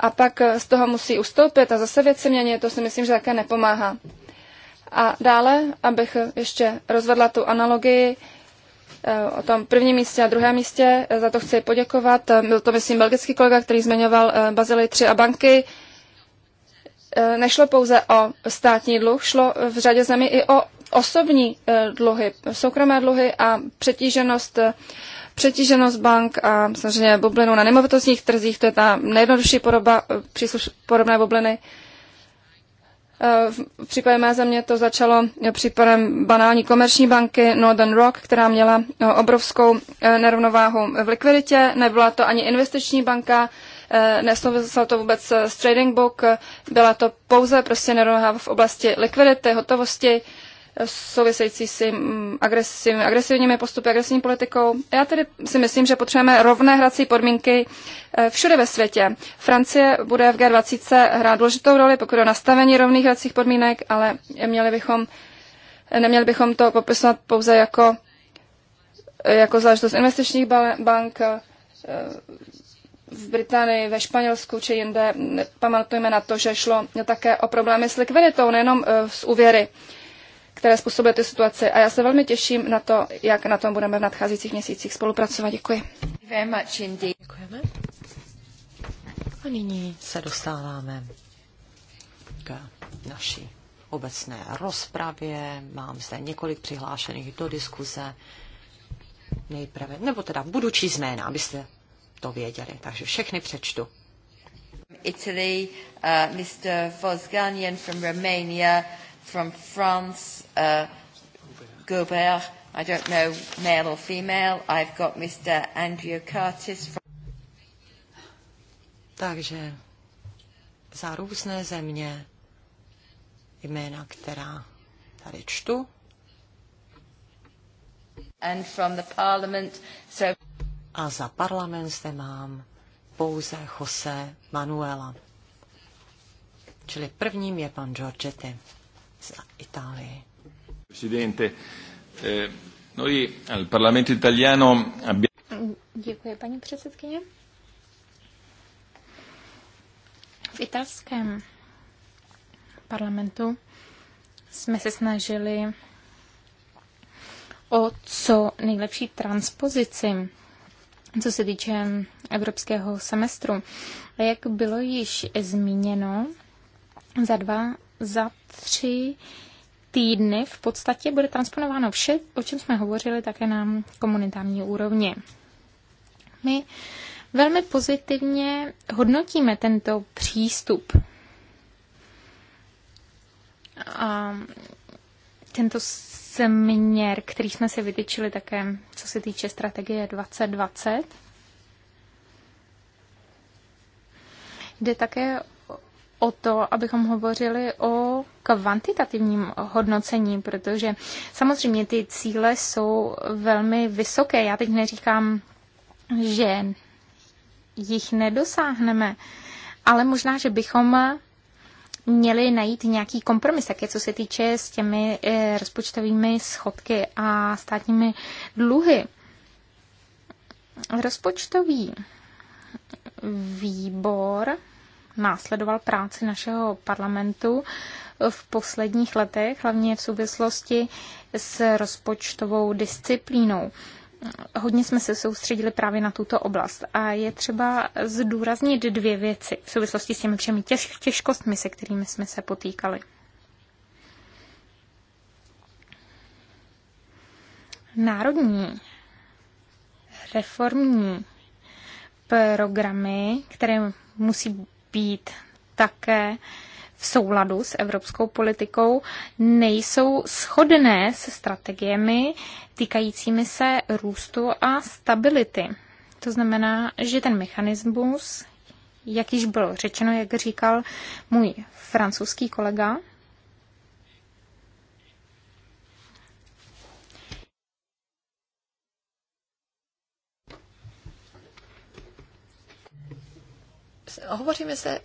a pak z toho musí ustoupit a zase věci měnit, to si myslím, že také nepomáhá. A dále, abych ještě rozvedla tu analogii eh, o tom prvním místě a druhém místě, eh, za to chci poděkovat. Eh, byl to, myslím, belgický kolega, který zmiňoval Bazily 3 a banky. Nešlo pouze o státní dluh, šlo v řadě zemí i o osobní dluhy, soukromé dluhy a přetíženost přetíženost bank a samozřejmě bublinu na nemovitostních trzích, to je ta nejjednodušší podoba přísluš, podobné bubliny. Eh, v případě mé země to začalo eh, případem banální komerční banky Northern Rock, která měla eh, obrovskou nerovnováhu v likviditě. Nebyla to ani investiční banka, nesouviselo to vůbec s trading book, byla to pouze prostě nerovnováha v oblasti likvidity, hotovosti související s agresiv, agresivními postupy, agresivní politikou. Já tedy si myslím, že potřebujeme rovné hrací podmínky eh, všude ve světě. Francie bude v G20 hrát důležitou roli, pokud o nastavení rovných hracích podmínek, ale měli bychom, neměli bychom to popisovat pouze jako, jako záležitost investičních bank, eh, v Británii, ve Španělsku či jinde. Pamatujeme na to, že šlo také o problémy s likviditou, nejenom s eh, úvěry které způsobuje ty situace. A já se velmi těším na to, jak na tom budeme v nadcházejících měsících spolupracovat. Děkuji. Děkujeme. A nyní se dostáváme k naší obecné rozpravě. Mám zde několik přihlášených do diskuze. Nejprve, nebo teda budu číst jména, abyste to věděli. Takže všechny přečtu. Italy, uh, Mr. Vosganian from Romania, from France, uh, Gobert. I don't know male or female. I've got Mr. Andrew Curtis. From Takže za různé země jména, která tady čtu. And from the parliament, so... A za parlament zde mám pouze Jose Manuela. Čili prvním je pan Giorgetti z Itálie. Presidente, eh, noi al Parlamento italiano abbiamo... Děkuji, paní předsedkyně. V italském parlamentu jsme se snažili o co nejlepší transpozici, co se týče evropského semestru. A jak bylo již zmíněno, za dva, za tři týdny v podstatě bude transponováno vše, o čem jsme hovořili také na komunitární úrovni. My velmi pozitivně hodnotíme tento přístup. A tento směr, který jsme si vytyčili také, co se týče strategie 2020, Jde také o to, abychom hovořili o kvantitativním hodnocení, protože samozřejmě ty cíle jsou velmi vysoké. Já teď neříkám, že jich nedosáhneme, ale možná, že bychom měli najít nějaký kompromis, také co se týče s těmi eh, rozpočtovými schodky a státními dluhy. Rozpočtový výbor následoval práci našeho parlamentu v posledních letech, hlavně v souvislosti s rozpočtovou disciplínou. Hodně jsme se soustředili právě na tuto oblast a je třeba zdůraznit dvě věci v souvislosti s těmi všemi těž, těžkostmi, se kterými jsme se potýkali. Národní reformní programy, které musí být také v souladu s evropskou politikou, nejsou shodné se strategiemi týkajícími se růstu a stability. To znamená, že ten mechanismus, jak již bylo řečeno, jak říkal můj francouzský kolega, Hovoříme se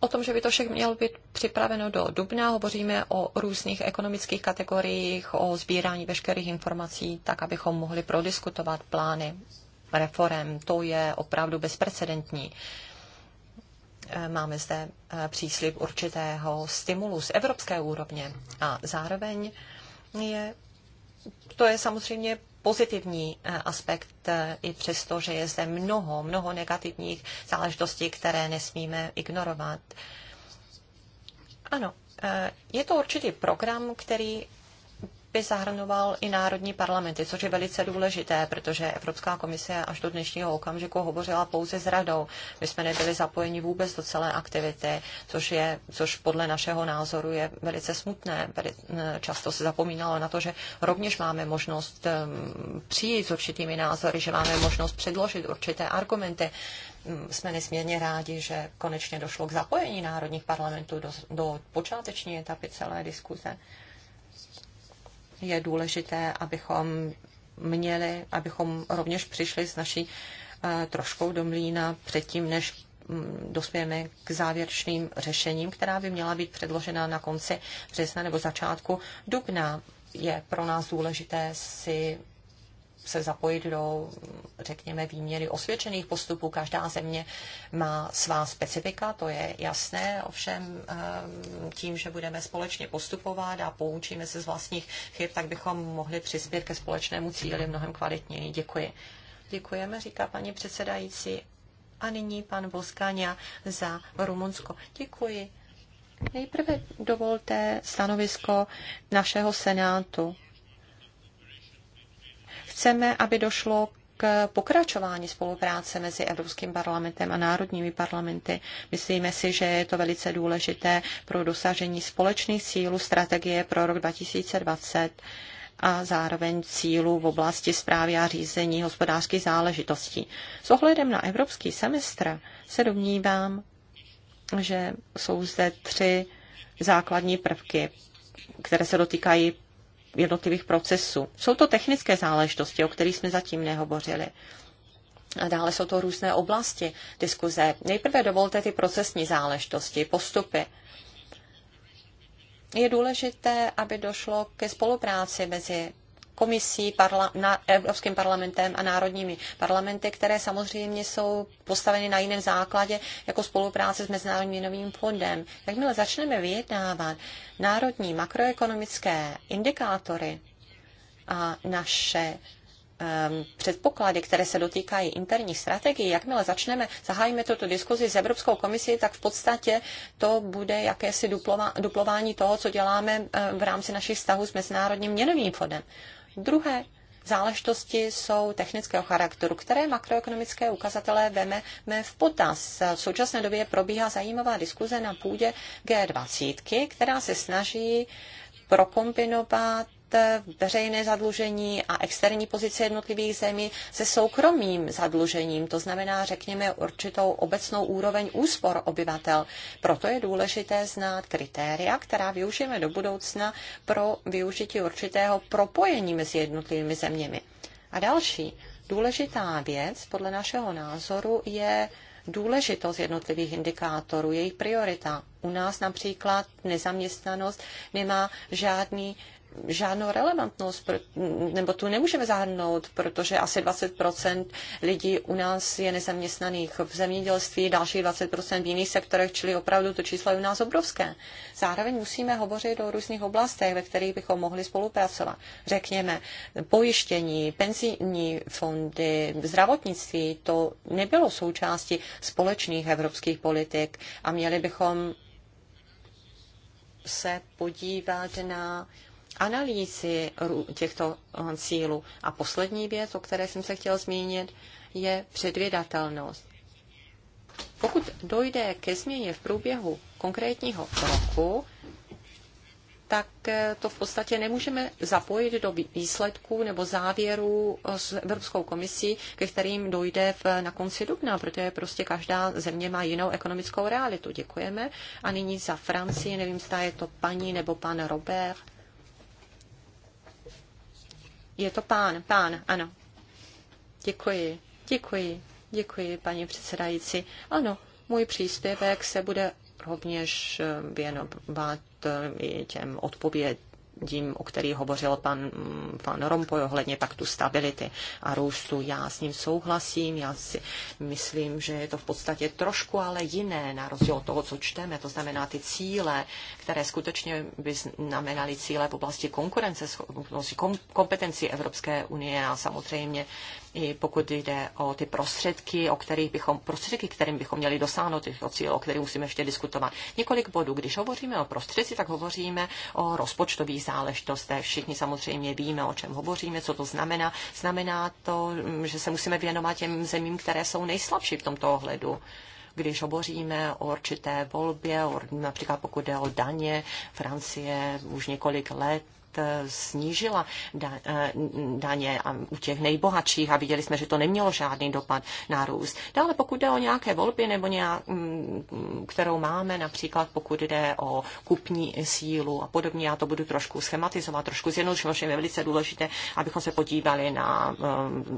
o tom, že by to všechno mělo být připraveno do dubna. Hovoříme o různých ekonomických kategoriích, o sbírání veškerých informací, tak abychom mohli prodiskutovat plány reform. To je opravdu bezprecedentní. Eh, máme zde eh, příslip určitého stimulu z evropské úrovně a zároveň je, to je samozřejmě pozitivní eh, aspekt, eh, i přesto, že je zde mnoho, mnoho negativních záležitostí, které nesmíme ignorovat. Ano, eh, je to určitý program, který by zahrnoval i národní parlamenty, což je velice důležité, protože Evropská komise až do dnešního okamžiku hovořila pouze s radou. My jsme nebyli zapojeni vůbec do celé aktivity, což, je, což podle našeho názoru je velice smutné. Často se zapomínalo na to, že rovněž máme možnost ehm, přijít s určitými názory, že máme možnost předložit určité argumenty hm, jsme nesmírně rádi, že konečně došlo k zapojení národních parlamentů do, do počáteční etapy celé diskuze je důležité, abychom měli, abychom rovněž přišli s naší eh, troškou do mlína předtím, než mm, dospějeme k závěrečným řešením, která by měla být předložena na konci března nebo začátku dubna. Je pro nás důležité si se zapojit do, řekněme, výměny osvědčených postupů. Každá země má svá specifika, to je jasné, ovšem eh, tím, že budeme společně postupovat a poučíme se z vlastních chyb, tak bychom mohli přispět ke společnému cíli mnohem kvalitněji. Děkuji. Děkujeme, říká paní předsedající. A nyní pan Voskáňa za Rumunsko. Děkuji. Nejprve dovolte stanovisko našeho senátu. Chceme, aby došlo k pokračování spolupráce mezi Evropským parlamentem a národními parlamenty. Myslíme si, že je to velice důležité pro dosažení společných cílů strategie pro rok 2020 a zároveň cílů v oblasti zprávy a řízení hospodářských záležitostí. S ohledem na evropský semestr se domnívám, že jsou zde tři základní prvky, které se dotýkají jednotlivých procesů. Jsou to technické záležitosti, o kterých jsme zatím nehovořili. A dále jsou to různé oblasti diskuze. Nejprve dovolte ty procesní záležitosti, postupy. Je důležité, aby došlo ke spolupráci mezi komisí, parla, na Evropským parlamentem a národními parlamenty, které samozřejmě jsou postaveny na jiném základě jako spolupráce s Mezinárodním měnovým fondem. Jakmile začneme vyjednávat národní makroekonomické indikátory a naše ehm, předpoklady, které se dotýkají interních strategií, jakmile začneme, zahájíme tuto diskuzi s Evropskou komisí, tak v podstatě to bude jakési duplování toho, co děláme ehm, v rámci našich vztahů s Mezinárodním měnovým fondem. Druhé záležitosti jsou technického charakteru, které makroekonomické ukazatele veme v potaz. V současné době probíhá zajímavá diskuze na půdě G20, která se snaží prokombinovat E, veřejné zadlužení a externí pozice jednotlivých zemí se soukromým zadlužením, to znamená, řekněme, určitou obecnou úroveň úspor obyvatel. Proto je důležité znát kritéria, která využijeme do budoucna pro využití určitého propojení mezi jednotlivými zeměmi. A další důležitá věc, podle našeho názoru, je důležitost jednotlivých indikátorů, jejich priorita. U nás například nezaměstnanost nemá žádný žádnou relevantnost, nebo tu nemůžeme zahrnout, protože asi 20% lidí u nás je nezaměstnaných v zemědělství, další 20% v jiných sektorech, čili opravdu to číslo je u nás obrovské. Zároveň musíme hovořit o různých oblastech, ve kterých bychom mohli spolupracovat. Řekněme, pojištění, penzijní fondy, zdravotnictví, to nebylo součástí společných evropských politik a měli bychom se podívat na analýzy těchto eh, cílů. A poslední věc, o které jsem se chtěl zmínit, je předvědatelnost. Pokud dojde ke změně v průběhu konkrétního roku, tak eh, to v podstatě nemůžeme zapojit do výsledků nebo závěrů eh, s Evropskou komisí, ke kterým dojde v, na konci dubna, protože prostě každá země má jinou ekonomickou realitu. Děkujeme. A nyní za Francii, nevím, zda je to paní nebo pan Robert. Je to pán, pán, ano. Děkuji, děkuji, děkuji, paní předsedající. Ano, můj příspěvek se bude rovněž eh, věnovat eh, i těm odpověd, tím, o který hovořil pan, pan Rompoj ohledně paktu stability a růstu. Já s ním souhlasím, já si myslím, že je to v podstatě trošku ale jiné na rozdíl od toho, co čteme. To znamená ty cíle, které skutečně by znamenaly cíle v oblasti konkurence, kompetencí Evropské unie a samozřejmě i pokud jde o ty prostředky, o kterých bychom, prostředky, kterým bychom měli dosáhnout těchto cílů, o kterých musíme ještě diskutovat. Několik bodů. Když hovoříme o prostředci, tak hovoříme o rozpočtových záležitostech. Všichni samozřejmě víme, o čem hovoříme, co to znamená. Znamená to, že se musíme věnovat těm zemím, které jsou nejslabší v tomto ohledu když hovoříme o určité volbě, o, například pokud jde o daně, Francie už několik let Eh, snížila eh, daně u těch nejbohatších a viděli jsme, že to nemělo žádný dopad na růst. Dále pokud jde o nějaké volby nebo nějak, mm, kterou máme, například pokud jde o kupní sílu a podobně, já to budu trošku schematizovat, trošku zjednodušovat, že je velice důležité, abychom se podívali na eh,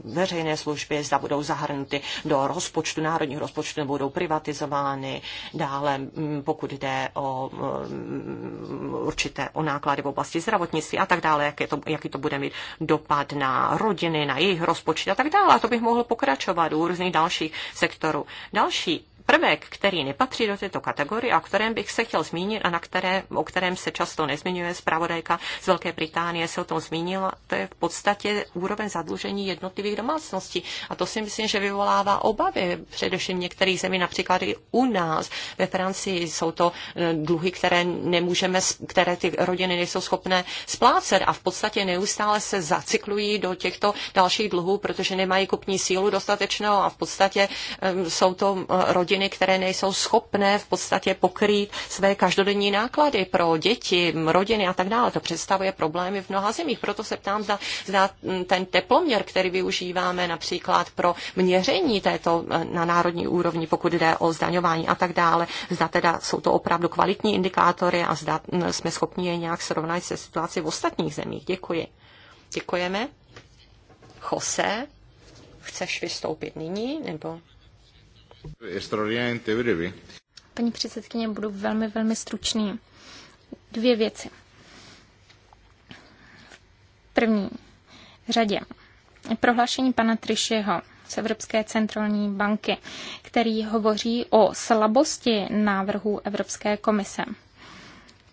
veřejné služby, zda budou zahrnuty do rozpočtu, národního rozpočtu, nebo budou privatizovány. Dále mm, pokud jde o mm, určité o náklady v oblasti zdravotnictví, zemědělství a tak dále, jak to, jaký to bude mít dopad na rodiny, na jejich rozpočet a tak dále. A to bych mohl pokračovat u různých dalších sektorů. Další Prvek, který nepatří do této kategorie a o kterém bych se chtěl zmínit a na které, o kterém se často nezmiňuje zpravodajka z Velké Británie, se o tom zmínila, to je v podstatě úroveň zadlužení jednotlivých domácností. A to si myslím, že vyvolává obavy především některých zemí, například i u nás. Ve Francii jsou to eh, dluhy, které nemůžeme, které ty rodiny nejsou schopné splácet a v podstatě neustále se zacyklují do těchto dalších dluhů, protože nemají kupní sílu dostatečnou a v podstatě eh, jsou to eh, rodiny, rodiny, které nejsou schopné v podstatě pokrýt své každodenní náklady pro děti, rodiny a tak dále. To představuje problémy v mnoha zemích. Proto se ptám, zda, zda ten teploměr, který využíváme například pro měření této eh, na národní úrovni, pokud jde o zdaňování a tak dále, zda teda jsou to opravdu kvalitní indikátory a zda hm, jsme schopni je nějak srovnat se situací v ostatních zemích. Děkuji. Děkujeme. Jose, chceš vystoupit nyní, nebo Paní předsedkyně, budu velmi, velmi stručný. Dvě věci. V první řadě prohlášení pana Trišeho z Evropské centrální banky, který hovoří o slabosti návrhu Evropské komise.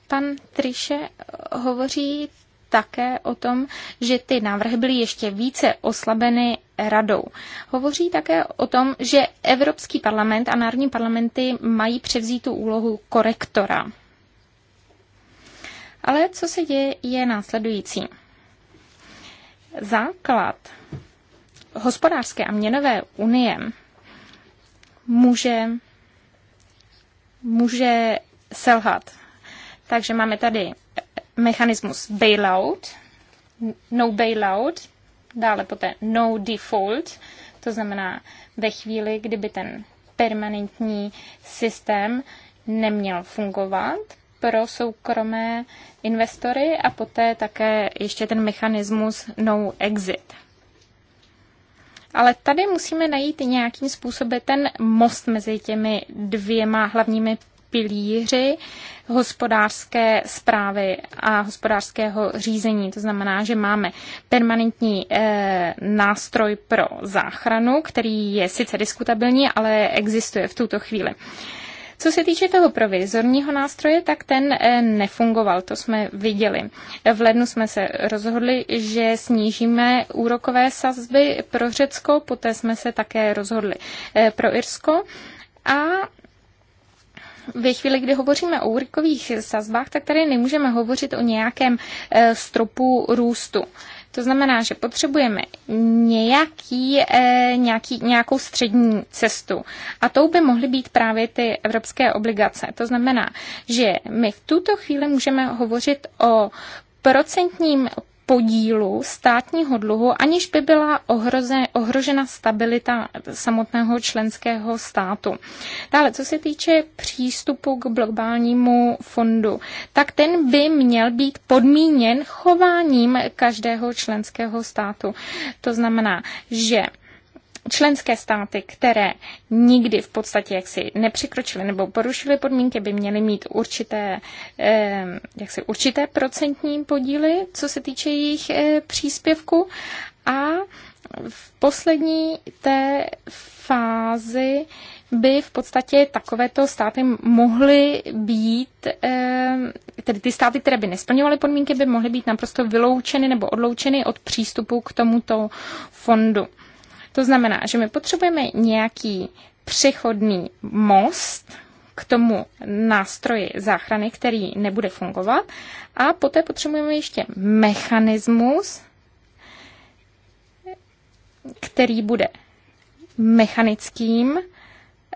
Pan Triše hovoří také o tom, že ty návrhy byly ještě více oslabeny radou. Hovoří také o tom, že Evropský parlament a národní parlamenty mají převzít tu úlohu korektora. Ale co se děje, je následující. Základ hospodářské a měnové unie může, může selhat. Takže máme tady mechanismus bailout, no bailout, dále poté no default, to znamená ve chvíli, kdyby ten permanentní systém neměl fungovat pro soukromé investory a poté také ještě ten mechanismus no exit. Ale tady musíme najít nějakým způsobem ten most mezi těmi dvěma hlavními pilíři hospodářské zprávy a hospodářského řízení. To znamená, že máme permanentní e, nástroj pro záchranu, který je sice diskutabilní, ale existuje v tuto chvíli. Co se týče toho provizorního nástroje, tak ten eh, nefungoval, to jsme viděli. V lednu jsme se rozhodli, že snížíme úrokové sazby pro Řecko, poté jsme se také rozhodli eh, pro Irsko. A ve chvíli, kdy hovoříme o úrokových sazbách, tak tady nemůžeme hovořit o nějakém e, stropu růstu. To znamená, že potřebujeme nějaký, e, nějaký, nějakou střední cestu. A tou by mohly být právě ty evropské obligace. To znamená, že my v tuto chvíli můžeme hovořit o procentním podílu státního dluhu, aniž by byla ohroze, ohrožena stabilita samotného členského státu. Dále, co se týče přístupu k globálnímu fondu, tak ten by měl být podmíněn chováním každého členského státu. To znamená, že členské státy, které nikdy v podstatě jaksi nepřekročily nebo porušily podmínky, by měly mít určité, jaksi určité procentní podíly, co se týče jejich eh, příspěvku. A v poslední té fázi by v podstatě takovéto státy mohly být, tedy ty státy, které by nesplňovaly podmínky, by mohly být naprosto vyloučeny nebo odloučeny od přístupu k tomuto fondu. To znamená, že my potřebujeme nějaký přechodný most k tomu nástroji záchrany, který nebude fungovat. A poté potřebujeme ještě mechanismus, který bude mechanickým,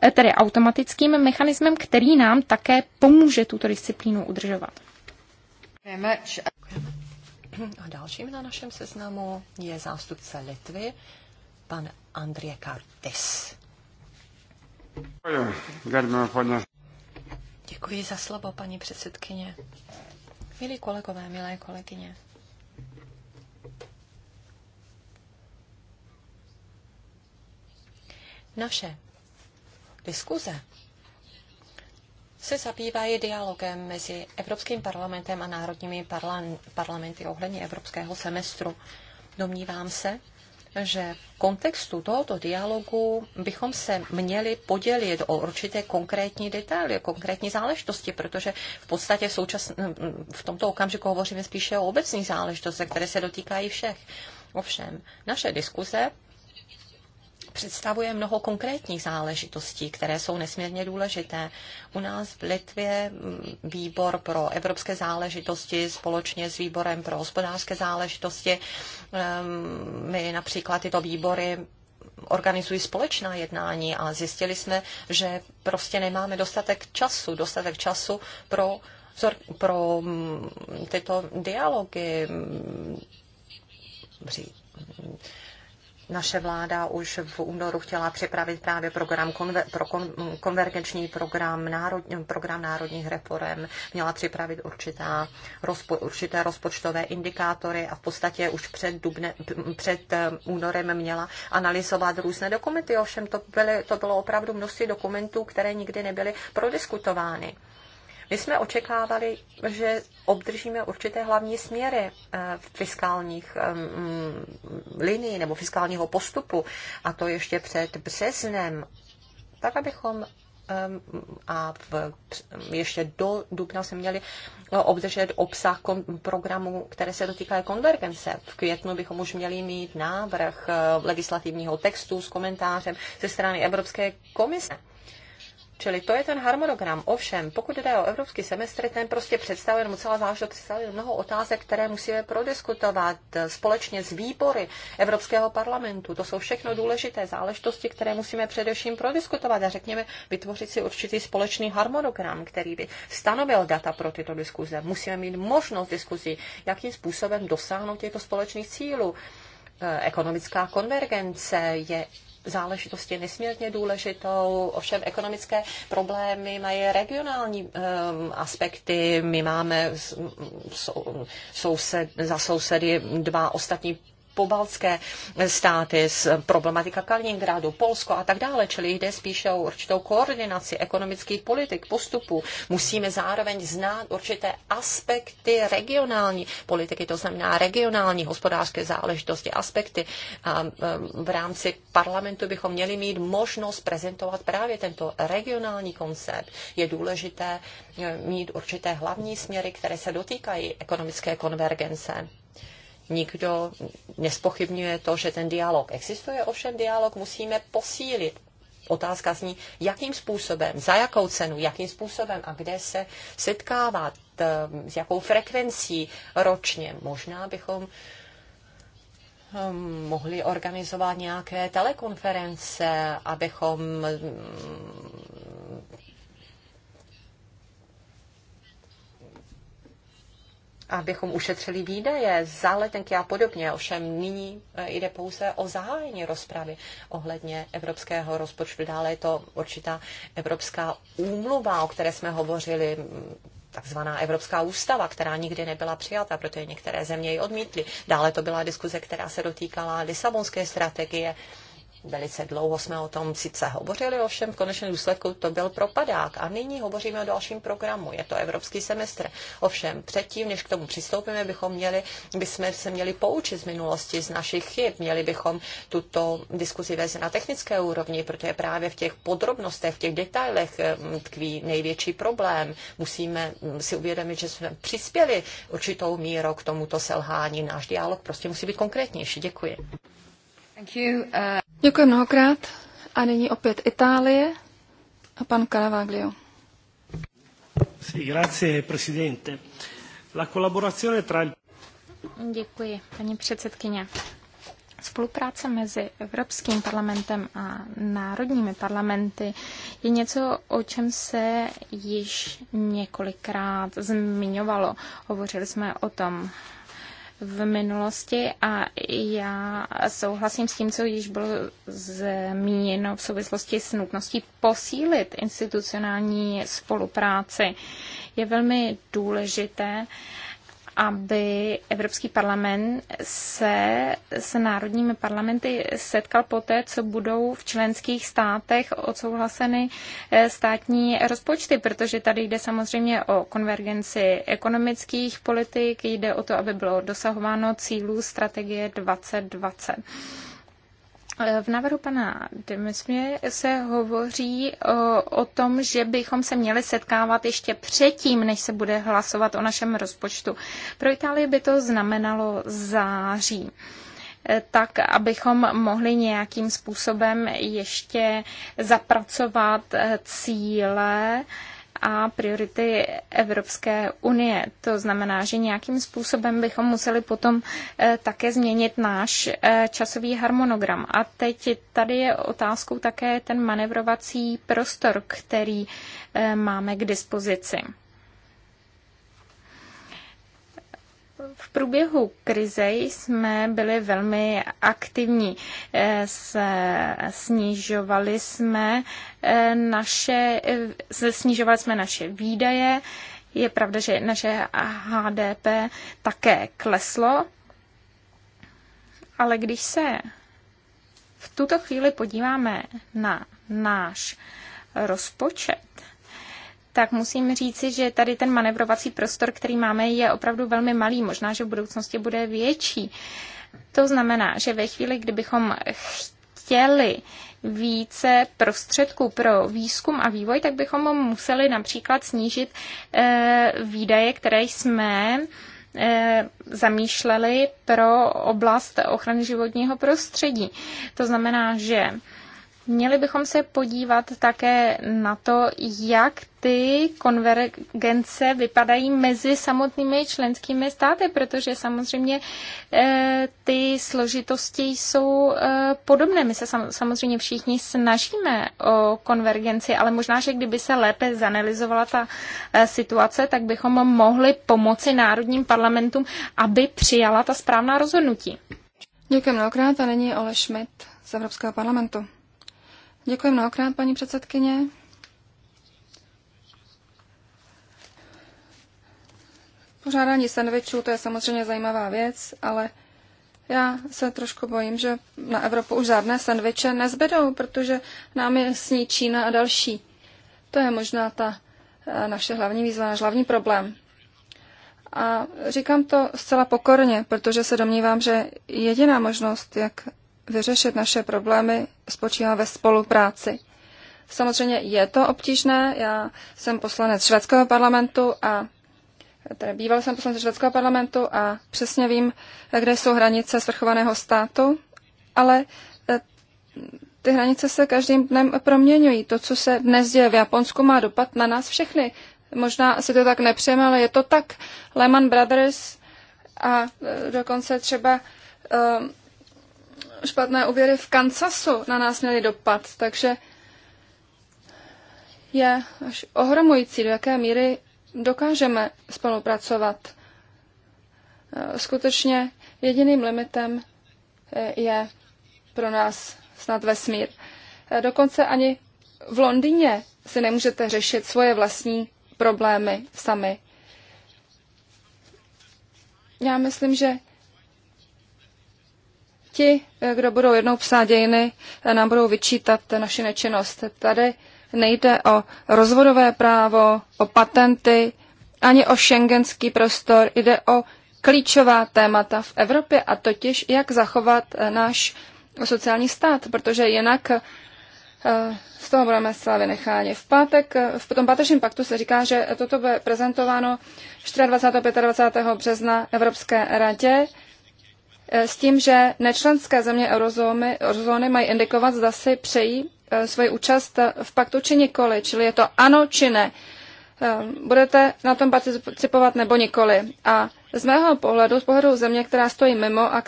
eh, tedy automatickým mechanismem, který nám také pomůže tuto disciplínu udržovat. A dalším na našem seznamu je zástupce Litvy, pan Andrie Kartis. Děkuji za slovo, paní předsedkyně. Milí kolegové, milé kolegyně. Naše diskuze se zabývají dialogem mezi Evropským parlamentem a národními parlamenty ohledně evropského semestru. Domnívám se, že v kontextu tohoto dialogu bychom se měli podělit o určité konkrétní detaily, konkrétní záležitosti, protože v podstatě v, současn... v tomto okamžiku hovoříme spíše o obecných záležitostech, které se dotýkají všech. Ovšem, naše diskuze představuje mnoho konkrétních záležitostí, které jsou nesmírně důležité. U nás v Litvě mm, výbor pro evropské záležitosti společně s výborem pro hospodářské záležitosti, ehm, my například tyto výbory organizují společná jednání a zjistili jsme, že prostě nemáme dostatek času, dostatek času pro, pro mm, tyto dialogy mm, naše vláda už v únoru chtěla připravit právě program konver, pro kon, konvergenční program, národ, program národních reform, měla připravit určitá, rozpo, určité rozpočtové indikátory a v podstatě už před, dubne, před eh, únorem měla analyzovat různé dokumenty. Ovšem to, byly, to bylo opravdu množství dokumentů, které nikdy nebyly prodiskutovány. My jsme očekávali, že obdržíme určité hlavní směry eh, fiskálních mm, linií nebo fiskálního postupu, a to ještě před březnem, tak abychom ehm, a v, ještě do dubna jsme měli eh, obdržet obsah kon, programu, které se dotýká konvergence. V květnu bychom už měli mít návrh eh, legislativního textu s komentářem ze strany Evropské komise. Čili to je ten harmonogram. Ovšem, pokud jde o evropský semestr, ten prostě představuje mu celá záležitost, představuje mnoho otázek, které musíme prodiskutovat společně s výbory Evropského parlamentu. To jsou všechno důležité záležitosti, které musíme především prodiskutovat a řekněme vytvořit si určitý společný harmonogram, který by stanovil data pro tyto diskuze. Musíme mít možnost diskuzí, jakým způsobem dosáhnout těchto společných cílů e, ekonomická konvergence je záležitosti je nesmírně důležitou, ovšem ekonomické problémy mají regionální um, aspekty. My máme sou, soused, za sousedy dva ostatní pobaltské státy, problematika Kaliningradu, Polsko a tak dále, čili jde spíše o určitou koordinaci ekonomických politik, postupů. Musíme zároveň znát určité aspekty regionální politiky, to znamená regionální hospodářské záležitosti, aspekty. A v rámci parlamentu bychom měli mít možnost prezentovat právě tento regionální koncept. Je důležité e, mít určité hlavní směry, které se dotýkají ekonomické konvergence nikdo nespochybňuje to, že ten dialog existuje, ovšem dialog musíme posílit. Otázka zní, jakým způsobem, za jakou cenu, jakým způsobem a kde se setkávat, ehm, s jakou frekvencí ročně. Možná bychom ehm, mohli organizovat nějaké telekonference, abychom ehm, abychom ušetřili výdaje za letenky a podobně. Ovšem nyní eh, jde pouze o zahájení rozpravy ohledně evropského rozpočtu. Dále je to určitá evropská úmluva, o které jsme hovořili, mm, takzvaná Evropská ústava, která nikdy nebyla přijata, protože některé země ji odmítly. Dále to byla diskuze, která se dotýkala Lisabonské strategie Velice dlouho jsme o tom sice hovořili, ovšem v konečném důsledku to byl propadák. A nyní hovoříme o dalším programu, je to evropský semestr. Ovšem předtím, než k tomu přistoupíme, bychom měli, bychom se měli poučit z minulosti, z našich chyb, měli bychom tuto diskuzi vést na technické úrovni, protože právě v těch podrobnostech, v těch detailech mm, tkví největší problém. Musíme mm, si uvědomit, že jsme přispěli určitou mírou k tomuto selhání. Náš dialog prostě musí být konkrétnější. Děkuji. Uh, Děkuji mnohokrát. A nyní opět Itálie a pan Caravaglio. Sí, grazie, presidente. La collaborazione tra Děkuji, paní předsedkyně. Spolupráce mezi Evropským parlamentem a národními parlamenty je něco, o čem se již několikrát zmiňovalo. Hovořili jsme o tom v minulosti a já souhlasím s tím, co již bylo zmíněno v souvislosti s nutností posílit institucionální spolupráci. Je velmi důležité, aby Evropský parlament se s národními parlamenty setkal poté, co budou v členských státech odsouhlaseny eh, státní rozpočty, protože tady jde samozřejmě o konvergenci ekonomických politik, jde o to, aby bylo dosahováno cílů strategie 2020. V návrhu pana Demesmě se hovoří o, o tom, že bychom se měli setkávat ještě předtím, než se bude hlasovat o našem rozpočtu. Pro Itálii by to znamenalo září eh, tak, abychom mohli nějakým způsobem ještě zapracovat eh, cíle, a priority Evropské unie. To znamená, že nějakým způsobem bychom museli potom eh, také změnit náš eh, časový harmonogram. A teď tady je otázkou také ten manevrovací prostor, který eh, máme k dispozici. V průběhu krize jsme byli velmi aktivní. Eh, snižovali jsme eh, naše, eh, snižovali jsme naše výdaje. Je pravda, že naše HDP také kleslo, ale když se v tuto chvíli podíváme na náš rozpočet, tak musím říci, že tady ten manevrovací prostor, který máme, je opravdu velmi malý. Možná, že v budoucnosti bude větší. To znamená, že ve chvíli, kdybychom chtěli více prostředků pro výzkum a vývoj, tak bychom museli například snížit e, výdaje, které jsme eh, zamýšleli pro oblast ochrany životního prostředí. To znamená, že Měli bychom se podívat také na to, jak ty konvergence vypadají mezi samotnými členskými státy, protože samozřejmě eh, ty složitosti jsou eh, podobné. My se samozřejmě všichni snažíme o konvergenci, ale možná, že kdyby se lépe zanalizovala ta eh, situace, tak bychom mohli pomoci národním parlamentům, aby přijala ta správná rozhodnutí. Děkuji mnohokrát a není Ole Schmidt z Evropského parlamentu. Děkuji mnohokrát, paní předsedkyně. Pořádání sandvičů, to je samozřejmě zajímavá věc, ale já se trošku bojím, že na Evropu už žádné sandviče nezbydou, protože nám je sní Čína a další. To je možná ta eh, naše hlavní výzva, náš hlavní problém. A říkám to zcela pokorně, protože se domnívám, že jediná možnost, jak vyřešit naše problémy spočívá ve spolupráci. Samozřejmě je to obtížné. Já jsem poslanec švédského parlamentu a tedy býval jsem poslanec švédského parlamentu a přesně vím, kde jsou hranice svrchovaného státu, ale e, ty hranice se každým dnem proměňují. To, co se dnes děje v Japonsku, má dopad na nás všechny. Možná si to tak nepřejeme, ale je to tak. Lehman Brothers a e, dokonce třeba um, špatné úvěry v Kansasu na nás měly dopad, takže je až ohromující, do jaké míry dokážeme spolupracovat. Eh, skutečně jediným limitem eh, je pro nás snad vesmír. Eh, dokonce ani v Londýně si nemůžete řešit svoje vlastní problémy sami. Já myslím, že ti, kdo budou jednou psát dějiny, nám budou vyčítat naši nečinnost. Tady nejde o rozvodové právo, o patenty, ani o šengenský prostor, jde o klíčová témata v Evropě a totiž jak zachovat eh, náš sociální stát, protože jinak eh, z toho budeme zcela vynecháni. V pátek, eh, v tom pátečním paktu se říká, že toto bude prezentováno 24. a 25. března Evropské radě Eh, s tím, že nečlenské země eurozóny, eurozóny mají indikovat, zda si přejí eh, svoji účast eh, v paktu či nikoli, čili je to ano či ne. Budete na tom participovat nebo nikoli. A z mého pohledu, z pohledu země, která stojí mimo a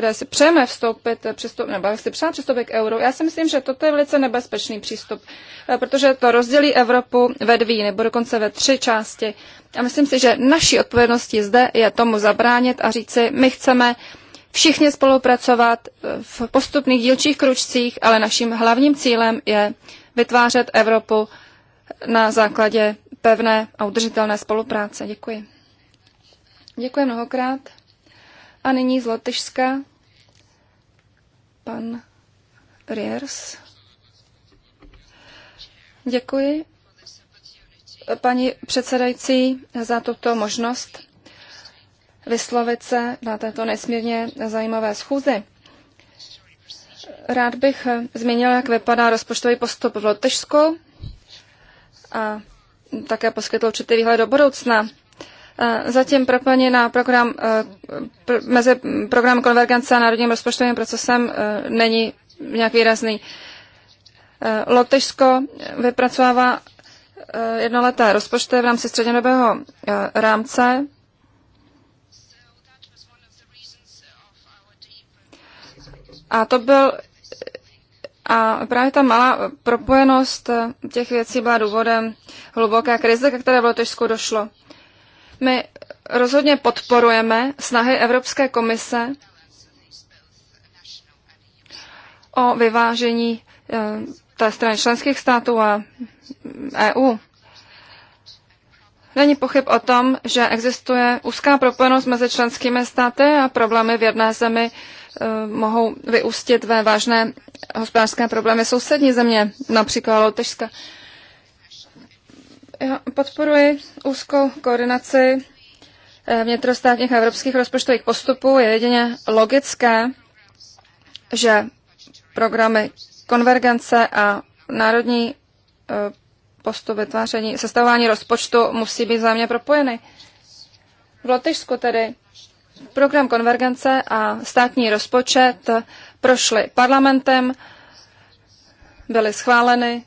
kde si přejeme vstoupit, přistup, nebo si přejeme přistoupit k euro. já si myslím, že toto je velice nebezpečný přístup, eh, protože to rozdělí Evropu ve dví nebo dokonce ve tři části. A myslím si, že naší odpovědností zde je tomu zabránit a říci, my chceme všichni spolupracovat eh, v postupných dílčích kručcích, ale naším hlavním cílem je vytvářet Evropu eh, na základě pevné a udržitelné spolupráce. Děkuji. Děkuji mnohokrát. A nyní z Lotyšska pan Riers. Děkuji, paní předsedající, za tuto možnost vyslovit se na této nesmírně zajímavé schůzi. Rád bych zmínil, jak vypadá rozpočtový postup v Lotyšsku a také poskytl určitý výhled do budoucna zatím propojeni na program, e, mezi program konvergence a národním rozpočtovým procesem e, není nějak výrazný. E, Lotyšsko vypracovává jednoleté rozpočty v rámci střednědobého rámce. A to byl a právě ta malá propojenost těch věcí byla důvodem hluboké krize, ke které v Lotyšsku došlo. My rozhodně podporujeme snahy Evropské komise o vyvážení eh, té strany členských států a EU. Není pochyb o tom, že existuje úzká propojenost mezi členskými státy a problémy v jedné zemi eh, mohou vyústit ve vážné hospodářské problémy sousední země, například Lotyšska. Já podporuji úzkou koordinaci eh, vnitrostátních a evropských rozpočtových postupů. Je jedině logické, že programy konvergence a národní eh, postup vytváření, sestavování rozpočtu musí být vzájemně propojeny. V Lotyšsku tedy program konvergence a státní rozpočet prošly parlamentem, byly schváleny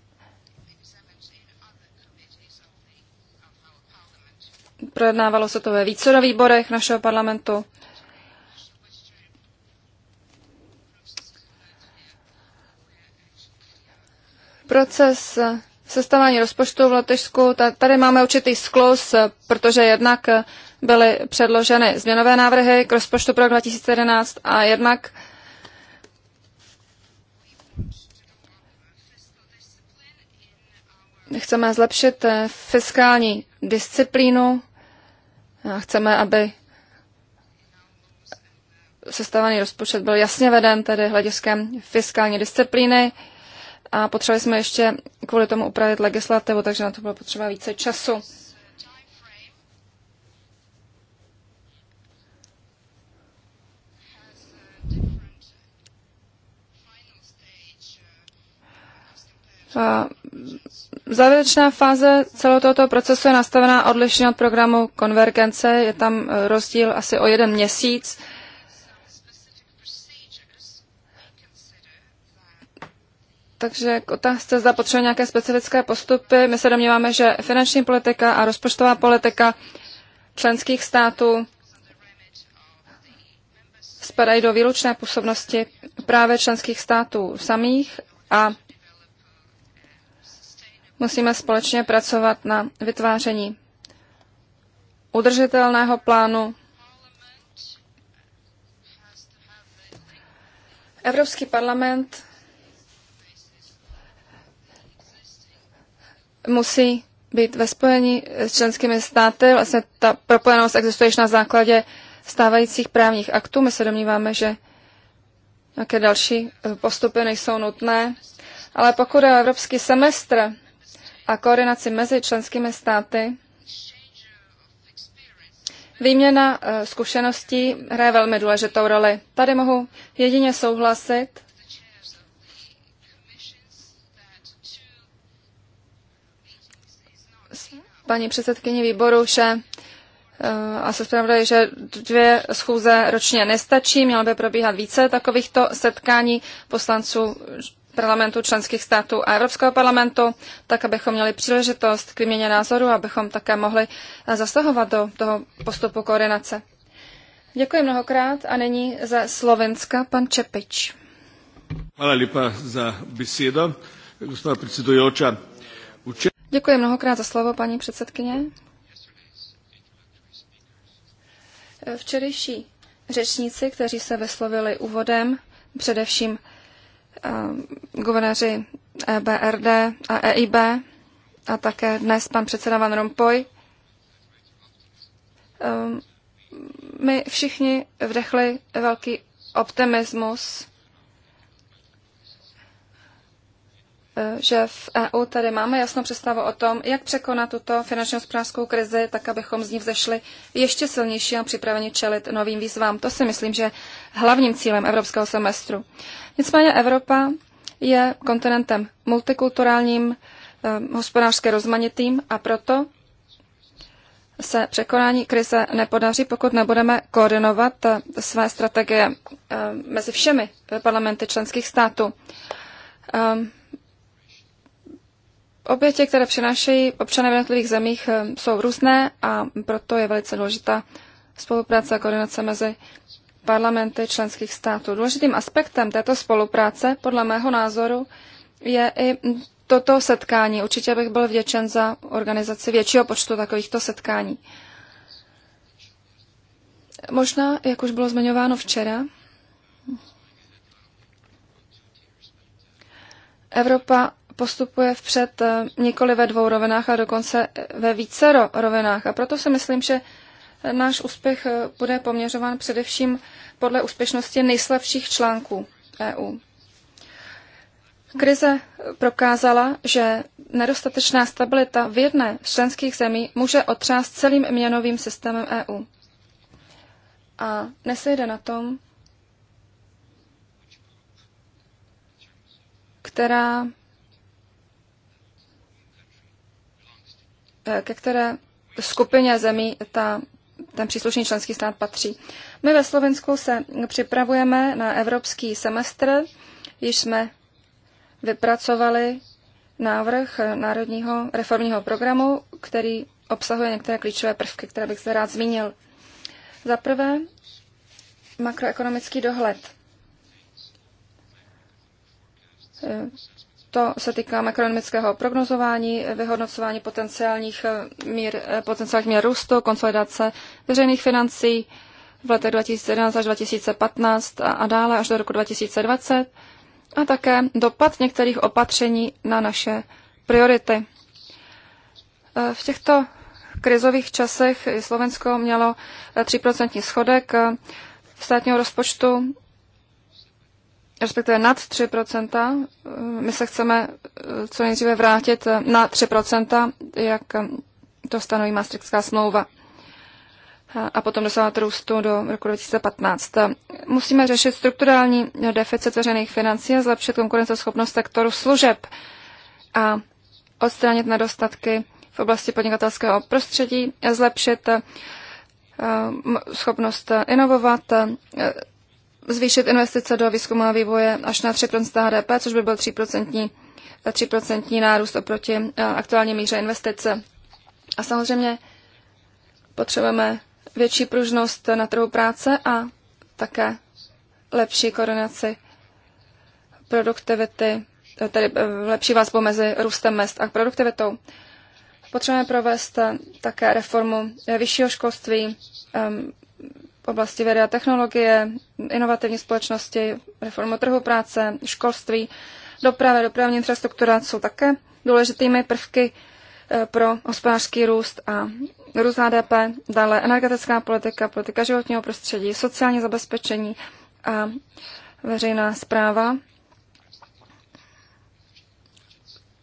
Projednávalo se to ve více výborech našeho parlamentu. Proces sestavání rozpočtu v Lotyšsku, tady máme určitý sklus, protože jednak byly předloženy změnové návrhy k rozpočtu pro 2011 a jednak chceme zlepšit fiskální disciplínu Chceme, aby sestavený rozpočet byl jasně veden, tedy hlediskem fiskální disciplíny. A potřebovali jsme ještě kvůli tomu upravit legislativu, takže na to bylo potřeba více času. Závěrečná fáze celého tohoto procesu je nastavená odlišně od programu konvergence. Je tam eh, rozdíl asi o jeden měsíc. Takže k otázce, zda potřebuje nějaké specifické postupy, my se domníváme, že finanční politika a rozpočtová politika členských států spadají do výlučné působnosti právě členských států samých a musíme společně pracovat na vytváření udržitelného plánu. Evropský parlament musí být ve spojení s členskými státy. Vlastně ta propojenost existuje již na základě stávajících právních aktů. My se domníváme, že nějaké další postupy nejsou nutné. Ale pokud je evropský semestr, a koordinaci mezi členskými státy. Výměna eh, zkušeností hraje velmi důležitou roli. Tady mohu jedině souhlasit paní předsedkyní výboru, že eh, a se zpravdu, že dvě schůze ročně nestačí, mělo by probíhat více takovýchto setkání poslanců parlamentů členských států a Evropského parlamentu, tak abychom měli příležitost k výměně názoru, abychom také mohli eh, zasahovat do toho postupu koordinace. Děkuji mnohokrát a nyní ze Slovenska pan Čepič. Hvala lipa za besedo, gospa predsedujoča. Uče... Děkuji mnohokrát za slovo, paní předsedkyně. Včerejší řečníci, kteří se vyslovili úvodem, především Eh, guvernéři EBRD a EIB a také dnes pan předseda Van Rompuy. Eh, my všichni vdechli velký optimismus že v EU tady máme jasnou představu o tom, jak překonat tuto finančně hospodářskou krizi, tak abychom z ní vzešli ještě silnější a připraveni čelit novým výzvám. To si myslím, že hlavním cílem evropského semestru. Nicméně Evropa je kontinentem multikulturálním, eh, hospodářsky rozmanitým a proto se překonání krize nepodaří, pokud nebudeme koordinovat eh, své strategie eh, mezi všemi parlamenty členských států. Ehm, Oběti, které přinášejí občané v jednotlivých zemích, eh, jsou různé a proto je velice důležitá spolupráce a koordinace mezi parlamenty členských států. Důležitým aspektem této spolupráce, podle mého názoru, je i toto setkání. Určitě bych byl vděčen za organizaci většího počtu takovýchto setkání. Možná, jak už bylo zmiňováno včera, Evropa postupuje vpřed eh, nikoli ve dvou rovinách, a dokonce ve více rovinách. A proto si myslím, že náš úspěch eh, bude poměřován především podle úspěšnosti nejslabších článků EU. Krize prokázala, že nedostatečná stabilita v jedné z členských zemí může otřást celým měnovým systémem EU. A nesejde na tom, která Eh, ke které skupině zemí ta, ten příslušný členský stát patří. My ve Slovensku se připravujeme na evropský semestr, již jsme vypracovali návrh Národního reformního programu, který obsahuje některé klíčové prvky, které bych se rád zmínil. Za prvé, makroekonomický dohled. Eh, to se týká makroekonomického prognozování, vyhodnocování potenciálních eh, mír, eh, potenciálních mír růstu, konsolidace veřejných financí v letech 2011 až 2015 a, a dále až do roku 2020 a také dopad některých opatření na naše priority. Eh, v těchto krizových časech Slovensko mělo 3% schodek v státního rozpočtu respektive nad 3%. My se chceme eh, co nejdříve vrátit eh, na 3%, jak eh, to stanoví Maastrichtská smlouva a potom dosáhnout růstu do roku 2015. Musíme řešit strukturální deficit veřejných financí a zlepšit konkurenceschopnost sektoru služeb a odstranit nedostatky v oblasti podnikatelského prostředí, zlepšit schopnost inovovat, zvýšit investice do výzkumu a vývoje až na 3 HDP, což by byl 3 3% nárůst oproti eh, aktuální míře investice. A samozřejmě potřebujeme větší pružnost na trhu práce a také lepší koordinaci produktivity, eh, tedy eh, lepší vazbu mezi růstem mest a produktivitou. Potřebujeme provést také reformu vyššího školství, ehm, v oblasti vědy a technologie, inovativní společnosti, reformu trhu práce, školství, doprava dopravní infrastruktura jsou také důležitými prvky e, pro hospodářský růst a růst HDP, dále energetická politika, politika životního prostředí, sociální zabezpečení a veřejná zpráva.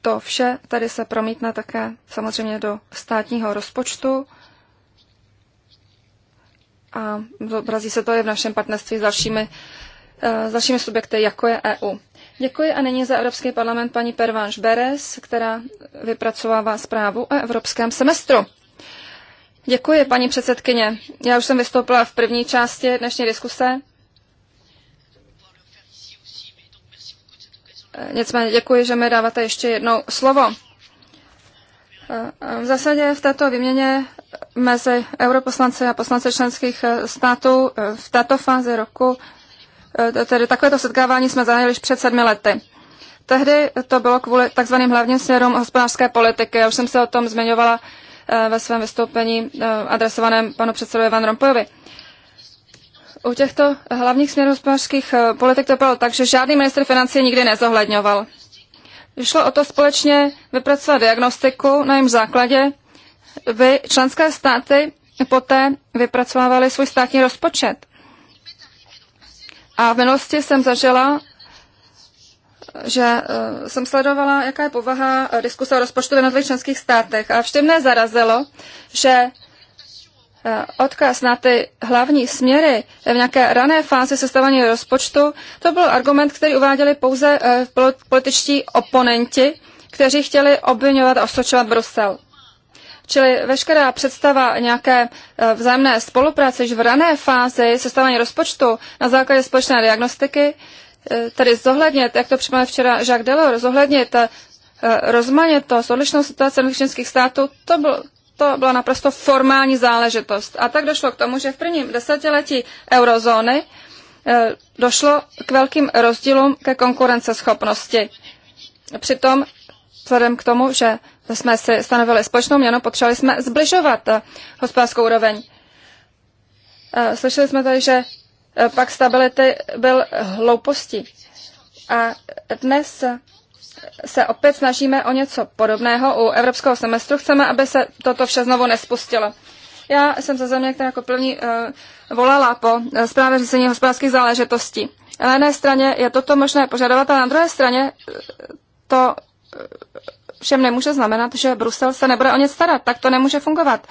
To vše tady se promítne také samozřejmě do státního rozpočtu a zobrazí se to i v našem partnerství s dalšími, eh, s dalšími subjekty, jako je EU. Děkuji a nyní za Evropský parlament paní Pervanš Beres, která vypracovává zprávu o evropském semestru. Děkuji, paní předsedkyně. Já už jsem vystoupila v první části dnešní diskuse. Eh, nicméně děkuji, že mi dáváte ještě jednou slovo. V zásadě v této výměně mezi europoslanci a poslanci členských eh, států eh, v této fázi roku, eh, tedy takovéto setkávání jsme zahájili před sedmi lety. Tehdy to bylo kvůli takzvaným hlavním směrům hospodářské politiky. Já už jsem se o tom zmiňovala ve svém vystoupení adresovaném panu předsedovi Van Rompuyovi. U těchto hlavních směrů hospodářských politik to bylo tak, že žádný minister financí nikdy nezohledňoval vyšlo o to společně vypracovat diagnostiku, na jejím základě Vy, členské státy poté vypracovávaly svůj státní rozpočet. A v minulosti jsem zažila, že eh, jsem sledovala, jaká je povaha eh, diskuse o rozpočtu v jednotlivých členských státech. A vždy mě zarazilo, že Eh, odkaz na ty hlavní směry v nějaké rané fázi sestavení rozpočtu, to byl argument, který uváděli pouze eh, političtí oponenti, kteří chtěli obvinovat a osočovat Brusel. Čili veškerá představa nějaké eh, vzájemné spolupráce již v rané fázi sestavení rozpočtu na základě společné diagnostiky, tedy zohlednit, jak to připomněl včera Jacques Delors, zohlednit rozmanitost, odlišnou situaci členských států, to byl, to byla naprosto formální záležitost. A tak došlo k tomu, že v prvním desetiletí eurozóny eh, došlo k velkým rozdílům ke konkurenceschopnosti. Přitom, vzhledem k tomu, že jsme si stanovili společnou měnu, potřebovali jsme zbližovat eh, hospodářskou úroveň. Eh, slyšeli jsme tady, že pak stability byl hloupostí. A dnes se opět snažíme o něco podobného u evropského semestru. Chceme, aby se toto vše znovu nespustilo. Já jsem ze země, která jako první uh, volala po uh, zprávě řízení hospodářských záležitostí. Na jedné straně je toto možné požadovat, ale na druhé straně eh, to všem nemůže znamenat, že Brusel se nebude o ně starat. Tak to nemůže fungovat.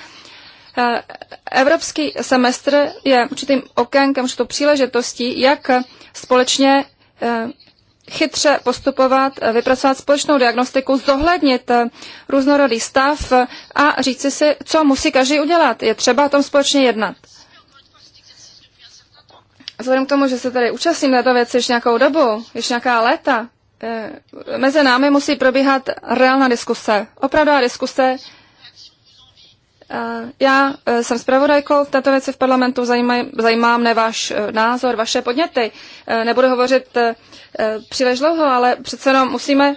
Evropský semestr je určitým okénkem, určitou příležitostí, jak společně chytře postupovat, eh, vypracovat společnou diagnostiku, zohlednit eh, různorodý stav eh, a říci si, co musí každý udělat. Je třeba o tom společně jednat. Vzhledem k tomu, že se tady účastním této věci ještě nějakou dobu, ještě nějaká léta, mezi námi musí probíhat reálná diskuse, opravdová diskuse, Eh, já eh, jsem zpravodajkou v této věci v parlamentu, zajímá, zajímá mne váš eh, názor, vaše podněty. Nebudu hovořit příliš dlouho, ale přece jenom musíme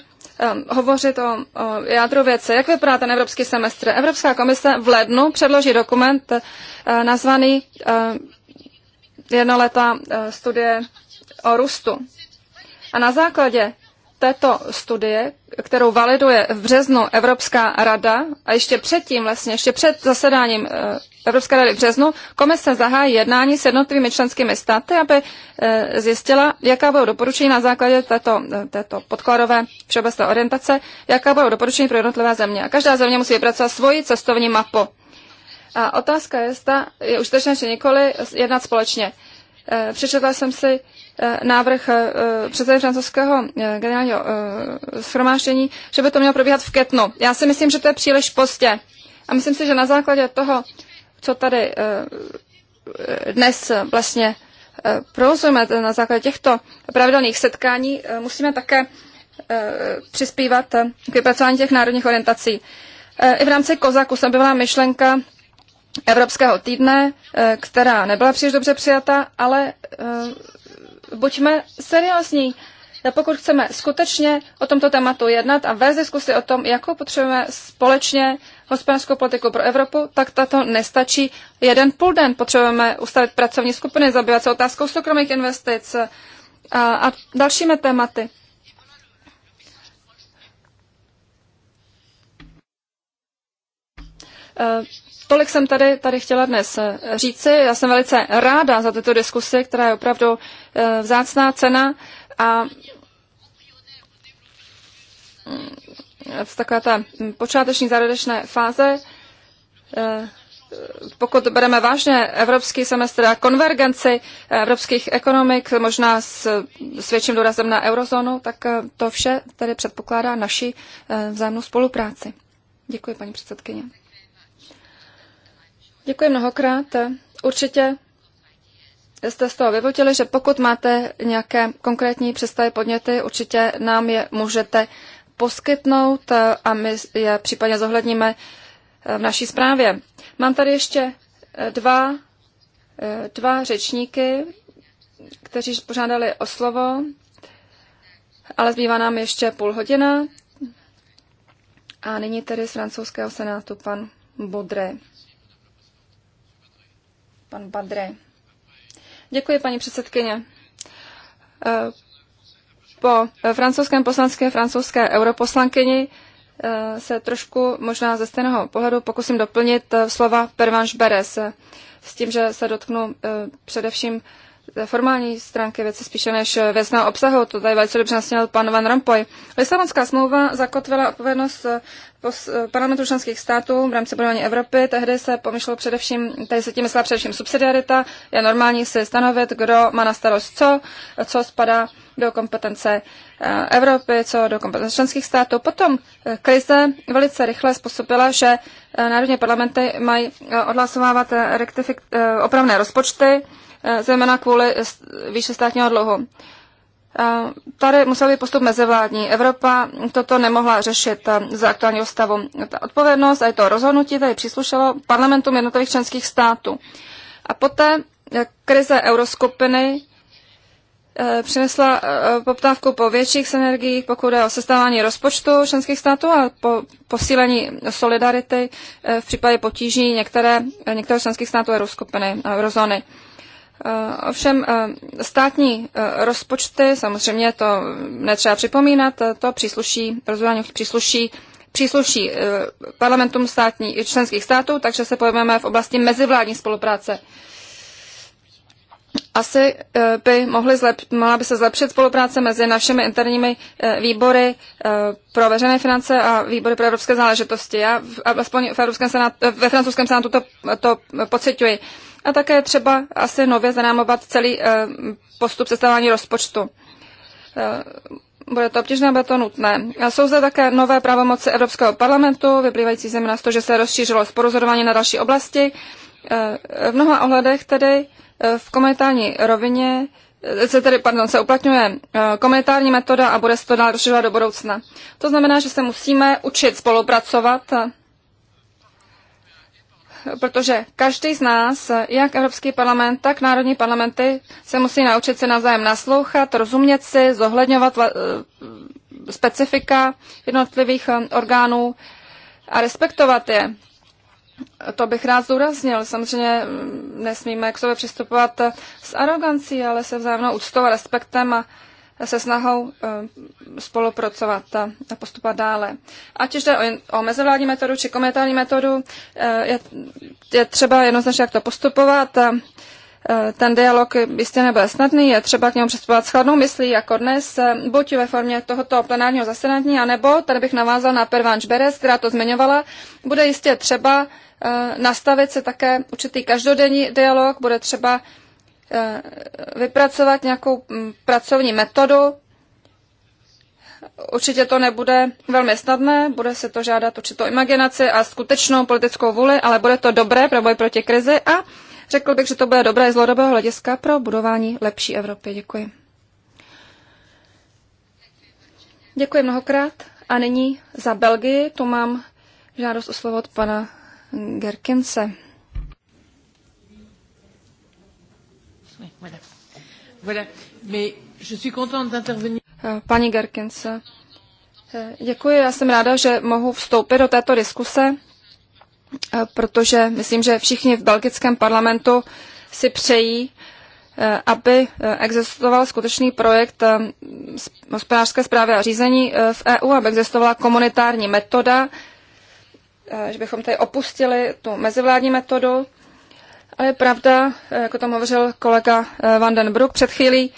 hovořit o, o jádru věce. Jak vypadá ten evropský semestr? Evropská komise v lednu předloží dokument nazvaný jednoletá studie o růstu. A na základě této studie, kterou validuje v březnu Evropská rada a ještě předtím vlastně, ještě před zasedáním eh, Evropské rady v březnu, komise zahájí jednání s jednotlivými členskými státy, aby eh, zjistila, jaká budou doporučení na základě této, eh, této podkladové všeobecné orientace, jaká budou doporučení pro jednotlivé země. A každá země musí vypracovat svoji cestovní mapu. A otázka je, zda je užitečné či nikoli jednat společně. Přečetla jsem si Eh, návrh eh, předsedy francouzského eh, generálního schromáždění, že by to mělo probíhat v Ketnu. Já si myslím, že to je příliš pozdě. A myslím si, že na základě toho, co tady dnes vlastně provozujeme na základě těchto pravidelných setkání, musíme také přispívat k vypracování těch národních orientací. I v rámci Kozaku jsem byla myšlenka Evropského týdne, která nebyla příliš dobře přijata, ale buďme seriózní. Pokud chceme skutečně o tomto tématu jednat a vést diskusy o tom, jakou potřebujeme společně hospodářskou politiku pro Evropu, tak tato nestačí jeden půl den. Potřebujeme ustavit pracovní skupiny, zabývat se otázkou soukromých investic a, a dalšími tématy. Uh, Tolik jsem tady, tady chtěla dnes eh, říci. Já jsem velice ráda za tuto diskusi, která je opravdu eh, vzácná cena a mm, v takové té počáteční zárodečné fáze, eh, pokud bereme vážně evropský semestr a konvergenci evropských ekonomik, možná s, s větším důrazem na eurozónu, tak to vše tedy předpokládá naši vzájemnou spolupráci. Děkuji, paní předsedkyně. Děkuji mnohokrát. Určitě jste z toho vyvodili, že pokud máte nějaké konkrétní představy, podněty, určitě nám je můžete poskytnout a my je případně zohledníme v naší zprávě. Mám tady ještě dva, dva řečníky, kteří požádali o slovo, ale zbývá nám ještě půl hodina. A nyní tedy z francouzského senátu pan Bodré. Pan Badre, Děkuji, paní předsedkyně. Eh, po francouzském poslanské francouzské europoslankyni eh, se trošku možná ze stejného pohledu pokusím doplnit eh, slova Pervanš Beres s tím, že se dotknu především formální stránky věci spíše než věcného obsahu. To tady velice dobře nasněl pan Van Rompuy. Lisabonská smlouva zakotvila odpovědnost Eh, parlamentu členských států v rámci budování Evropy. Tehdy se pomyšlelo především, tady se tím myslela především subsidiarita. Je normální si stanovit, kdo má na starost co, co spadá do kompetence eh, Evropy, co do kompetence členských států. Potom eh, krize velice rychle způsobila, že národní parlamenty mají odhlasovávat opravné rozpočty, zejména kvůli výše státního dluhu. Tady musel být postup mezivládní. Evropa toto nemohla řešit eh, za aktuálního stavu. Ta odpovědnost a je to rozhodnutí tady příslušelo parlamentům jednotlivých členských států. A poté eh, krize euroskupiny eh, přinesla poptávku po větších synergiích, pokud je o sestavování rozpočtu členských států a po posílení solidarity v případě potíží některé, některé členských států euroskupiny a eurozóny. Eh, ovšem eh, státní eh, rozpočty, samozřejmě to netřeba připomínat, to přísluší, rozhodování přísluší přísluší parlamentům státní i členských států, takže se pojmeme v oblasti mezivládní spolupráce. Asi by mohly zlep, mohla by se zlepšit spolupráce mezi našimi interními výbory pro veřejné finance a výbory pro evropské záležitosti. Já v, aspoň v Evropském ve francouzském senátu to, to pociťuji. A také třeba asi nově zanámovat celý eh, postup sestavování rozpočtu. Eh, bude to obtížné, bude to nutné. Jsou zde také nové pravomoci Evropského parlamentu, vyplývající zejména z toho, že se rozšířilo sporozorování na další oblasti. Eh, v mnoha ohledech tedy v komunitární rovině se tedy, pardon, se uplatňuje komunitární metoda a bude se to dál rozšiřovat do budoucna. To znamená, že se musíme učit spolupracovat protože každý z nás, jak Evropský parlament, tak národní parlamenty, se musí naučit se navzájem naslouchat, rozumět si, zohledňovat eh, specifika jednotlivých eh, orgánů a respektovat je. To bych rád zdůraznil. Samozřejmě mm, nesmíme k sobě přistupovat eh, s arogancí, ale se vzájemnou úctou a respektem a se snahou eh, spolupracovat a postupovat dále. Ať už jde o, mezivládní metodu či komunitární metodu, eh, je, je třeba jednoznačně jak to postupovat. Eh, ten dialog jistě nebude snadný, je třeba k němu přistupovat s chladnou myslí, jako dnes, buď ve formě tohoto plenárního zasedání, anebo, tady bych navázal na Pervanč Beres, která to zmiňovala, bude jistě třeba nastavit se také určitý každodenní dialog, bude třeba Eh, vypracovat nějakou mm, pracovní metodu. Určitě to nebude velmi snadné, bude se to žádat určitou imaginaci a skutečnou politickou vůli, ale bude to dobré pro boj proti krizi a řekl bych, že to bude dobré z dlouhodobého hlediska pro budování lepší Evropy. Děkuji. Děkuji mnohokrát. A nyní za Belgii tu mám žádost o slovo od pana Gerkince. Voilà. Eh, paní Gerkins, eh, děkuji. Já jsem ráda, že mohu vstoupit do této diskuse, eh, protože myslím, že všichni v belgickém parlamentu si přejí, aby existoval skutečný projekt hospodářské zprávy a řízení v EU, aby existovala komunitární metoda, že bychom tady opustili tu mezivládní metodu a je pravda, jako tam hovořil kolega eh, Van den Broek před chvílí,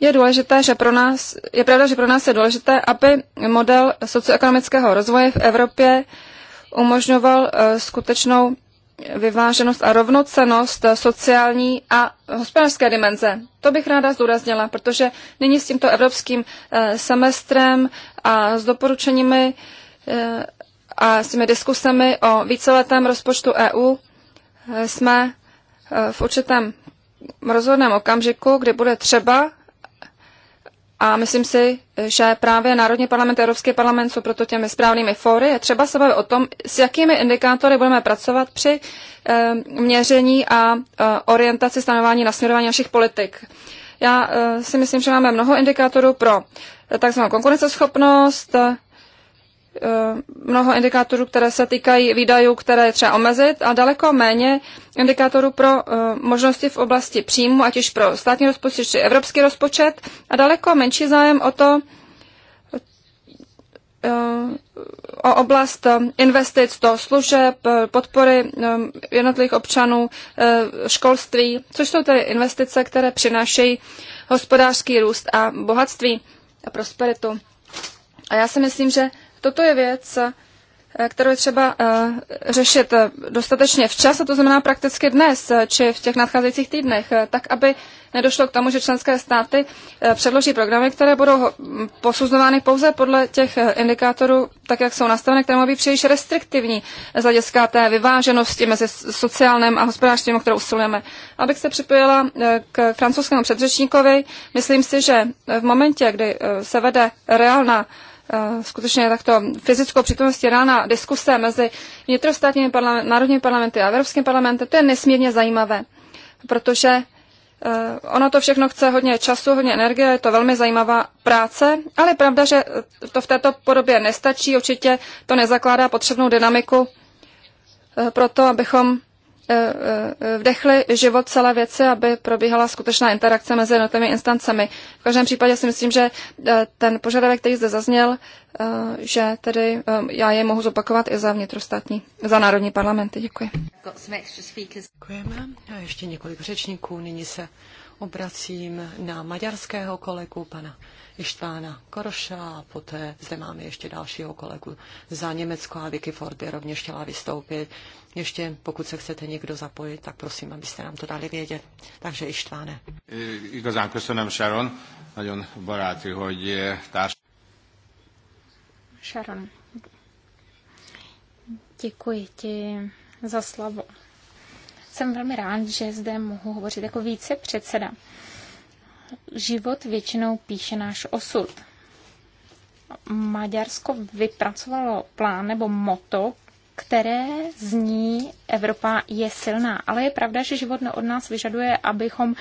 je důležité, že pro nás, je pravda, že pro nás je důležité, aby model socioekonomického rozvoje v Evropě umožňoval eh, skutečnou vyváženost a rovnocenost eh, sociální a hospodářské dimenze. To bych ráda zdůraznila, protože nyní s tímto evropským semestrem a s doporučeními a s těmi diskusemi o víceletém rozpočtu EU Eh, jsme eh, v určitém rozhodném okamžiku, kdy bude třeba a myslím si, že právě Národní parlament a Evropský parlament jsou proto těmi správnými fóry. Je třeba se bavit o tom, s jakými indikátory budeme pracovat při eh, měření a orientaci stanování na směrování našich politik. Já si myslím, že máme mnoho indikátorů pro takzvanou konkurenceschopnost, Eh, mnoho indikátorů, které se týkají výdajů, které je třeba omezit a daleko méně indikátorů pro eh, možnosti v oblasti příjmu, ať už pro státní rozpočet či evropský rozpočet a daleko menší zájem o to, eh, o oblast investic do služeb, podpory jednotlivých občanů, školství, což jsou tedy investice, které přinášejí hospodářský růst a bohatství a prosperitu. A já si myslím, že Toto je věc, eh, kterou je třeba eh, řešit eh, dostatečně včas, a to znamená prakticky dnes, či v těch nadcházejících týdnech, tak aby nedošlo k tomu, že členské státy předloží programy, které budou hm, posuzovány pouze podle těch indikátorů, tak jak jsou nastavené, které mohou být příliš restriktivní z hlediska té vyváženosti mezi sociálním a hospodářstvím, o kterou usilujeme. Abych se připojila k francouzskému předřečníkovi, myslím si, že v momentě, kdy se vede reálná Eh, skutečně takto fyzickou přítomností rána diskuse mezi vnitrostátními parlament, národními parlamenty a Evropským parlamentem, to je nesmírně zajímavé, protože eh, ono to všechno chce hodně času, hodně energie, je to velmi zajímavá práce, ale je pravda, že eh, to v této podobě nestačí, určitě to nezakládá potřebnou dynamiku pro to, abychom Eh, eh, eh, vdechli život celé věci, aby probíhala skutečná interakce mezi jednotlivými instancemi. V každém případě si myslím, že ten požadavek, který zde zazněl, že tedy já je mohu zopakovat i za vnitrostátní, za národní parlamenty. Děkuji. Děkujeme. A ještě několik řečníků. Nyní se obracím na maďarského kolegu, pana Ištvána Koroša a poté zde máme ještě dalšího kolegu za Německo a Vicky by rovněž chtěla vystoupit ještě pokud se chcete někdo zapojit, tak prosím, abyste nám to dali vědět. Takže Istváne. Eh, igazán köszönöm, Sharon. Nagyon baráti, hogy eh, társ... Sharon, děkuji ti za slovo. Jsem velmi rád, že zde mohu hovořit jako více předseda. Život většinou píše náš osud. Maďarsko vypracovalo plán nebo moto které zní Evropa je silná. Ale je pravda, že život od nás vyžaduje, abychom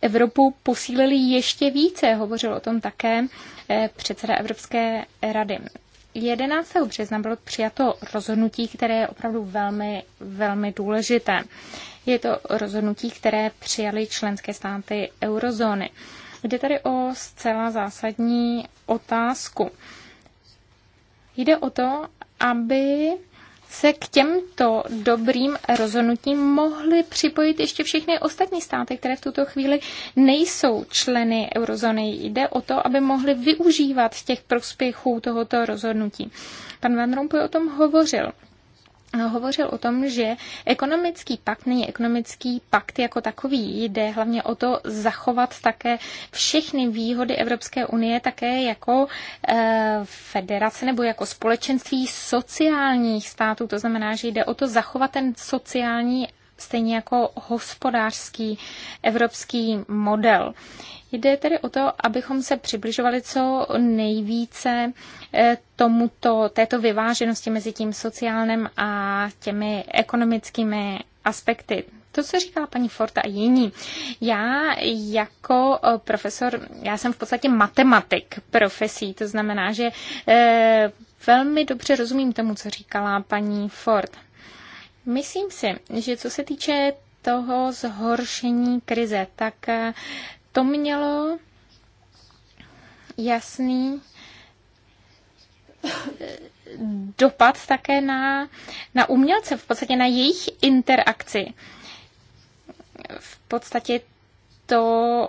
Evropu posílili ještě více. Hovořil o tom také eh, předseda Evropské rady. 11. března bylo přijato rozhodnutí, které je opravdu velmi, velmi důležité. Je to rozhodnutí, které přijaly členské státy eurozóny. Jde tady o zcela zásadní otázku. Jde o to, aby se k těmto dobrým rozhodnutím mohly připojit ještě všechny ostatní státy, které v tuto chvíli nejsou členy eurozóny. Jde o to, aby mohly využívat těch prospěchů tohoto rozhodnutí. Pan Van Rompuy o tom hovořil hovořil o tom, že ekonomický pakt není ekonomický pakt jako takový. Jde hlavně o to zachovat také všechny výhody Evropské unie také jako e, federace nebo jako společenství sociálních států. To znamená, že jde o to zachovat ten sociální stejně jako hospodářský evropský model. Jde tedy o to, abychom se přibližovali co nejvíce eh, tomuto, této vyváženosti mezi tím sociálním a těmi ekonomickými aspekty to, co říkala paní Forta a jiní. Já jako eh, profesor, já jsem v podstatě matematik profesí, to znamená, že eh, velmi dobře rozumím tomu, co říkala paní Ford. Myslím si, že co se týče toho zhoršení krize, tak eh, to mělo jasný eh, dopad také na, na umělce, v podstatě na jejich interakci. V podstatě to,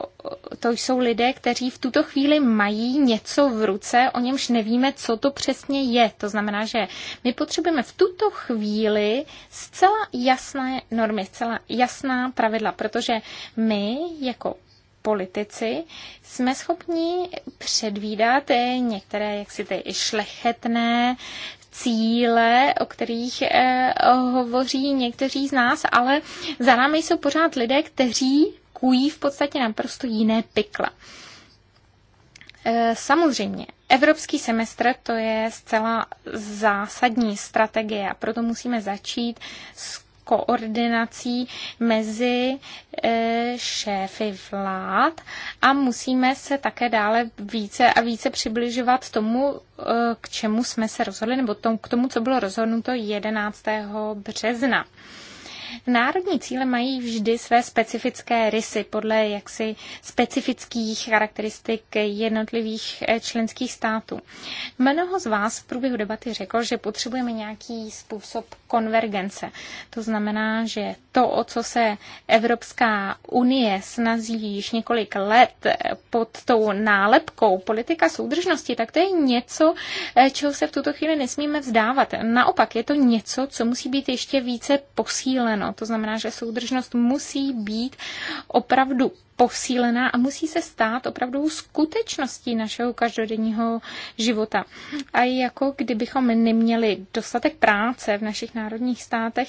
to jsou lidé, kteří v tuto chvíli mají něco v ruce, o němž nevíme, co to přesně je. To znamená, že my potřebujeme v tuto chvíli zcela jasné normy, zcela jasná pravidla, protože my jako politici jsme schopni předvídat eh, některé jaksi ty šlechetné cíle, o kterých eh, hovoří někteří z nás, ale za námi jsou pořád lidé, kteří kují v podstatě naprosto jiné pikle. E, samozřejmě, evropský semestr to je zcela zásadní strategie a proto musíme začít s koordinací mezi e, šéfy vlád a musíme se také dále více a více přibližovat tomu, e, k čemu jsme se rozhodli, nebo k tomu, co bylo rozhodnuto 11. března. Národní cíle mají vždy své specifické rysy podle jaksi specifických charakteristik jednotlivých eh, členských států. Mnoho z vás v průběhu debaty řekl, že potřebujeme nějaký způsob konvergence. To znamená, že to, o co se Evropská unie snazí již několik let eh, pod tou nálepkou politika soudržnosti, tak to je něco, eh, čeho se v tuto chvíli nesmíme vzdávat. Naopak je to něco, co musí být ještě více posíleno to znamená, že soudržnost musí být opravdu posílená a musí se stát opravdu skutečností našeho každodenního života. A jako kdybychom neměli dostatek práce v našich národních státech,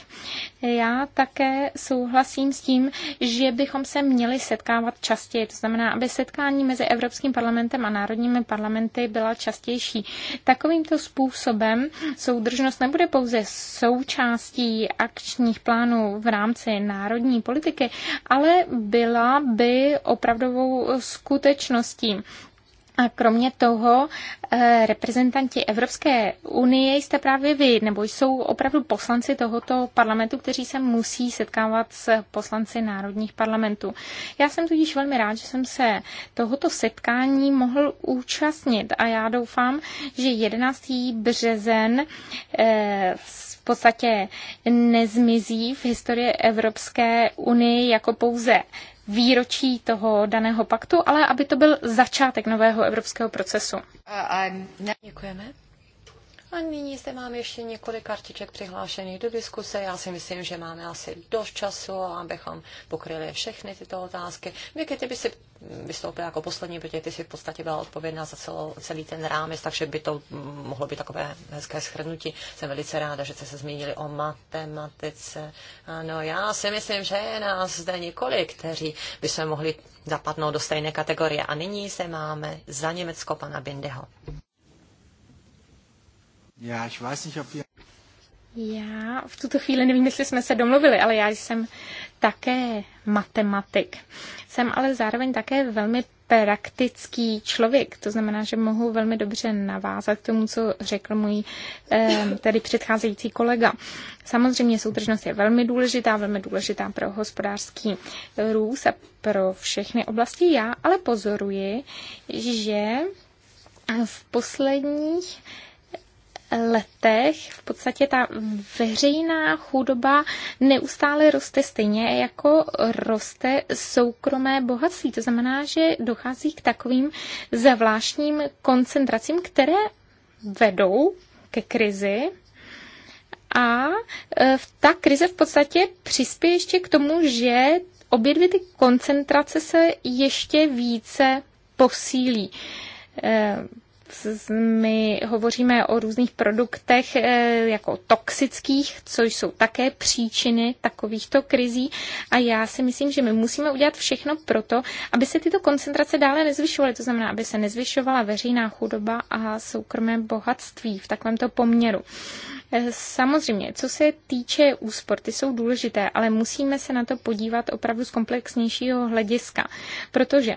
já také souhlasím s tím, že bychom se měli setkávat častěji. To znamená, aby setkání mezi Evropským parlamentem a národními parlamenty byla častější. Takovýmto způsobem soudržnost nebude pouze součástí akčních plánů v rámci národní politiky, ale byla by byly opravdovou skutečností. A kromě toho eh, reprezentanti Evropské unie jste právě vy, nebo jsou opravdu poslanci tohoto parlamentu, kteří se musí setkávat s poslanci národních parlamentů. Já jsem tudíž velmi rád, že jsem se tohoto setkání mohl účastnit a já doufám, že 11. březen eh, podstatě nezmizí v historii Evropské unie jako pouze výročí toho daného paktu, ale aby to byl začátek nového evropského procesu. Děkujeme. A nyní zde mám ještě několik kartiček přihlášených do diskuse. Já si myslím, že máme asi dost času, abychom pokryli všechny tyto otázky. Vicky, by si vystoupila jako poslední, protože ty si v podstatě byla odpovědná za celou, celý ten rámec, takže by to mohlo být takové hezké schrnutí. Jsem velice ráda, že jste se zmínili o matematice. Ano, já si myslím, že je nás zde několik, kteří by se mohli zapadnout do stejné kategorie. A nyní se máme za Německo pana Bindeho. Já, ich weiß nicht, ob wir... Já v tuto chvíli nevím, jestli jsme se domluvili, ale já jsem také matematik. Jsem ale zároveň také velmi praktický člověk. To znamená, že mohu velmi dobře navázat k tomu, co řekl můj tedy předcházející kolega. Samozřejmě soudržnost je velmi důležitá, velmi důležitá pro hospodářský růst a pro všechny oblasti. Já ale pozoruji, že v posledních letech v podstatě ta veřejná chudoba neustále roste stejně, jako roste soukromé bohatství. To znamená, že dochází k takovým zvláštním koncentracím, které vedou ke krizi, a e, ta krize v podstatě přispěje ještě k tomu, že obě dvě ty koncentrace se ještě více posílí. E, my hovoříme o různých produktech eh, jako toxických, což jsou také příčiny takovýchto krizí. A já si myslím, že my musíme udělat všechno proto, aby se tyto koncentrace dále nezvyšovaly. To znamená, aby se nezvyšovala veřejná chudoba a soukromé bohatství v takovémto poměru. Eh, samozřejmě, co se týče úspor, ty jsou důležité, ale musíme se na to podívat opravdu z komplexnějšího hlediska, protože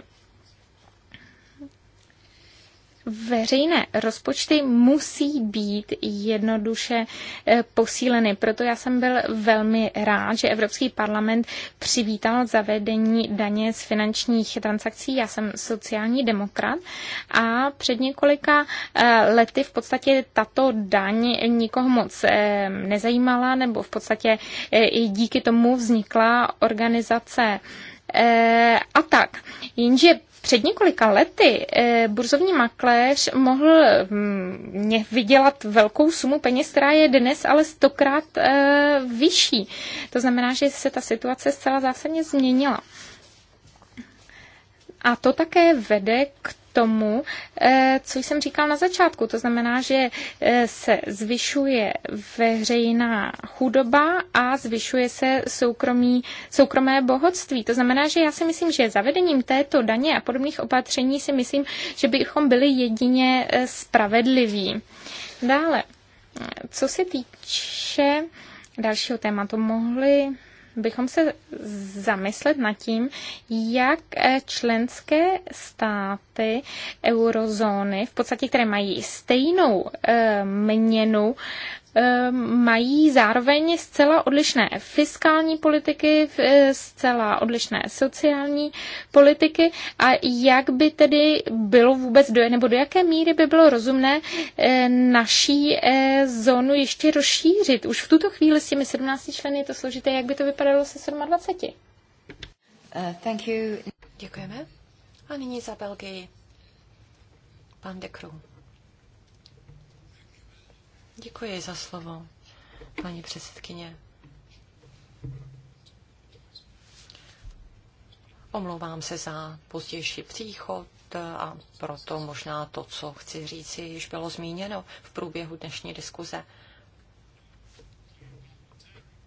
veřejné rozpočty musí být jednoduše eh, posíleny. Proto já jsem byl velmi rád, že Evropský parlament přivítal zavedení daně z finančních transakcí. Já jsem sociální demokrat a před několika eh, lety v podstatě tato daň nikoho moc eh, nezajímala, nebo v podstatě i díky tomu vznikla organizace a tak. Jenže před několika lety eh, burzovní makléř mohl hm, mě vydělat velkou sumu peněz, která je dnes ale stokrát eh, vyšší. To znamená, že se ta situace zcela zásadně změnila. A to také vede k tomu, eh, co jsem říkal na začátku. To znamená, že eh, se zvyšuje veřejná chudoba a zvyšuje se soukromí, soukromé bohatství. To znamená, že já si myslím, že zavedením této daně a podobných opatření si myslím, že bychom byli jedině eh, spravedliví. Dále, co se týče dalšího tématu, mohli bychom se zamyslet nad tím, jak eh, členské státy eurozóny, v podstatě které mají stejnou eh, měnu, Ehm, mají zároveň zcela odlišné fiskální politiky, e, zcela odlišné sociální politiky a jak by tedy bylo vůbec, do, nebo do jaké míry by bylo rozumné e, naší e, zónu ještě rozšířit. Už v tuto chvíli s těmi 17 členy je to složité, jak by to vypadalo se 27? Uh, thank you. Děkujeme. A nyní za Belgii. Pan de Kroon. Děkuji za slovo, paní předsedkyně. Omlouvám se za pozdější příchod a proto možná to, co chci říci, již bylo zmíněno v průběhu dnešní diskuze.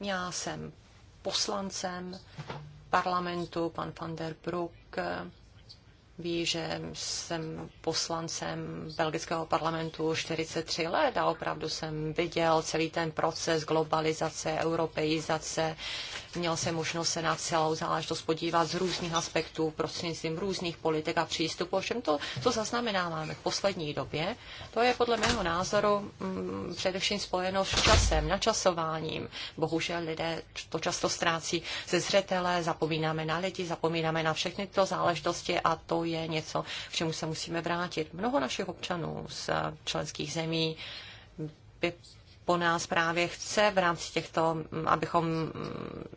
Já jsem poslancem parlamentu, pan van der Broek ví, že jsem poslancem belgického parlamentu 43 let a opravdu jsem viděl celý ten proces globalizace, europeizace. Měl jsem možnost se na celou záležitost podívat z různých aspektů, prostřednictvím různých politik a přístupů. Ovšem to, co zaznamenáváme v poslední době, to je podle mého názoru m, mm, především spojeno s časem, načasováním. Bohužel lidé to často ztrácí ze zřetele, zapomínáme na lidi, zapomínáme na všechny tyto záležitosti a to je něco, k čemu se musíme vrátit. Mnoho našich občanů z členských zemí by po nás právě chce v rámci těchto, abychom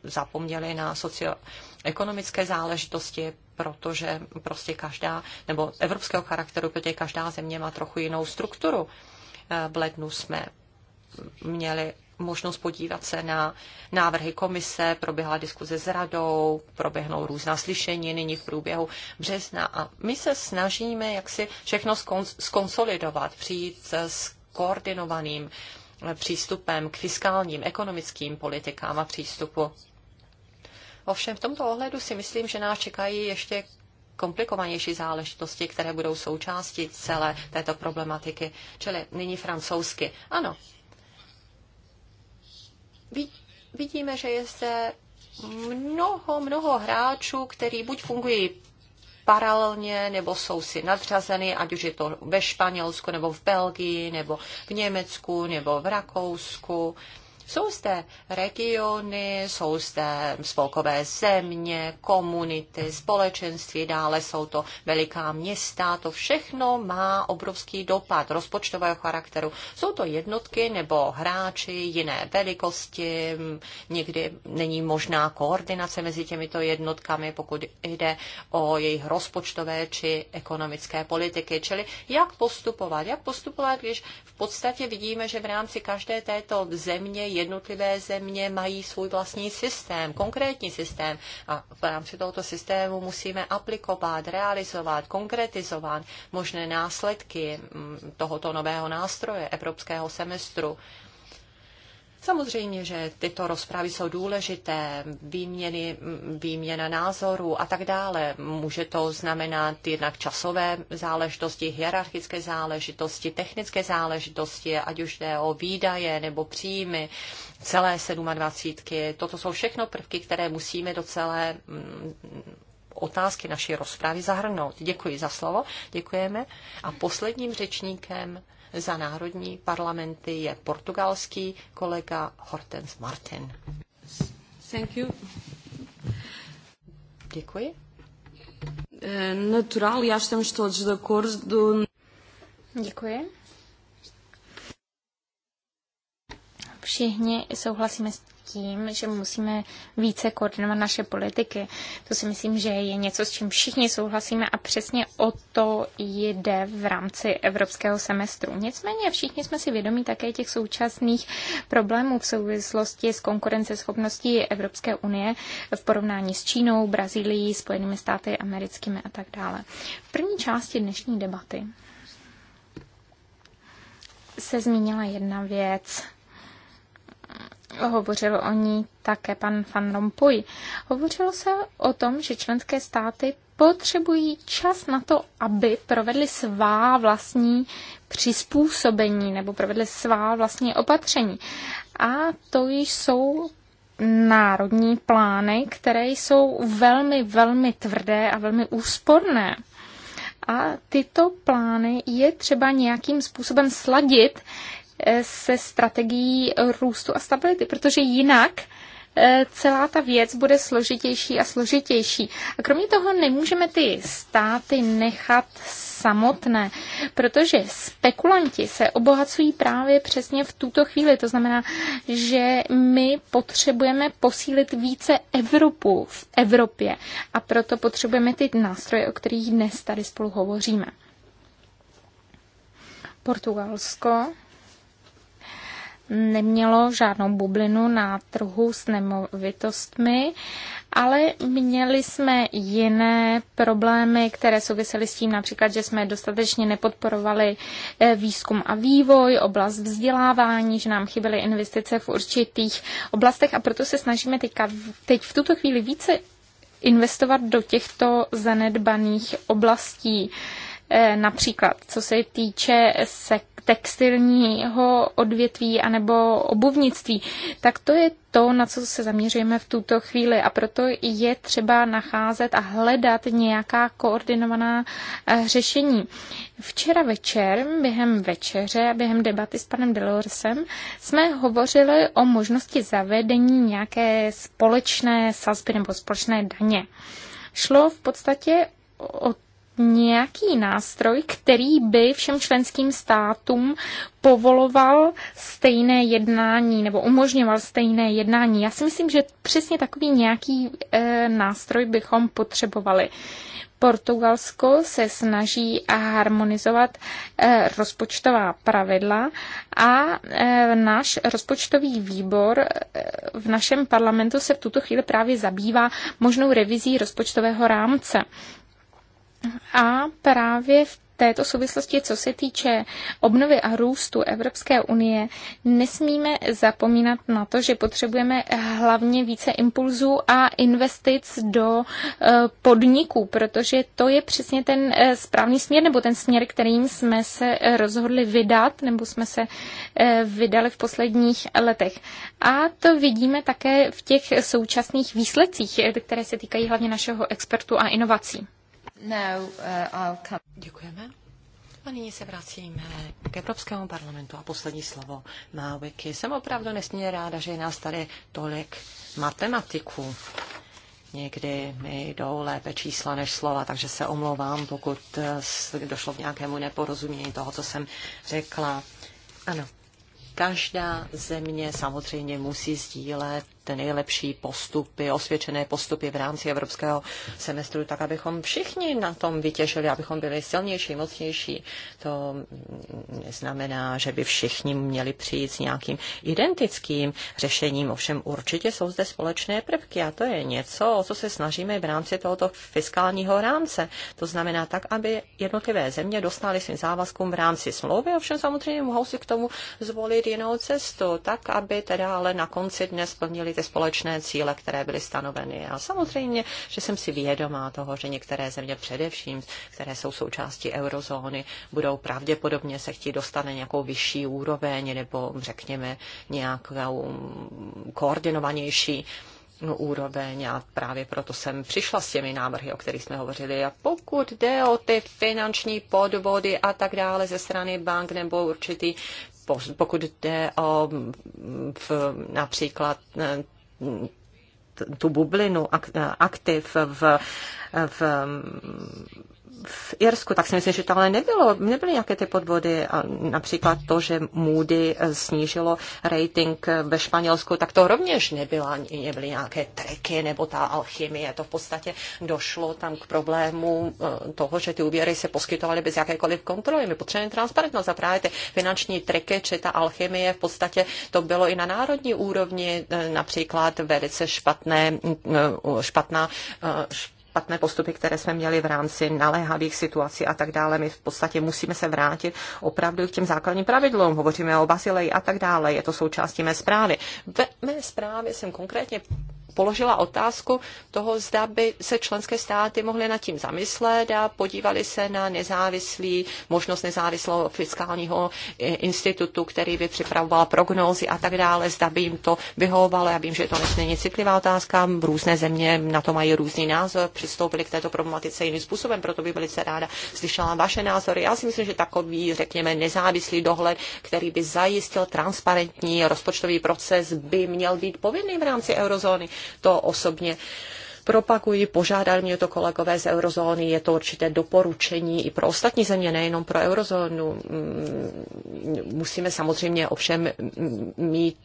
zapomněli na socioekonomické záležitosti, protože prostě každá, nebo evropského charakteru, protože každá země má trochu jinou strukturu. V lednu jsme měli možnost podívat se na návrhy komise, proběhla diskuze s radou, proběhnou různá slyšení nyní v průběhu března a my se snažíme jaksi všechno skonsolidovat, přijít s koordinovaným přístupem k fiskálním, ekonomickým politikám a přístupu. Ovšem v tomto ohledu si myslím, že nás čekají ještě komplikovanější záležitosti, které budou součástí celé této problematiky, čili nyní francouzsky. Ano, vidíme, že je zde mnoho, mnoho hráčů, který buď fungují paralelně, nebo jsou si nadřazeny, ať už je to ve Španělsku, nebo v Belgii, nebo v Německu, nebo v Rakousku, jsou zde regiony, jsou zde spolkové země, komunity, společenství, dále jsou to veliká města. To všechno má obrovský dopad rozpočtového charakteru. Jsou to jednotky nebo hráči jiné velikosti, někdy není možná koordinace mezi těmito jednotkami, pokud jde o jejich rozpočtové či ekonomické politiky. Čili jak postupovat? Jak postupovat, když v podstatě vidíme, že v rámci každé této země jednotlivé země mají svůj vlastní systém, konkrétní systém a v rámci tohoto systému musíme aplikovat, realizovat, konkretizovat možné následky mm, tohoto nového nástroje evropského semestru. Samozřejmě, že tyto rozpravy jsou důležité, výměny, výměna názorů a tak dále. Může to znamenat jednak časové záležitosti, hierarchické záležitosti, technické záležitosti, ať už jde o výdaje nebo příjmy celé 27. Toto jsou všechno prvky, které musíme do celé mm, otázky naší rozpravy zahrnout. Děkuji za slovo, děkujeme. A posledním řečníkem za národní parlamenty je portugalský kolega Hortens Martin. Thank you. Děkuji. Eh, natural, já estamos todos de acordo. Děkuji. Všichni souhlasíme s tím, že musíme více koordinovat naše politiky. To si myslím, že je něco, s čím všichni souhlasíme a přesně o to jde v rámci evropského semestru. Nicméně všichni jsme si vědomí také těch současných problémů v souvislosti s konkurenceschopností Evropské unie v porovnání s Čínou, Brazílií, Spojenými státy americkými a tak dále. V první části dnešní debaty se zmínila jedna věc, hovořil o ní také pan Van Rompuy. Hovořilo se o tom, že členské státy potřebují čas na to, aby provedli svá vlastní přizpůsobení nebo provedli svá vlastní opatření. A to již jsou národní plány, které jsou velmi, velmi tvrdé a velmi úsporné. A tyto plány je třeba nějakým způsobem sladit se strategií růstu a stability, protože jinak eh, celá ta věc bude složitější a složitější. A kromě toho nemůžeme ty státy nechat samotné, protože spekulanti se obohacují právě přesně v tuto chvíli. To znamená, že my potřebujeme posílit více Evropu v Evropě a proto potřebujeme ty nástroje, o kterých dnes tady spolu hovoříme. Portugalsko nemělo žádnou bublinu na trhu s nemovitostmi, ale měli jsme jiné problémy, které souvisely s tím například, že jsme dostatečně nepodporovali eh, výzkum a vývoj, oblast vzdělávání, že nám chyběly investice v určitých oblastech a proto se snažíme teďka, teď v tuto chvíli více investovat do těchto zanedbaných oblastí. Eh, například co se týče textilního odvětví anebo obuvnictví, tak to je to, na co se zaměřujeme v tuto chvíli a proto je třeba nacházet a hledat nějaká koordinovaná eh, řešení. Včera večer, během večeře a během debaty s panem Delorsem, jsme hovořili o možnosti zavedení nějaké společné sazby nebo společné daně. Šlo v podstatě o nějaký nástroj, který by všem členským státům povoloval stejné jednání nebo umožňoval stejné jednání. Já si myslím, že přesně takový nějaký e, nástroj bychom potřebovali. Portugalsko se snaží harmonizovat eh, rozpočtová pravidla a eh, náš rozpočtový výbor v našem parlamentu se v tuto chvíli právě zabývá možnou revizí rozpočtového rámce. A právě v této souvislosti, co se týče obnovy a růstu Evropské unie, nesmíme zapomínat na to, že potřebujeme hlavně více impulzů a investic do eh, podniků, protože to je přesně ten eh, správný směr nebo ten směr, kterým jsme se eh, rozhodli vydat nebo jsme se vydali v posledních letech. A to vidíme také v těch současných výsledcích, které se týkají hlavně našeho expertu a inovací. Now, uh, I'll come. Děkujeme. A nyní se vracíme k Evropskému parlamentu a poslední slovo má Wiki. Jsem opravdu nesmírně ráda, že je nás tady tolik matematiků. Někdy mi jdou lépe čísla než slova, takže se omlouvám, pokud eh, došlo k nějakému neporozumění toho, co jsem řekla. Ano, každá země samozřejmě musí sdílet ty nejlepší postupy, osvědčené postupy v rámci evropského semestru, tak abychom všichni na tom vytěžili, abychom byli silnější, mocnější. To neznamená, že by všichni měli přijít s nějakým identickým řešením, ovšem určitě jsou zde společné prvky a to je něco, o co se snažíme v rámci tohoto fiskálního rámce. To znamená tak, aby jednotlivé země dostaly svým závazkům v rámci smlouvy, ovšem samozřejmě mohou si k tomu zvolit jinou cestu, tak aby teda ale na konci dnes splnili ty společné cíle, které byly stanoveny. A samozřejmě, že jsem si vědomá toho, že některé země především, které jsou součástí eurozóny, budou pravděpodobně se chtít dostat na nějakou vyšší úroveň nebo řekněme nějakou koordinovanější úroveň a právě proto jsem přišla s těmi návrhy, o kterých jsme hovořili. A pokud jde o ty finanční podvody a tak dále ze strany bank nebo určitý pokud jde o mm, v, například eh, tu bublinu aktiv v, v v Irsku, tak si myslím, že to ale nebylo, nebyly nějaké ty podvody. A například to, že Moody eh, snížilo rating eh, ve Španělsku, tak to rovněž nebyla, nebyly nějaké triky nebo ta alchymie. To v podstatě došlo tam k problému eh, toho, že ty úvěry se poskytovaly bez jakékoliv kontroly. My potřebujeme transparentnost a právě ty finanční triky či ta alchymie v podstatě to bylo i na národní úrovni, například velice špatné, mm, špatná, špatná špatné postupy, které jsme měli v rámci naléhavých situací a tak dále. My v podstatě musíme se vrátit opravdu k těm základním pravidlům. Hovoříme o Bazileji a tak dále. Je to součástí mé zprávy. Ve mé zprávě jsem konkrétně položila otázku toho, zda by se členské státy mohly nad tím zamyslet a podívali se na nezávislý, možnost nezávislého fiskálního eh, institutu, který by připravoval prognózy a tak dále, zda by jim to vyhovovalo. Já vím, že to není citlivá otázka, různé země na to mají různý názor, přistoupili k této problematice jiným způsobem, proto by velice ráda slyšela vaše názory. Já si myslím, že takový, řekněme, nezávislý dohled, který by zajistil transparentní rozpočtový proces, by měl být povinný v rámci eurozóny to osobně propagují, požádali mě to kolegové z eurozóny, je to určité doporučení i pro ostatní země, nejenom pro eurozónu. Mm, musíme samozřejmě ovšem mít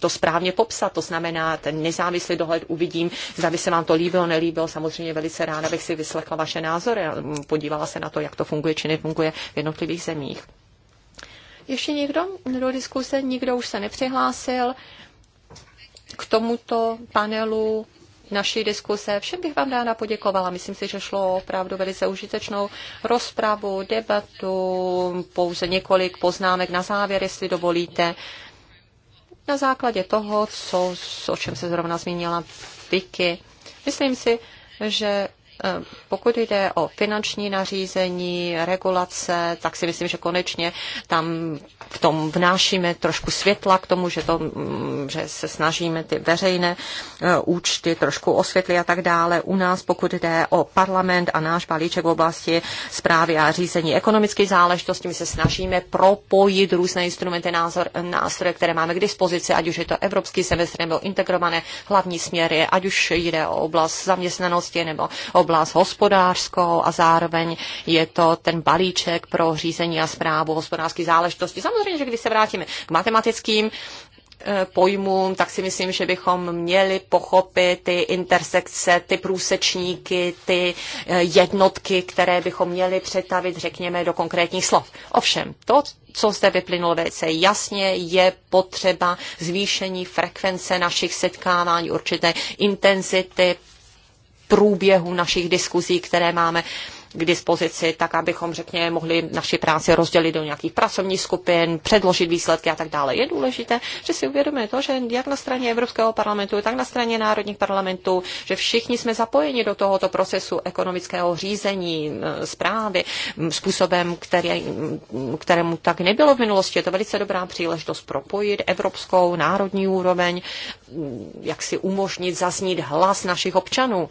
to správně popsat, to znamená ten nezávislý dohled uvidím, zda by se vám to líbilo, nelíbilo, samozřejmě velice ráda bych si vyslechla vaše názory a mm, podívala se na to, jak to funguje či nefunguje v jednotlivých zemích. Ještě někdo do diskuse? Nikdo už se nepřihlásil k tomuto panelu naší diskuse. Všem bych vám ráda poděkovala. Myslím si, že šlo opravdu velice užitečnou rozpravu, debatu, pouze několik poznámek na závěr, jestli dovolíte. Na základě toho, co, o čem se zrovna zmínila Vicky. Myslím si, že pokud jde o finanční nařízení, regulace, tak si myslím, že konečně tam v tom vnášíme trošku světla k tomu, že, to, mm, že se snažíme ty veřejné e, účty trošku osvětlit a tak dále. U nás, pokud jde o parlament a náš balíček v oblasti zprávy a řízení ekonomických záležitostí, my se snažíme propojit různé instrumenty, názor, nástroje, které máme k dispozici, ať už je to evropský semestr nebo integrované hlavní směry, ať už jde o oblast zaměstnanosti nebo oblast oblast hospodářskou a zároveň je to ten balíček pro řízení a zprávu hospodářských záležitostí. Samozřejmě, že když se vrátíme k matematickým eh, pojmům, tak si myslím, že bychom měli pochopit ty intersekce, ty průsečníky, ty eh, jednotky, které bychom měli přetavit, řekněme, do konkrétních slov. Ovšem, to, co zde vyplynulo velice jasně, je potřeba zvýšení frekvence našich setkávání, určité intenzity, průběhu našich diskuzí, které máme k dispozici, tak abychom, řekněme, mohli naši práci rozdělit do nějakých pracovních skupin, předložit výsledky a tak dále. Je důležité, že si uvědomíme to, že jak na straně Evropského parlamentu, tak na straně národních parlamentů, že všichni jsme zapojeni do tohoto procesu ekonomického řízení, eh, zprávy, mm, způsobem, který, mm, kterému tak nebylo v minulosti. Je to velice dobrá příležitost propojit evropskou národní úroveň, mm, jak si umožnit zaznít hlas našich občanů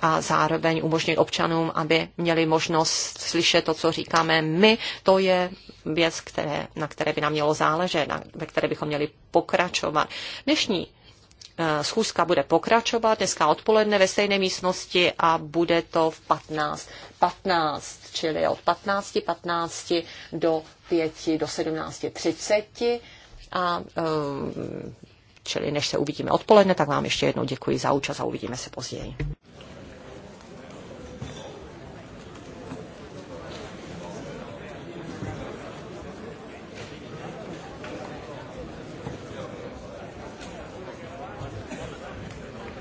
a zároveň umožnit občanům, aby měli možnost slyšet to, co říkáme my. To je věc, které, na které by nám mělo záležet, na, ve které bychom měli pokračovat. Dnešní eh, schůzka bude pokračovat dneska odpoledne ve stejné místnosti a bude to v 15. 15, čili od 15.15 15 do 5 do 17.30 a eh, čili než se uvidíme odpoledne, tak vám ještě jednou děkuji za účast a uvidíme se později.